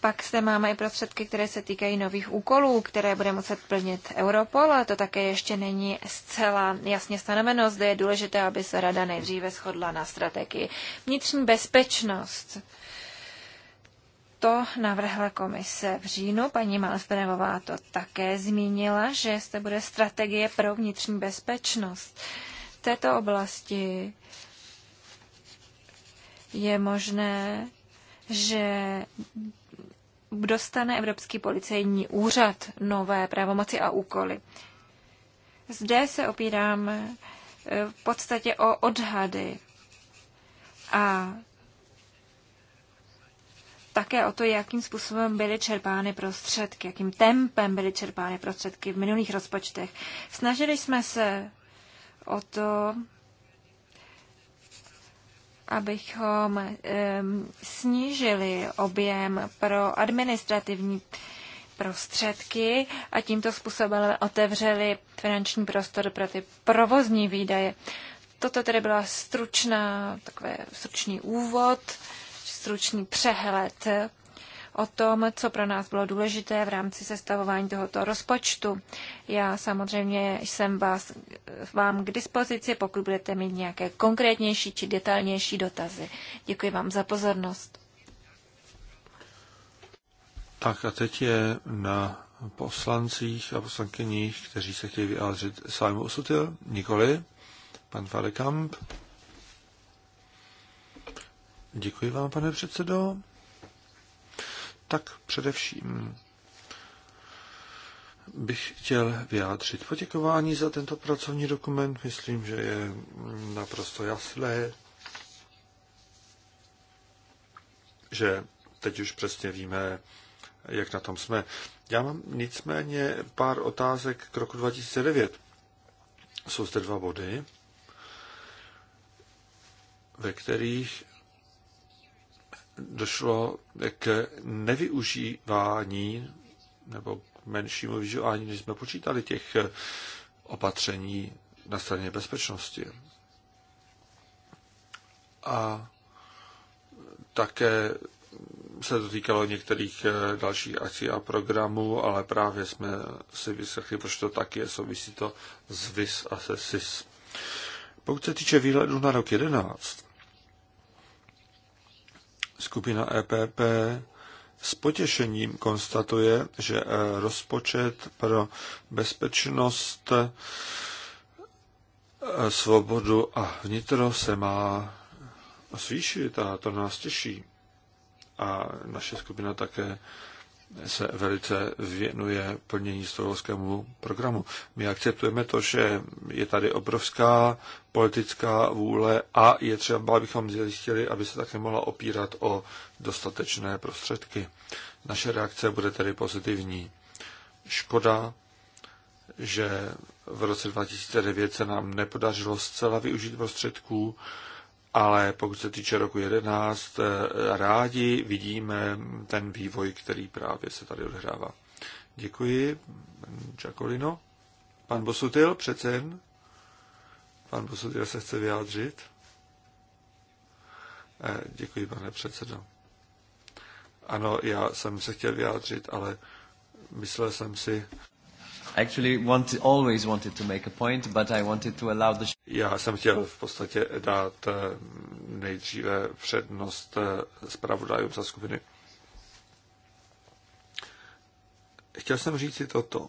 [SPEAKER 1] Pak zde máme i prostředky, které se týkají nových úkolů, které bude muset plnit Europol, ale to také ještě není zcela jasně stanoveno. Zde je důležité, aby se rada nejdříve shodla na strategii. Vnitřní bezpečnost. To navrhla komise v říjnu. Paní Malspenová to také zmínila, že zde bude strategie pro vnitřní bezpečnost. V této oblasti je možné, že dostane Evropský policejní úřad nové pravomoci a úkoly. Zde se opírám eh, v podstatě o odhady a také o to, jakým způsobem byly čerpány prostředky, jakým tempem byly čerpány prostředky v minulých rozpočtech. Snažili jsme se o to, abychom snížili objem pro administrativní prostředky a tímto způsobem otevřeli finanční prostor pro ty provozní výdaje. Toto tedy byla stručná, takové stručný úvod, stručný přehled o tom, co pro nás bylo důležité v rámci sestavování tohoto rozpočtu. Já samozřejmě jsem vás, vám k dispozici, pokud budete mít nějaké konkrétnější či detailnější dotazy. Děkuji vám za pozornost.
[SPEAKER 2] Tak a teď je na poslancích a poslankyních, kteří se chtějí vyjádřit sám Usutil, nikoli, pan Fadekamp. Děkuji vám, pane předsedo tak především bych chtěl vyjádřit poděkování za tento pracovní dokument. Myslím, že je naprosto jasné, že teď už přesně víme, jak na tom jsme. Já mám nicméně pár otázek k roku 2009. Jsou zde dva body, ve kterých došlo k nevyužívání nebo k menšímu využívání, než jsme počítali těch eh, opatření na straně bezpečnosti. A také se to týkalo některých eh, dalších akcí a programů, ale právě jsme si vyslechli, proč to tak je, souvisí to s VIS a se SIS. Pokud se týče výhledu na rok 11, Skupina EPP s potěšením konstatuje, že eh, rozpočet pro bezpečnost, eh, svobodu a vnitro se má zvýšit a to nás těší. A naše skupina také se velice věnuje plnění stolovskému programu. My akceptujeme to, že je tady obrovská politická vůle a je třeba, abychom zjistili, aby se také mohla opírat o dostatečné prostředky. Naše reakce bude tedy pozitivní. Škoda, že v roce 2009 se nám nepodařilo zcela využít prostředků, ale pokud se týče roku 11, eh, rádi vidíme ten vývoj, který právě se tady odhrává. Děkuji, Čakolino. Pan Bosutil, přece jen. Pan Bosutil se chce vyjádřit. Eh, děkuji, pane předsedo. Ano, já jsem se chtěl vyjádřit, ale myslel jsem si, Actually want, always wanted to make a point, but I wanted to allow the... Já jsem chtěl v podstatě dát eh, nejdříve přednost eh, zpravodajům za skupiny. Chtěl jsem říct si toto.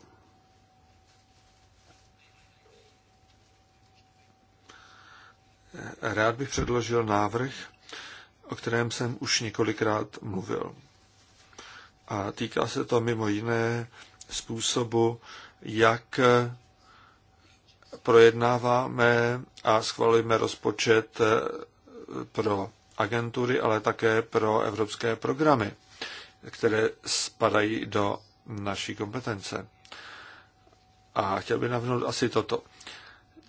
[SPEAKER 2] Eh, rád bych předložil návrh, o kterém jsem už několikrát mluvil. A týká se to mimo jiné způsobu, jak eh, projednáváme a schvalujeme rozpočet eh, pro agentury, ale také pro evropské programy, které spadají do naší kompetence. A chtěl bych navrhnout asi toto.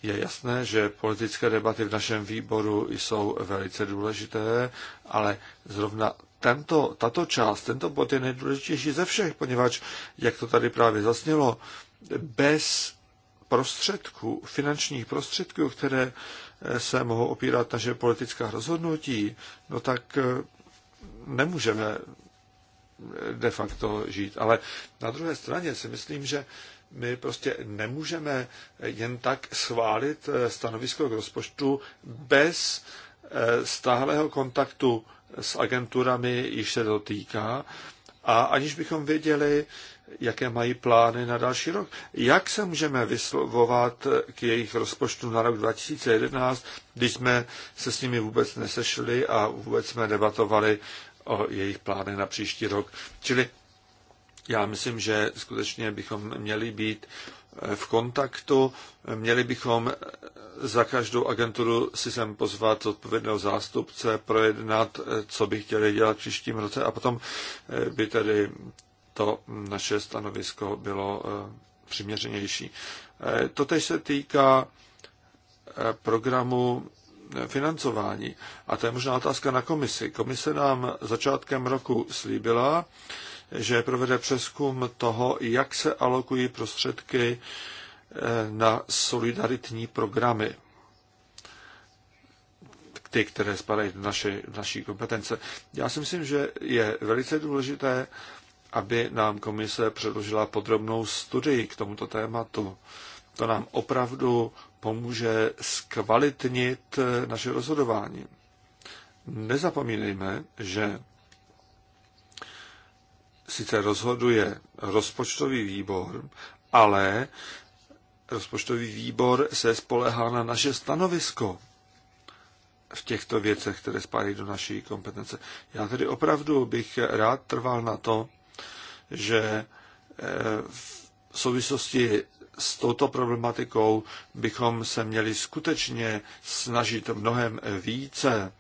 [SPEAKER 2] Je jasné, že politické debaty v našem výboru jsou velice důležité, ale zrovna tento, tato část, tento bod je nejdůležitější ze všech, poněvadž, jak to tady právě zasnělo, bez prostředků, finančních prostředků, které eh, se mohou opírat naše politická rozhodnutí, no tak eh, nemůžeme eh, de facto žít. Ale na druhé straně si myslím, že my prostě nemůžeme jen tak schválit stanovisko k rozpočtu bez stáhlého kontaktu s agenturami, již se to týká, a aniž bychom věděli, jaké mají plány na další rok. Jak se můžeme vyslovovat k jejich rozpočtu na rok 2011, když jsme se s nimi vůbec nesešli a vůbec jsme debatovali o jejich plánech na příští rok. Čili já myslím, že skutečně bychom měli být eh, v kontaktu, měli bychom eh, za každou agenturu si sem pozvat odpovědného zástupce, projednat, eh, co by chtěli dělat v příštím roce a potom by tedy to naše stanovisko bylo eh, přiměřenější. Eh, totež se týká eh, programu financování. A to je možná otázka na komisi. Komise nám začátkem roku slíbila, že provede přeskum toho, jak se alokují prostředky na solidaritní programy ty, které spadají do naše, naší kompetence. Já si myslím, že je velice důležité, aby nám komise předložila podrobnou studii k tomuto tématu. To nám opravdu pomůže zkvalitnit naše rozhodování. Nezapomínejme, že sice rozhoduje rozpočtový výbor, ale rozpočtový výbor se spolehá na naše stanovisko v těchto věcech, které spadají do naší kompetence. Já tedy opravdu bych rád trval na to, že eh, v souvislosti s touto problematikou bychom se měli skutečně snažit mnohem více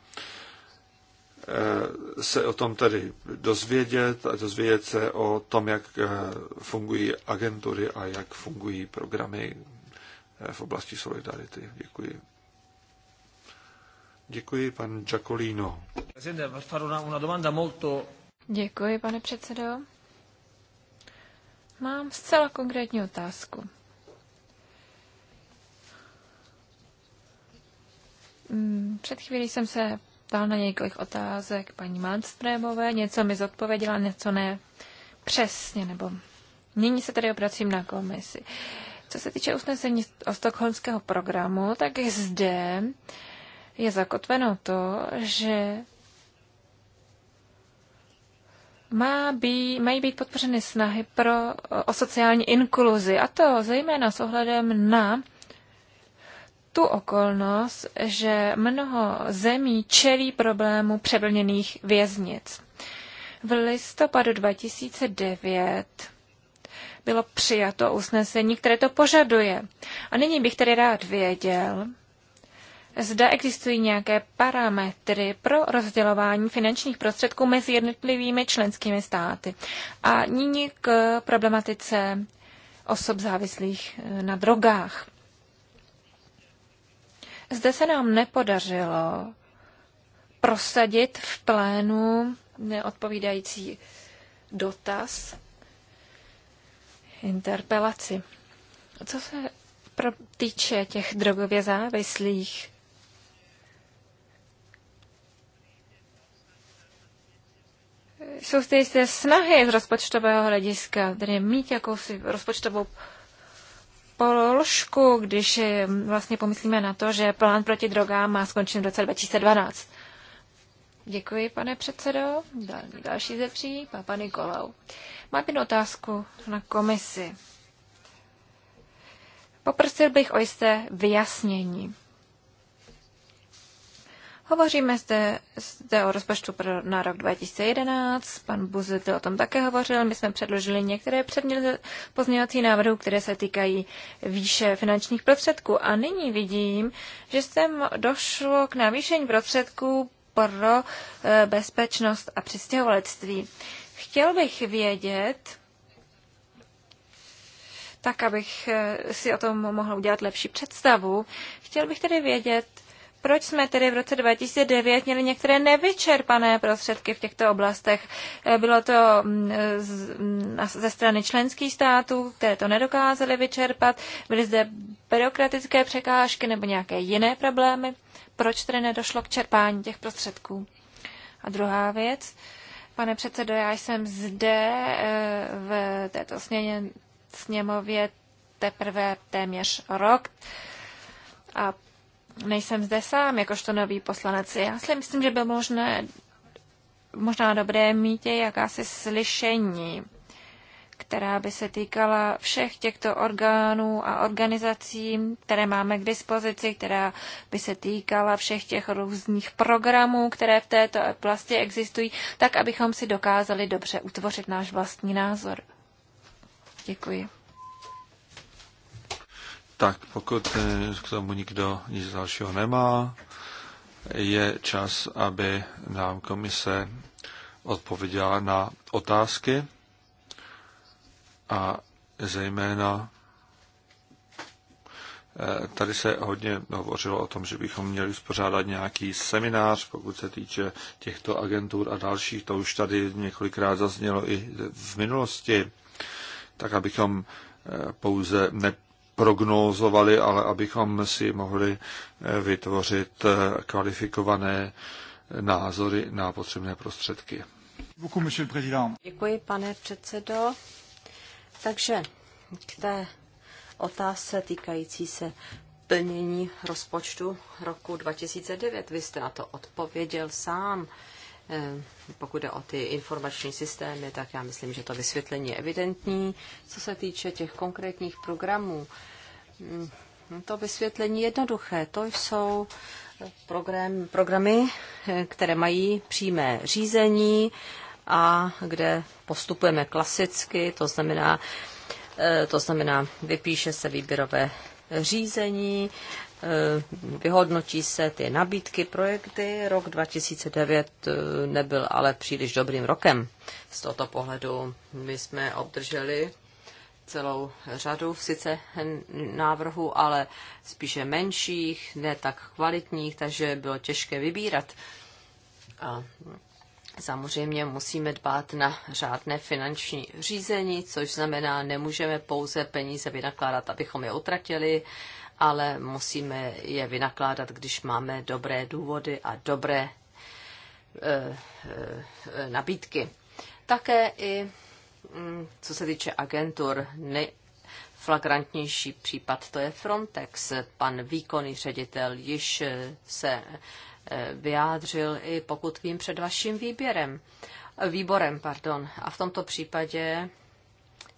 [SPEAKER 2] eh, se o tom tedy dozvědět a dozvědět se o tom, jak eh, fungují agentury a jak fungují programy v oblasti solidarity. Děkuji. Děkuji, pan Giacolino.
[SPEAKER 1] Děkuji, pane předsedo. Mám zcela konkrétní otázku. Mm, před chvílí jsem se ptal na několik otázek paní Manstrémové. něco mi zodpověděla, něco ne přesně, nebo nyní se tady obracím na komisi. Co se týče usnesení o stokholmského programu, tak zde je zakotveno to, že má bý, mají být podpořeny snahy pro, o sociální inkluzi, a to zejména s ohledem na tu okolnost, že mnoho zemí čelí problému přeblněných věznic. V listopadu 2009 bylo přijato usnesení, které to požaduje. A nyní bych tedy rád věděl, zda existují nějaké parametry pro rozdělování finančních prostředků mezi jednotlivými členskými státy. A nyní k problematice osob závislých eh, na drogách. Zde se nám nepodařilo prosadit v plénu neodpovídající dotaz interpelaci. Co se týče těch drogově závislých, jsou ty jisté snahy z rozpočtového hlediska, tedy mít jakousi rozpočtovou položku, když eh, vlastně pomyslíme na to, že plán proti drogám má skončit v roce 2012. Děkuji, pane předsedo. Další ze tří, pan Nikolau. Mám jednu otázku na komisi. Poprosil bych o jisté vyjasnění. Hovoříme zde, zde o rozpočtu pro, na rok 2011, pan Buzitel o tom také hovořil, my jsme předložili některé předměty pozměňovací návrhů, které se týkají výše finančních prostředků a nyní vidím, že jste došlo k navýšení prostředků pro eh, bezpečnost a přistěhovalectví. Chtěl bych vědět, tak abych eh, si o tom mohla udělat lepší představu, chtěl bych tedy vědět, proč jsme tedy v roce 2009 měli některé nevyčerpané prostředky v těchto oblastech? Eh, bylo to mm, eh, mm, ze strany členských států, které to nedokázaly vyčerpat? Byly zde byrokratické překážky nebo nějaké jiné problémy? Proč tedy nedošlo k čerpání těch prostředků? A druhá věc, pane předsedo, já jsem zde eh, v této sněně, sněmově teprve téměř rok a nejsem zde sám, jakožto nový poslanec. Já si myslím, že by možné, možná dobré mít jakási slyšení, která by se týkala všech těchto orgánů a organizací, které máme k dispozici, která by se týkala všech těch různých programů, které v této oblasti existují, tak abychom si dokázali dobře utvořit náš vlastní názor. Děkuji.
[SPEAKER 2] Tak pokud eh, k tomu nikdo nic dalšího nemá, je čas, aby nám komise odpověděla na otázky a zejména eh, Tady se hodně hovořilo o tom, že bychom měli uspořádat nějaký seminář, pokud se týče těchto agentur a dalších. To už tady několikrát zaznělo i v minulosti, tak abychom eh, pouze ne, prognózovali, ale abychom si mohli eh, vytvořit eh, kvalifikované názory na potřebné prostředky.
[SPEAKER 3] Děkuji, pane předsedo. Takže k té otázce týkající se plnění rozpočtu roku 2009. Vy jste na to odpověděl sám. Eh, pokud jde o ty informační systémy, tak já myslím, že to vysvětlení je evidentní. Co se týče těch konkrétních programů, mm, to vysvětlení je jednoduché. To jsou program, programy, eh, které mají přímé řízení a kde postupujeme klasicky, to znamená, eh, to znamená, vypíše se výběrové řízení, Eh, vyhodnotí se ty nabídky, projekty. Rok 2009 eh, nebyl ale příliš dobrým rokem. Z tohoto pohledu my jsme obdrželi celou řadu sice návrhů, ale spíše menších, ne tak kvalitních, takže bylo těžké vybírat. A samozřejmě musíme dbát na řádné finanční řízení, což znamená, nemůžeme pouze peníze vynakládat, abychom je utratili, ale musíme je vynakládat, když máme dobré důvody a dobré eh, eh, nabídky. Také i mm, co se týče agentur, nejflagrantnější případ to je Frontex. Pan výkonný ředitel již eh, se vyjádřil i pokud vím před vaším výběrem, výborem. Pardon. A v tomto případě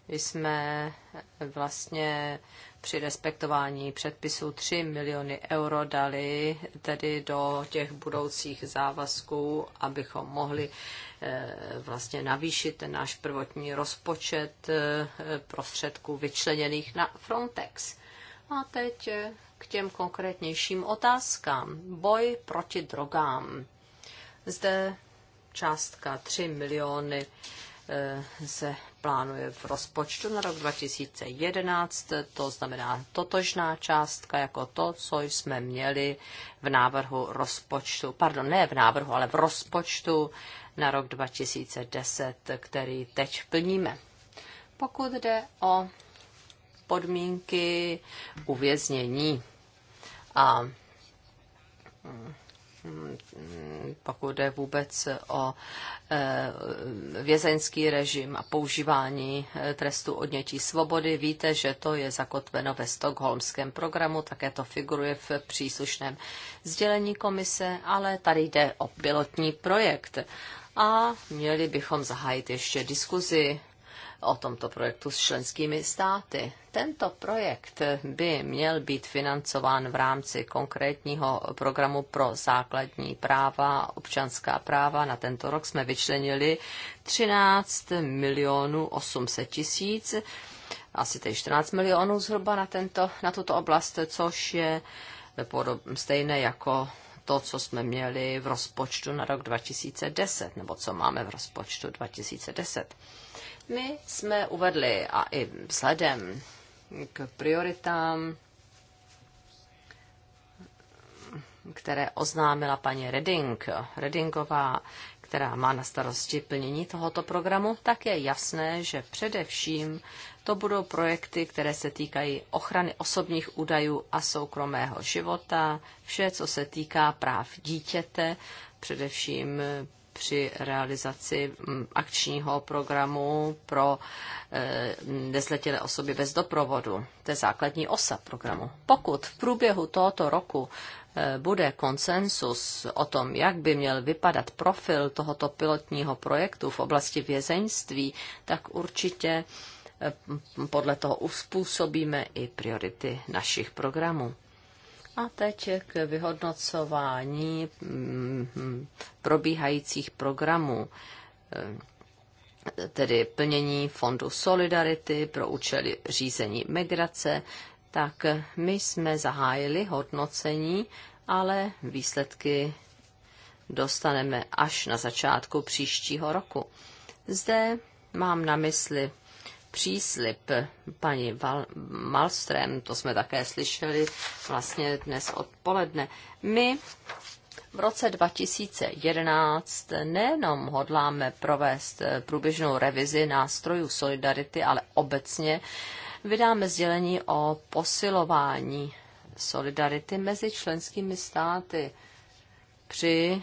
[SPEAKER 3] jsme vlastně při respektování předpisů 3 miliony euro dali tedy do těch budoucích závazků, abychom mohli eh, vlastně navýšit ten náš prvotní rozpočet eh, prostředků vyčleněných na Frontex. A teď eh, k těm konkrétnějším otázkám. Boj proti drogám. Zde částka 3 miliony euro E, se plánuje v rozpočtu na rok 2011, to znamená totožná částka jako to, co jsme měli v návrhu rozpočtu, pardon, ne v návrhu, ale v rozpočtu na rok 2010, který teď plníme. Pokud jde o podmínky uvěznění a pokud jde vůbec o eh, vězeňský režim a používání eh, trestu odnětí svobody. Víte, že to je zakotveno ve stokholmském programu, také to figuruje v příslušném sdělení komise, ale tady jde o pilotní projekt. A měli bychom zahájit ještě diskuzi o tomto projektu s členskými státy. Tento projekt by měl být financován v rámci konkrétního programu pro základní práva, občanská práva. Na tento rok jsme vyčlenili 13 milionů 800 tisíc, asi tedy 14 milionů zhruba na, tento, na tuto oblast, což je stejné jako to, co jsme měli v rozpočtu na rok 2010, nebo co máme v rozpočtu 2010. My jsme uvedli a i vzhledem k prioritám, které oznámila paní Reding, Redingová, která má na starosti plnění tohoto programu, tak je jasné, že především to budou projekty, které se týkají ochrany osobních údajů a soukromého života, vše, co se týká práv dítěte, především při realizaci mm, akčního programu pro eh, nezletilé osoby bez doprovodu. To je základní osa programu. Pokud v průběhu tohoto roku eh, bude konsensus o tom, jak by měl vypadat profil tohoto pilotního projektu v oblasti vězeňství, tak určitě eh, podle toho uspůsobíme i priority našich programů. A teď k vyhodnocování mm, probíhajících programů, eh, tedy plnění Fondu Solidarity pro účely řízení migrace, tak my jsme zahájili hodnocení, ale výsledky dostaneme až na začátku příštího roku. Zde mám na mysli příslip paní Val- Malström, to jsme také slyšeli vlastně dnes odpoledne. My v roce 2011 nejenom hodláme provést eh, průběžnou revizi nástrojů solidarity, ale obecně vydáme sdělení o posilování solidarity mezi členskými státy při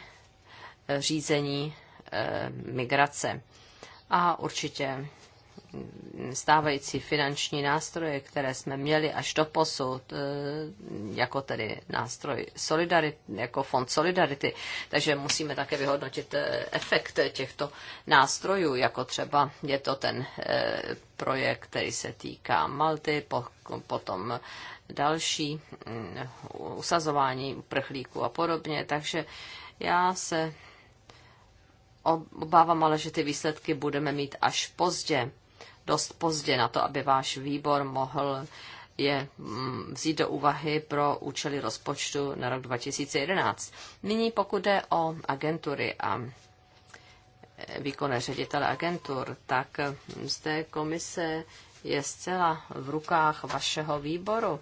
[SPEAKER 3] eh, řízení eh, migrace. A určitě stávající finanční nástroje, které jsme měli až do posud, e, jako tedy nástroj solidarity, jako fond solidarity. Takže musíme také vyhodnotit e, efekt těchto nástrojů, jako třeba je to ten e, projekt, který se týká Malty, potom další mm, usazování uprchlíků a podobně. Takže já se obávám ale, že ty výsledky budeme mít až pozdě dost pozdě na to, aby váš výbor mohl je mm, vzít do úvahy pro účely rozpočtu na rok 2011. Nyní pokud jde o agentury a e, výkonné ředitele agentur, tak e, zde komise je zcela v rukách vašeho výboru.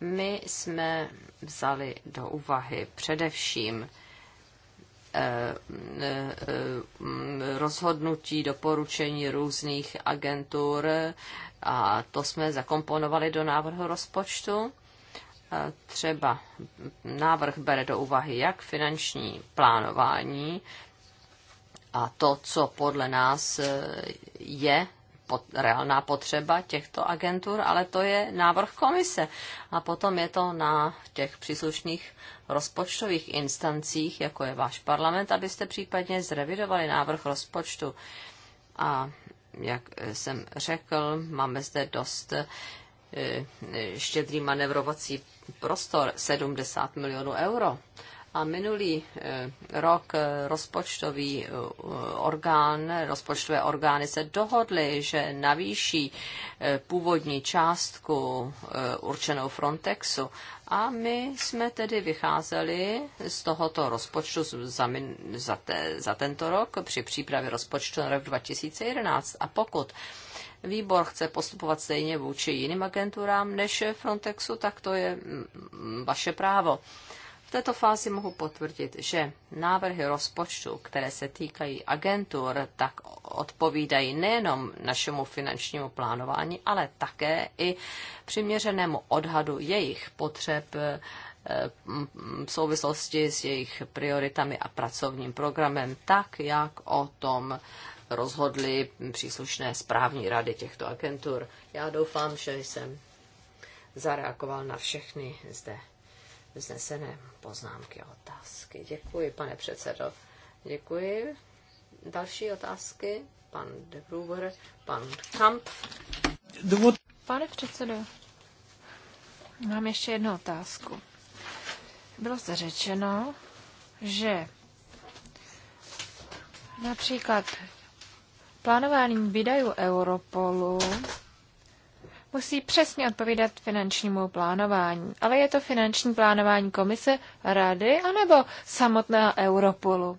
[SPEAKER 3] My jsme vzali do úvahy především Eh, eh, rozhodnutí, doporučení různých agentur a to jsme zakomponovali do návrhu rozpočtu. Eh, třeba návrh bere do úvahy jak finanční plánování a to, co podle nás je reálná potřeba těchto agentur, ale to je návrh komise. A potom je to na těch příslušných rozpočtových instancích, jako je váš parlament, abyste případně zrevidovali návrh rozpočtu. A jak jsem řekl, máme zde dost eh, eh, štědrý manevrovací prostor 70 milionů euro. A minulý eh, rok eh, rozpočtový eh, orgán, rozpočtové orgány se dohodly, že navýší původní částku určenou Frontexu. A my jsme tedy vycházeli z tohoto rozpočtu za, min, za, te, za tento rok při přípravě rozpočtu na rok 2011. A pokud výbor chce postupovat stejně vůči jiným agenturám než Frontexu, tak to je mm, mm, vaše právo. V této fázi mohu potvrdit, že návrhy rozpočtu, které se týkají agentur, tak odpovídají nejenom našemu finančnímu plánování, ale také i přiměřenému odhadu jejich potřeb eh, v souvislosti s jejich prioritami a pracovním programem, tak jak o tom rozhodly příslušné správní rady těchto agentur. Já doufám, že jsem zareagoval na všechny zde vznesené poznámky a otázky. Děkuji, pane předsedo. Děkuji. Další otázky? Pan De Gruber, pan
[SPEAKER 1] Kamp. Pane předsedo, mám ještě jednu otázku. Bylo se řečeno, že například plánování výdajů Europolu musí přesně odpovídat finančnímu plánování. Ale je to finanční plánování komise, rady anebo samotného Europolu?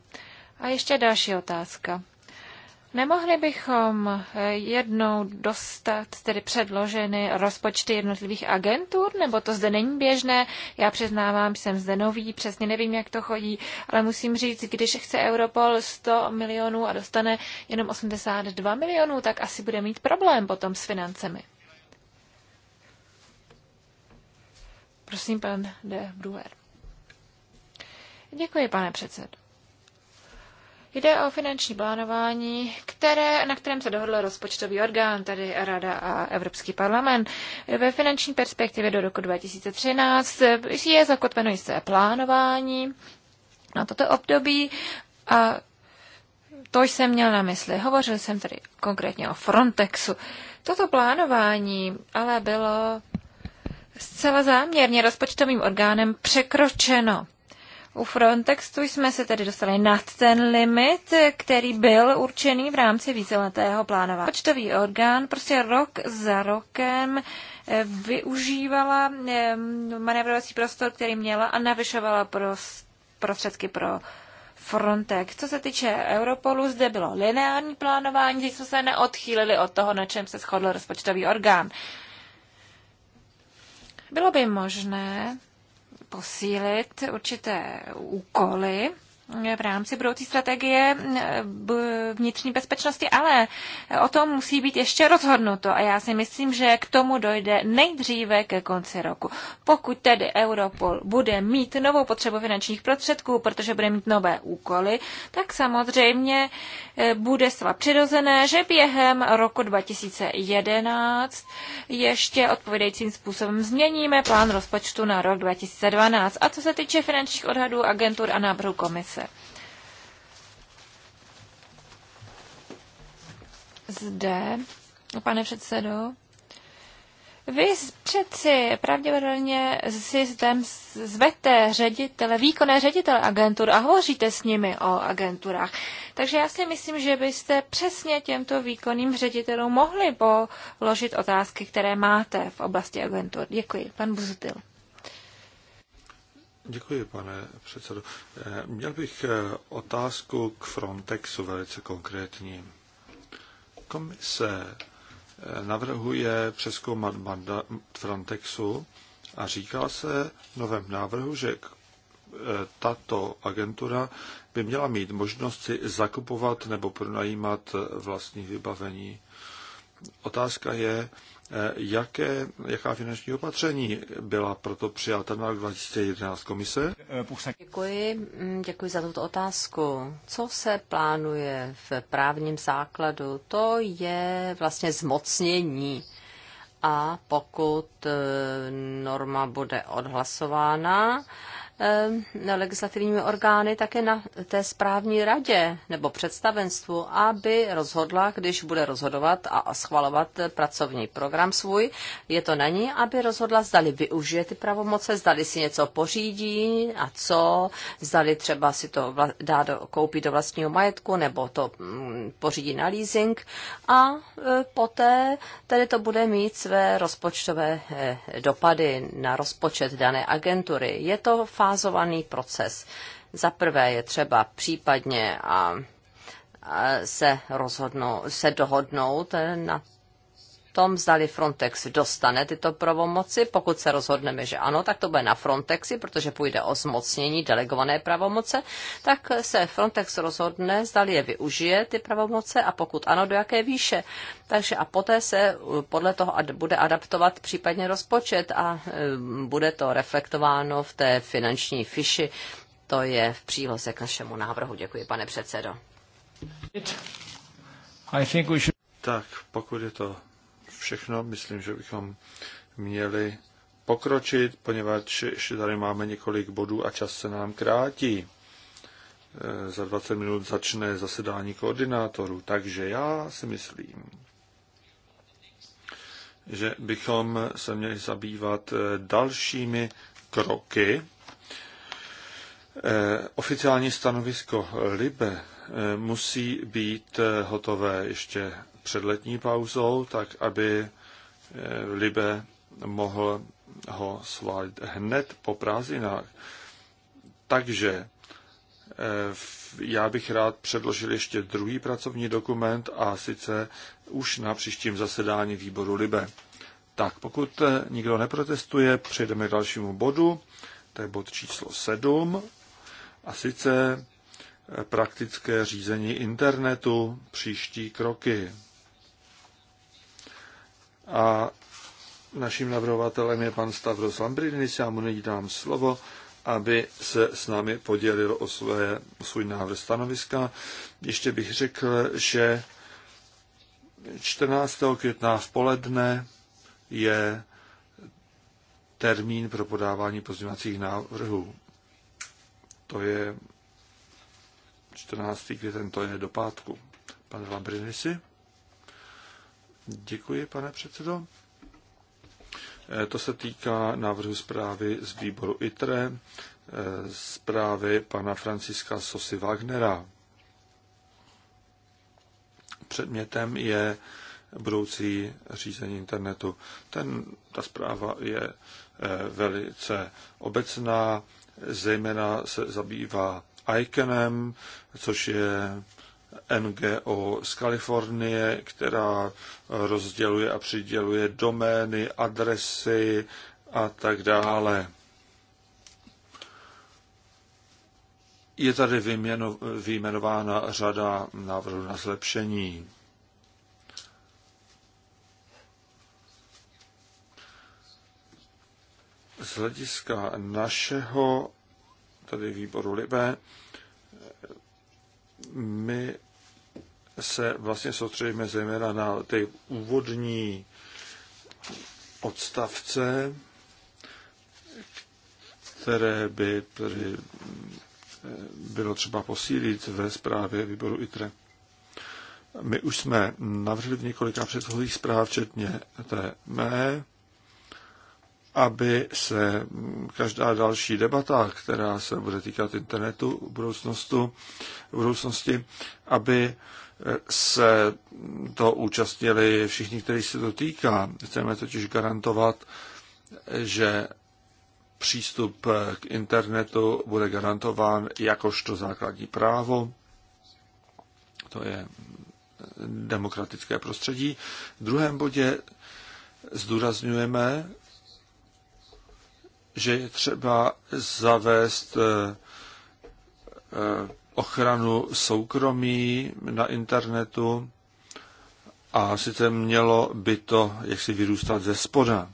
[SPEAKER 1] A ještě další otázka. Nemohli bychom eh, jednou dostat tedy předloženy rozpočty jednotlivých agentur, nebo to zde není běžné? Já přiznávám, jsem zde nový, přesně nevím, jak to chodí, ale musím říct, když chce Europol 100 milionů a dostane jenom 82 milionů, tak asi bude mít problém potom s financemi. Prosím, pan de Bruer. Děkuji, pane předsedo. Jde o finanční plánování, které, na kterém se dohodl rozpočtový orgán, tedy Rada a Evropský parlament. Ve finanční perspektivě do roku 2013 je zakotveno jisté plánování na toto období a to jsem měl na mysli. Hovořil jsem tedy konkrétně o Frontexu. Toto plánování ale bylo zcela záměrně rozpočtovým orgánem překročeno. U Frontextu jsme se tedy dostali nad ten limit, který byl určený v rámci víceletého plánování. Počtový orgán prostě rok za rokem eh, využívala eh, manévrovací prostor, který měla a navyšovala prostředky pro Frontex. Co se týče Europolu, zde bylo lineární plánování, když jsme se neodchýlili od toho, na čem se shodl rozpočtový orgán. Bylo by možné posílit určité úkoly v rámci budoucí strategie eh, vnitřní bezpečnosti, ale o tom musí být ještě rozhodnuto a já si myslím, že k tomu dojde nejdříve ke konci roku. Pokud tedy Europol bude mít novou potřebu finančních prostředků, protože bude mít nové úkoly, tak samozřejmě eh, bude sva přirozené, že během roku 2011 ještě odpovědejícím způsobem změníme plán rozpočtu na rok 2012. A co se týče finančních odhadů agentur a návrhu komise, zde, pane předsedo, vy přeci pravděpodobně systém zvete ředitele, výkonné ředitele agentur a hovoříte s nimi o agenturách. Takže já si myslím, že byste přesně těmto výkonným ředitelům mohli položit otázky, které máte v oblasti agentur. Děkuji. Pan Buzutil.
[SPEAKER 2] Děkuji, pane předsedo. Eh, měl bych eh, otázku k Frontexu velice konkrétní. Komise eh, navrhuje přeskoumat mandat Frontexu a říká se v novém návrhu, že eh, tato agentura by měla mít možnost si zakupovat nebo pronajímat eh, vlastní vybavení. Otázka je, Jaké, jaká finanční opatření byla proto přijata na rok 2011 komise?
[SPEAKER 3] Děkuji, mm, děkuji za tuto otázku. Co se plánuje v právním základu? To je vlastně zmocnění. A pokud e, norma bude odhlasována, Eh, legislativními orgány také na té správní radě nebo představenstvu, aby rozhodla, když bude rozhodovat a schvalovat pracovní program svůj, je to na ní, aby rozhodla, zdali využije ty pravomoce, zdali si něco pořídí a co, zdali třeba si to dá do, koupit do vlastního majetku nebo to mm, pořídí na leasing a eh, poté tedy to bude mít své rozpočtové eh, dopady na rozpočet dané agentury. Je to fáze dvoufázovaný proces. Za prvé je třeba případně a se, rozhodnou, se dohodnout na tom, zdali Frontex dostane tyto pravomoci. Pokud se rozhodneme, že ano, tak to bude na Frontexi, protože půjde o zmocnění delegované pravomoce, tak se Frontex rozhodne, zdali je využije ty pravomoce a pokud ano, do jaké výše. Takže a poté se uh, podle toho bude adaptovat případně rozpočet a uh, bude to reflektováno v té finanční fiši. To je v příloze k našemu návrhu. Děkuji, pane předsedo.
[SPEAKER 2] Tak, pokud je to všechno myslím, že bychom měli pokročit, poněvadž ještě tady máme několik bodů a čas se nám krátí. E, za 20 minut začne zasedání koordinátorů, takže já si myslím, že bychom se měli zabývat e, dalšími kroky. E, oficiální stanovisko LIBE musí být hotové ještě před letní pauzou, tak aby eh, Libe mohl ho sválit hned po prázdninách. Takže eh, já bych rád předložil ještě druhý pracovní dokument a sice už na příštím zasedání výboru Libe. Tak, pokud eh, nikdo neprotestuje, přejdeme k dalšímu bodu, to je bod číslo 7, a sice praktické řízení internetu, příští kroky a naším navrhovatelem je pan Stavros Lambrinis. Já mu nyní dám slovo, aby se s námi podělil o, své, o svůj návrh stanoviska. Ještě bych řekl, že 14. května v poledne je termín pro podávání pozměňovacích návrhů. To je 14. květen, to je do pátku. Pane Lambrinisi? Děkuji, pane předsedo. Eh, to se týká návrhu zprávy z výboru ITRE, eh, zprávy pana Franciska Sosy Wagnera. Předmětem je budoucí řízení internetu. Ten, ta zpráva je eh, velice obecná, zejména se zabývá ICANem, což je NGO z Kalifornie, která rozděluje a přiděluje domény, adresy a tak dále. Je tady vyjmeno, vyjmenována řada návrhů na zlepšení. Z hlediska našeho, tady výboru Libé, my se vlastně soustředíme zejména na ty úvodní odstavce, které by tedy eh, bylo třeba posílit ve zprávě výboru ITRE. My už jsme navrhli v několika předchozích zpráv, včetně té mé, aby se každá další debata, která se bude týkat internetu v budoucnosti, v budoucnosti aby se to účastnili všichni, kteří se to týká. Chceme totiž garantovat, že přístup k internetu bude garantován jakožto základní právo. To je demokratické prostředí. V druhém bodě zdůrazňujeme, že je třeba zavést eh, ochranu soukromí na internetu a sice mělo by to jaksi vyrůstat ze spoda.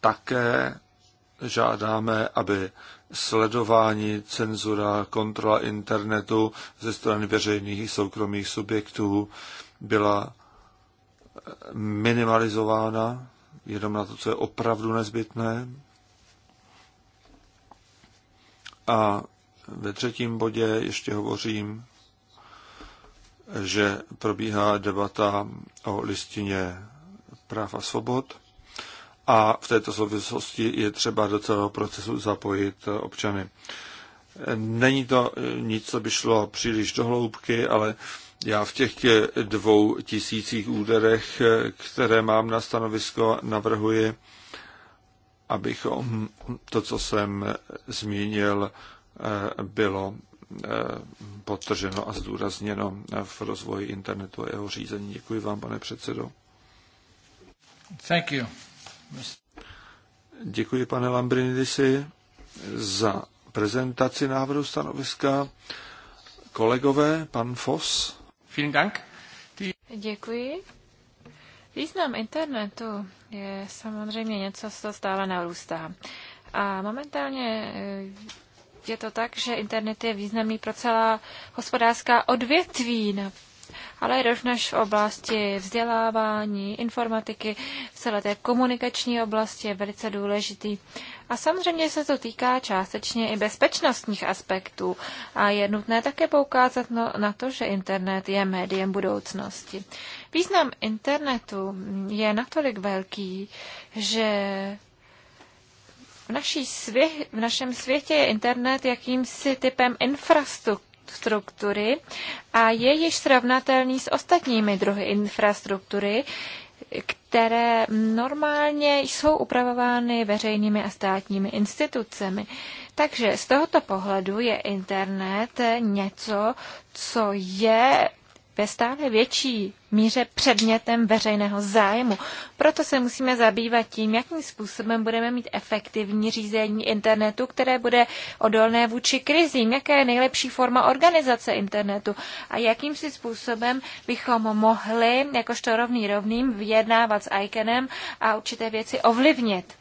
[SPEAKER 2] Také žádáme, aby sledování, cenzura, kontrola internetu ze strany veřejných i soukromých subjektů byla eh, minimalizována jenom na to, co je opravdu nezbytné. A ve třetím bodě ještě hovořím, že probíhá debata o listině práv a svobod a v této souvislosti je třeba do celého procesu zapojit občany. Není to nic, co by šlo příliš do hloubky, ale já v těch dvou tisících úderech, které mám na stanovisko, navrhuji, abychom to, co jsem zmínil, bylo eh, potrženo a zdůrazněno v rozvoji internetu a jeho řízení. Děkuji vám, pane předsedo. Thank you. Děkuji, pane Lambrinidisi, za prezentaci návrhu stanoviska. Kolegové, pan Foss. Vielen Dank.
[SPEAKER 1] Děkuji. Význam internetu je samozřejmě něco, co stále narůstá. A momentálně eh, je to tak, že internet je významný pro celá hospodářská odvětví, ale rovněž v oblasti vzdělávání, informatiky, v celé té komunikační oblasti je velice důležitý. A samozřejmě se to týká částečně i bezpečnostních aspektů a je nutné také poukázat no, na to, že internet je médiem budoucnosti. Význam internetu je natolik velký, že naší svě- v našem světě je internet jakýmsi typem infrastruktury a je již srovnatelný s ostatními druhy infrastruktury, které normálně jsou upravovány veřejnými a státními institucemi. Takže z tohoto pohledu je internet něco, co je ve stále větší míře předmětem veřejného zájmu. Proto se musíme zabývat tím, jakým způsobem budeme mít efektivní řízení internetu, které bude odolné vůči krizím, jaká je nejlepší forma organizace internetu a jakým si způsobem bychom mohli, jakožto rovný rovným, vyjednávat s ICANem a určité věci ovlivnit.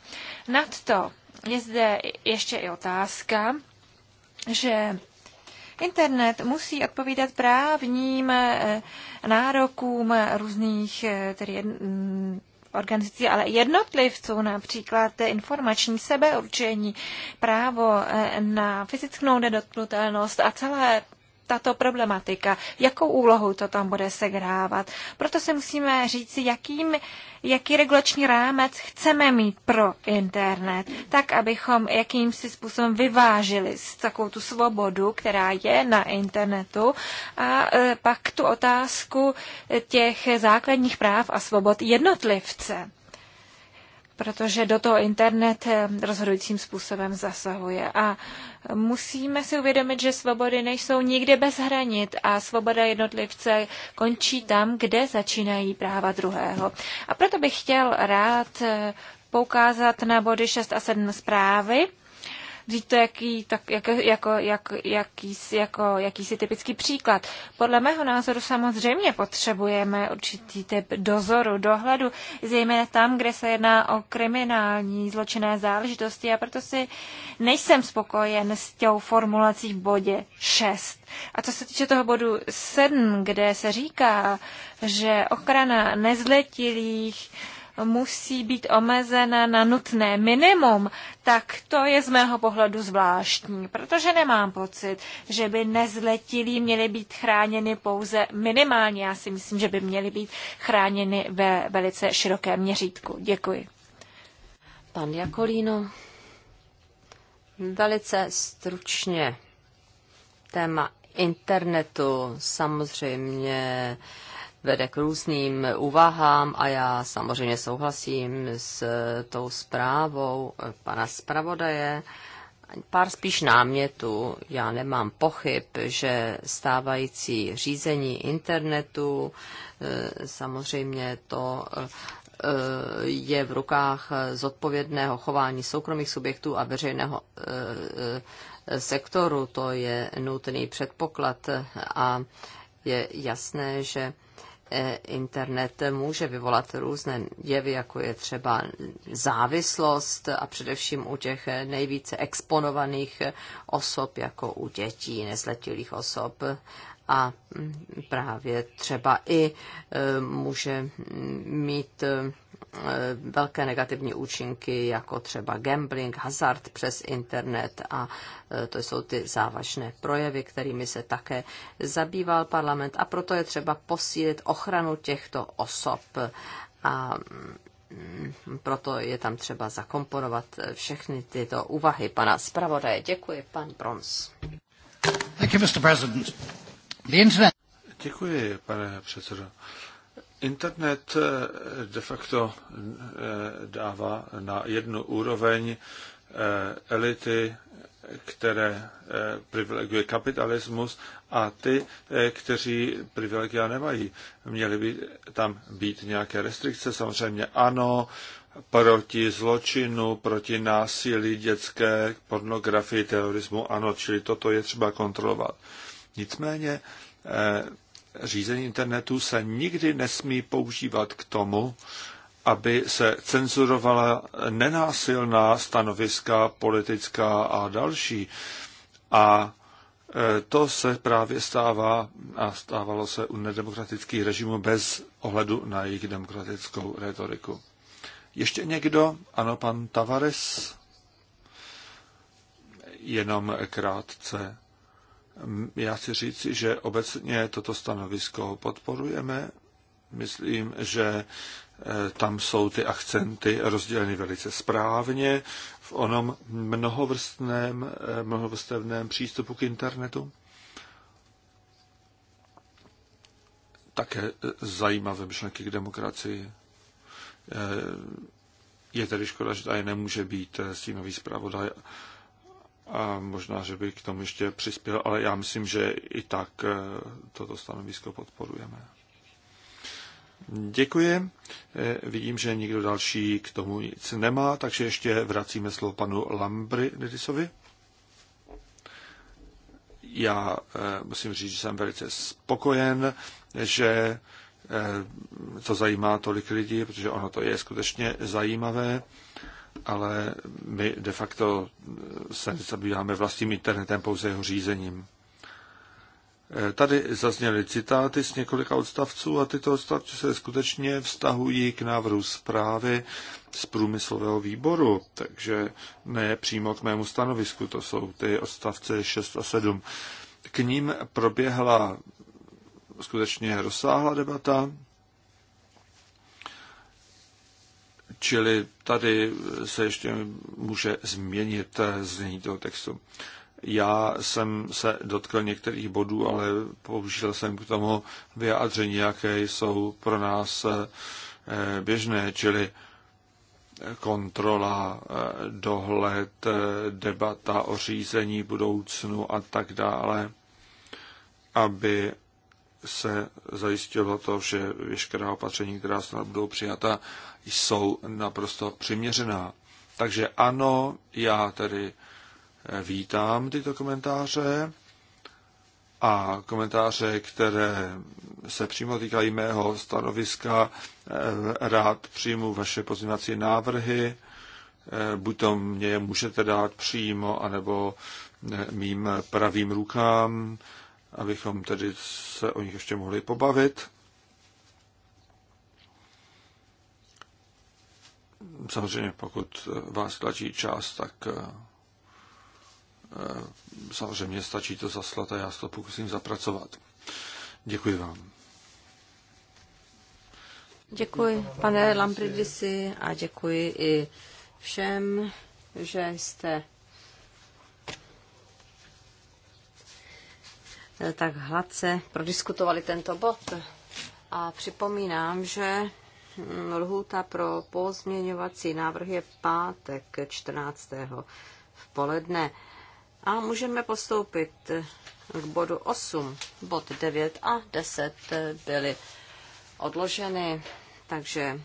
[SPEAKER 1] Nad to je zde ještě i otázka, že Internet musí odpovídat právním eh, nárokům různých eh, tedy mm, organizací, ale jednotlivců, například informační sebeurčení, právo eh, na fyzickou nedotknutelnost a celé tato problematika, jakou úlohu to tam bude segrávat. Proto se musíme říct, jakým, jaký regulační rámec chceme mít pro internet, tak abychom jakýmsi způsobem vyvážili s takovou tu svobodu, která je na internetu a e, pak tu otázku těch základních práv a svobod jednotlivce protože do toho internet eh, rozhodujícím způsobem zasahuje. A musíme si uvědomit, že svobody nejsou nikdy bez hranit a svoboda jednotlivce končí tam, kde začínají práva druhého. A proto bych chtěl rád eh, poukázat na body 6 a 7 zprávy, říct to jaký, tak, jak, jako, jak, jaký, jako, jakýsi typický příklad. Podle mého názoru samozřejmě potřebujeme určitý typ dozoru, dohledu, zejména tam, kde se jedná o kriminální zločinné záležitosti a proto si nejsem spokojen s tou formulací v bodě 6. A co se týče toho bodu 7, kde se říká, že ochrana nezletilých musí být omezena na nutné minimum, tak to je z mého pohledu zvláštní, protože nemám pocit, že by nezletilí měli být chráněni pouze minimálně. Já si myslím, že by měli být chráněni ve velice širokém měřítku. Děkuji. Pan Jakolíno, velice stručně
[SPEAKER 3] téma internetu samozřejmě vede k různým úvahám a já samozřejmě souhlasím s tou zprávou pana zpravodaje. Pár spíš námětů. Já nemám pochyb, že stávající řízení internetu eh, samozřejmě to eh, je v rukách zodpovědného chování soukromých subjektů a veřejného eh, sektoru. To je nutný předpoklad a je jasné, že internet může vyvolat různé jevy, jako je třeba závislost a především u těch nejvíce exponovaných osob, jako u dětí, nezletilých osob a právě třeba i e, může mít Eh, velké negativní účinky, jako třeba gambling, hazard přes internet a eh, to jsou ty závažné projevy, kterými se také zabýval parlament a proto je třeba posílit ochranu těchto osob a mm, proto je tam třeba zakomponovat všechny tyto úvahy pana zpravodaje. Děkuji, pan Brons.
[SPEAKER 2] Děkuji, pane předsedo. Internet eh, de facto eh, dává na jednu úroveň eh, elity, které privileguje kapitalismus a ty, kteří privilegia nemají. Měly by tam být nějaké restrikce, samozřejmě ano, proti zločinu, proti násilí dětské, pornografii, terorismu, ano, čili toto je třeba kontrolovat. Nicméně řízení internetu se nikdy nesmí používat k tomu, aby se cenzurovala nenásilná stanoviska politická a další. A e, to se právě stává a stávalo se u nedemokratických režimů bez ohledu na jejich demokratickou retoriku. Ještě někdo? Ano, pan Tavares? Jenom krátce. Já chci říct, že obecně toto stanovisko podporujeme. Myslím, že e, tam jsou ty akcenty rozděleny velice správně v onom mnohovrstném, e, mnohovrstevném přístupu k internetu. Také e, zajímavé myšlenky k demokracii. Je tedy škoda, že tady nemůže být stínový zpravodaj a možná, že by k tomu ještě přispěl, ale já myslím, že i tak eh, toto stanovisko podporujeme. Děkuji. Eh, vidím, že nikdo další k tomu nic nemá, takže ještě vracíme slovo panu Lambry Nedisovi. Já eh, musím říct, že jsem velice spokojen, že to zajímá tolik lidí, protože ono to je skutečně zajímavé ale my de facto se zabýváme vlastním internetem, pouze jeho řízením. Eh, tady zazněly citáty z několika odstavců a tyto odstavce se skutečně vztahují k návrhu zprávy z průmyslového výboru, takže ne přímo k mému stanovisku, to jsou ty odstavce 6 a 7. K ním proběhla skutečně rozsáhlá debata, Čili tady se ještě může změnit znění toho textu. Já jsem se dotkl některých bodů, ale použil jsem k tomu vyjádření, jaké jsou pro nás eh, běžné, čili kontrola, eh, dohled, eh, debata o řízení budoucnu a tak dále, aby se zajistilo to, že veškerá opatření, která snad budou přijata, jsou naprosto přiměřená. Takže ano, já tedy eh, vítám tyto komentáře a komentáře, které se přímo týkají mého stanoviska, eh, rád přijmu vaše pozměňovací návrhy, eh, buď to mě je můžete dát přímo, anebo mým pravým rukám, abychom tedy se o nich ještě mohli pobavit. samozřejmě pokud eh, vás tlačí čas, tak eh, eh, samozřejmě stačí to zaslat a já to pokusím zapracovat. Děkuji vám.
[SPEAKER 3] Děkuji, pane Lampridisi, a děkuji i všem, že jste tak hladce prodiskutovali tento bod. A připomínám, že Lhůta pro pozměňovací návrh je pátek 14. v poledne. A můžeme postoupit k bodu 8. Bod 9 a 10 byly odloženy, takže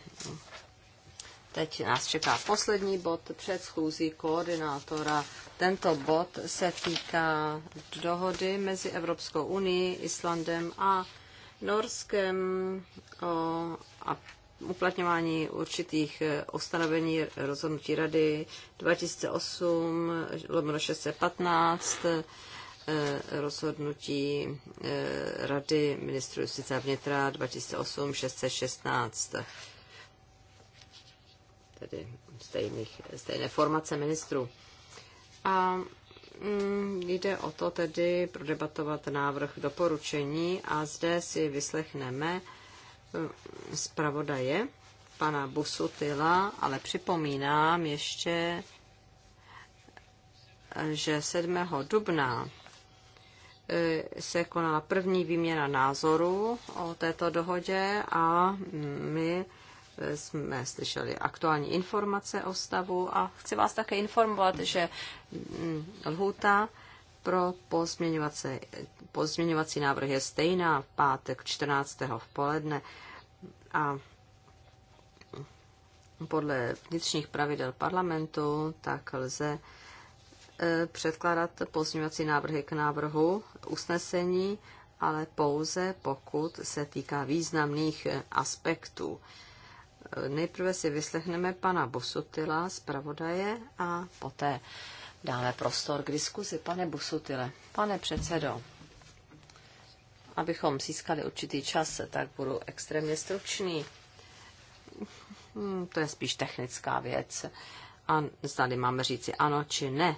[SPEAKER 3] teď nás čeká poslední bod před schůzí koordinátora. Tento bod se týká dohody mezi Evropskou unii, Islandem a Norskem o uplatňování určitých eh, ustanovení rozhodnutí Rady 2008, 615, eh, rozhodnutí eh, Rady ministru justice a vnitra 2008 616. Tedy stejných, stejné formace ministrů. A mm, jde o to tedy prodebatovat návrh doporučení a zde si vyslechneme zpravodaje, pana Busutila, ale připomínám ještě, že 7. dubna eh, se konala první výměna názorů o této dohodě a my eh, jsme slyšeli aktuální informace o stavu a chci vás také informovat, že mm, lhůta pro pozměňovací, pozměňovací návrh je stejná v pátek 14. v poledne a podle vnitřních pravidel parlamentu tak lze e, předkládat pozměňovací návrhy k návrhu usnesení, ale pouze pokud se týká významných e, aspektů. E, nejprve si vyslechneme pana Bosutila, zpravodaje, a poté Dáme prostor k diskuzi, pane Busutile. Pane předsedo, abychom získali určitý čas, tak budu extrémně stručný. Hmm, to je spíš technická věc. A tady máme říci ano či ne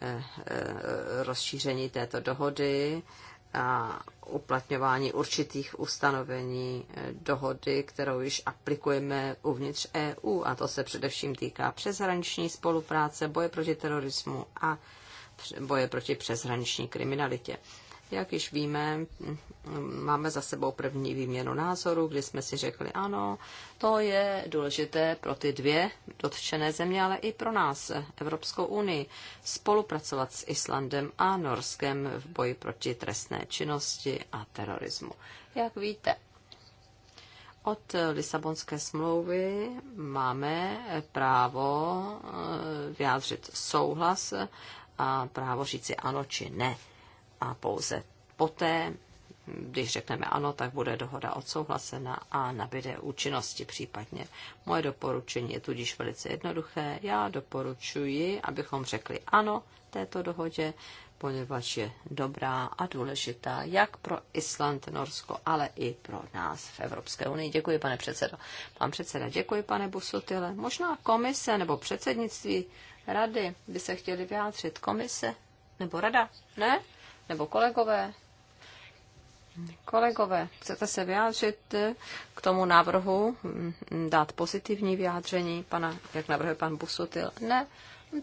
[SPEAKER 3] eh, eh, rozšíření této dohody a uplatňování určitých ustanovení eh, dohody, kterou již aplikujeme uvnitř EU, a to se především týká přeshraniční spolupráce, boje proti terorismu a boje proti přeshraniční kriminalitě. Jak již víme, máme za sebou první výměnu názoru, kdy jsme si řekli, ano, to je důležité pro ty dvě dotčené země, ale i pro nás, Evropskou unii, spolupracovat s Islandem a Norskem v boji proti trestné činnosti a terorismu. Jak víte, od Lisabonské smlouvy máme právo eh, vyjádřit souhlas a právo říci ano či ne a pouze poté, když řekneme ano, tak bude dohoda odsouhlasena a nabide účinnosti případně. Moje doporučení je tudíž velice jednoduché. Já doporučuji, abychom řekli ano této dohodě, poněvadž je dobrá a důležitá jak pro Island, Norsko, ale i pro nás v Evropské unii. Děkuji, pane předsedo. Pan předseda, děkuji, pane Busutile. Možná komise nebo předsednictví rady by se chtěli vyjádřit. Komise nebo rada? Ne? Nebo kolegové? Kolegové, chcete se vyjádřit k tomu návrhu, mm, dát pozitivní vyjádření, pana, jak navrhuje pan Busutil? Ne,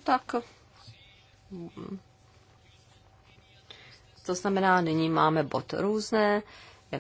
[SPEAKER 3] tak mm, to znamená, nyní máme bod různé.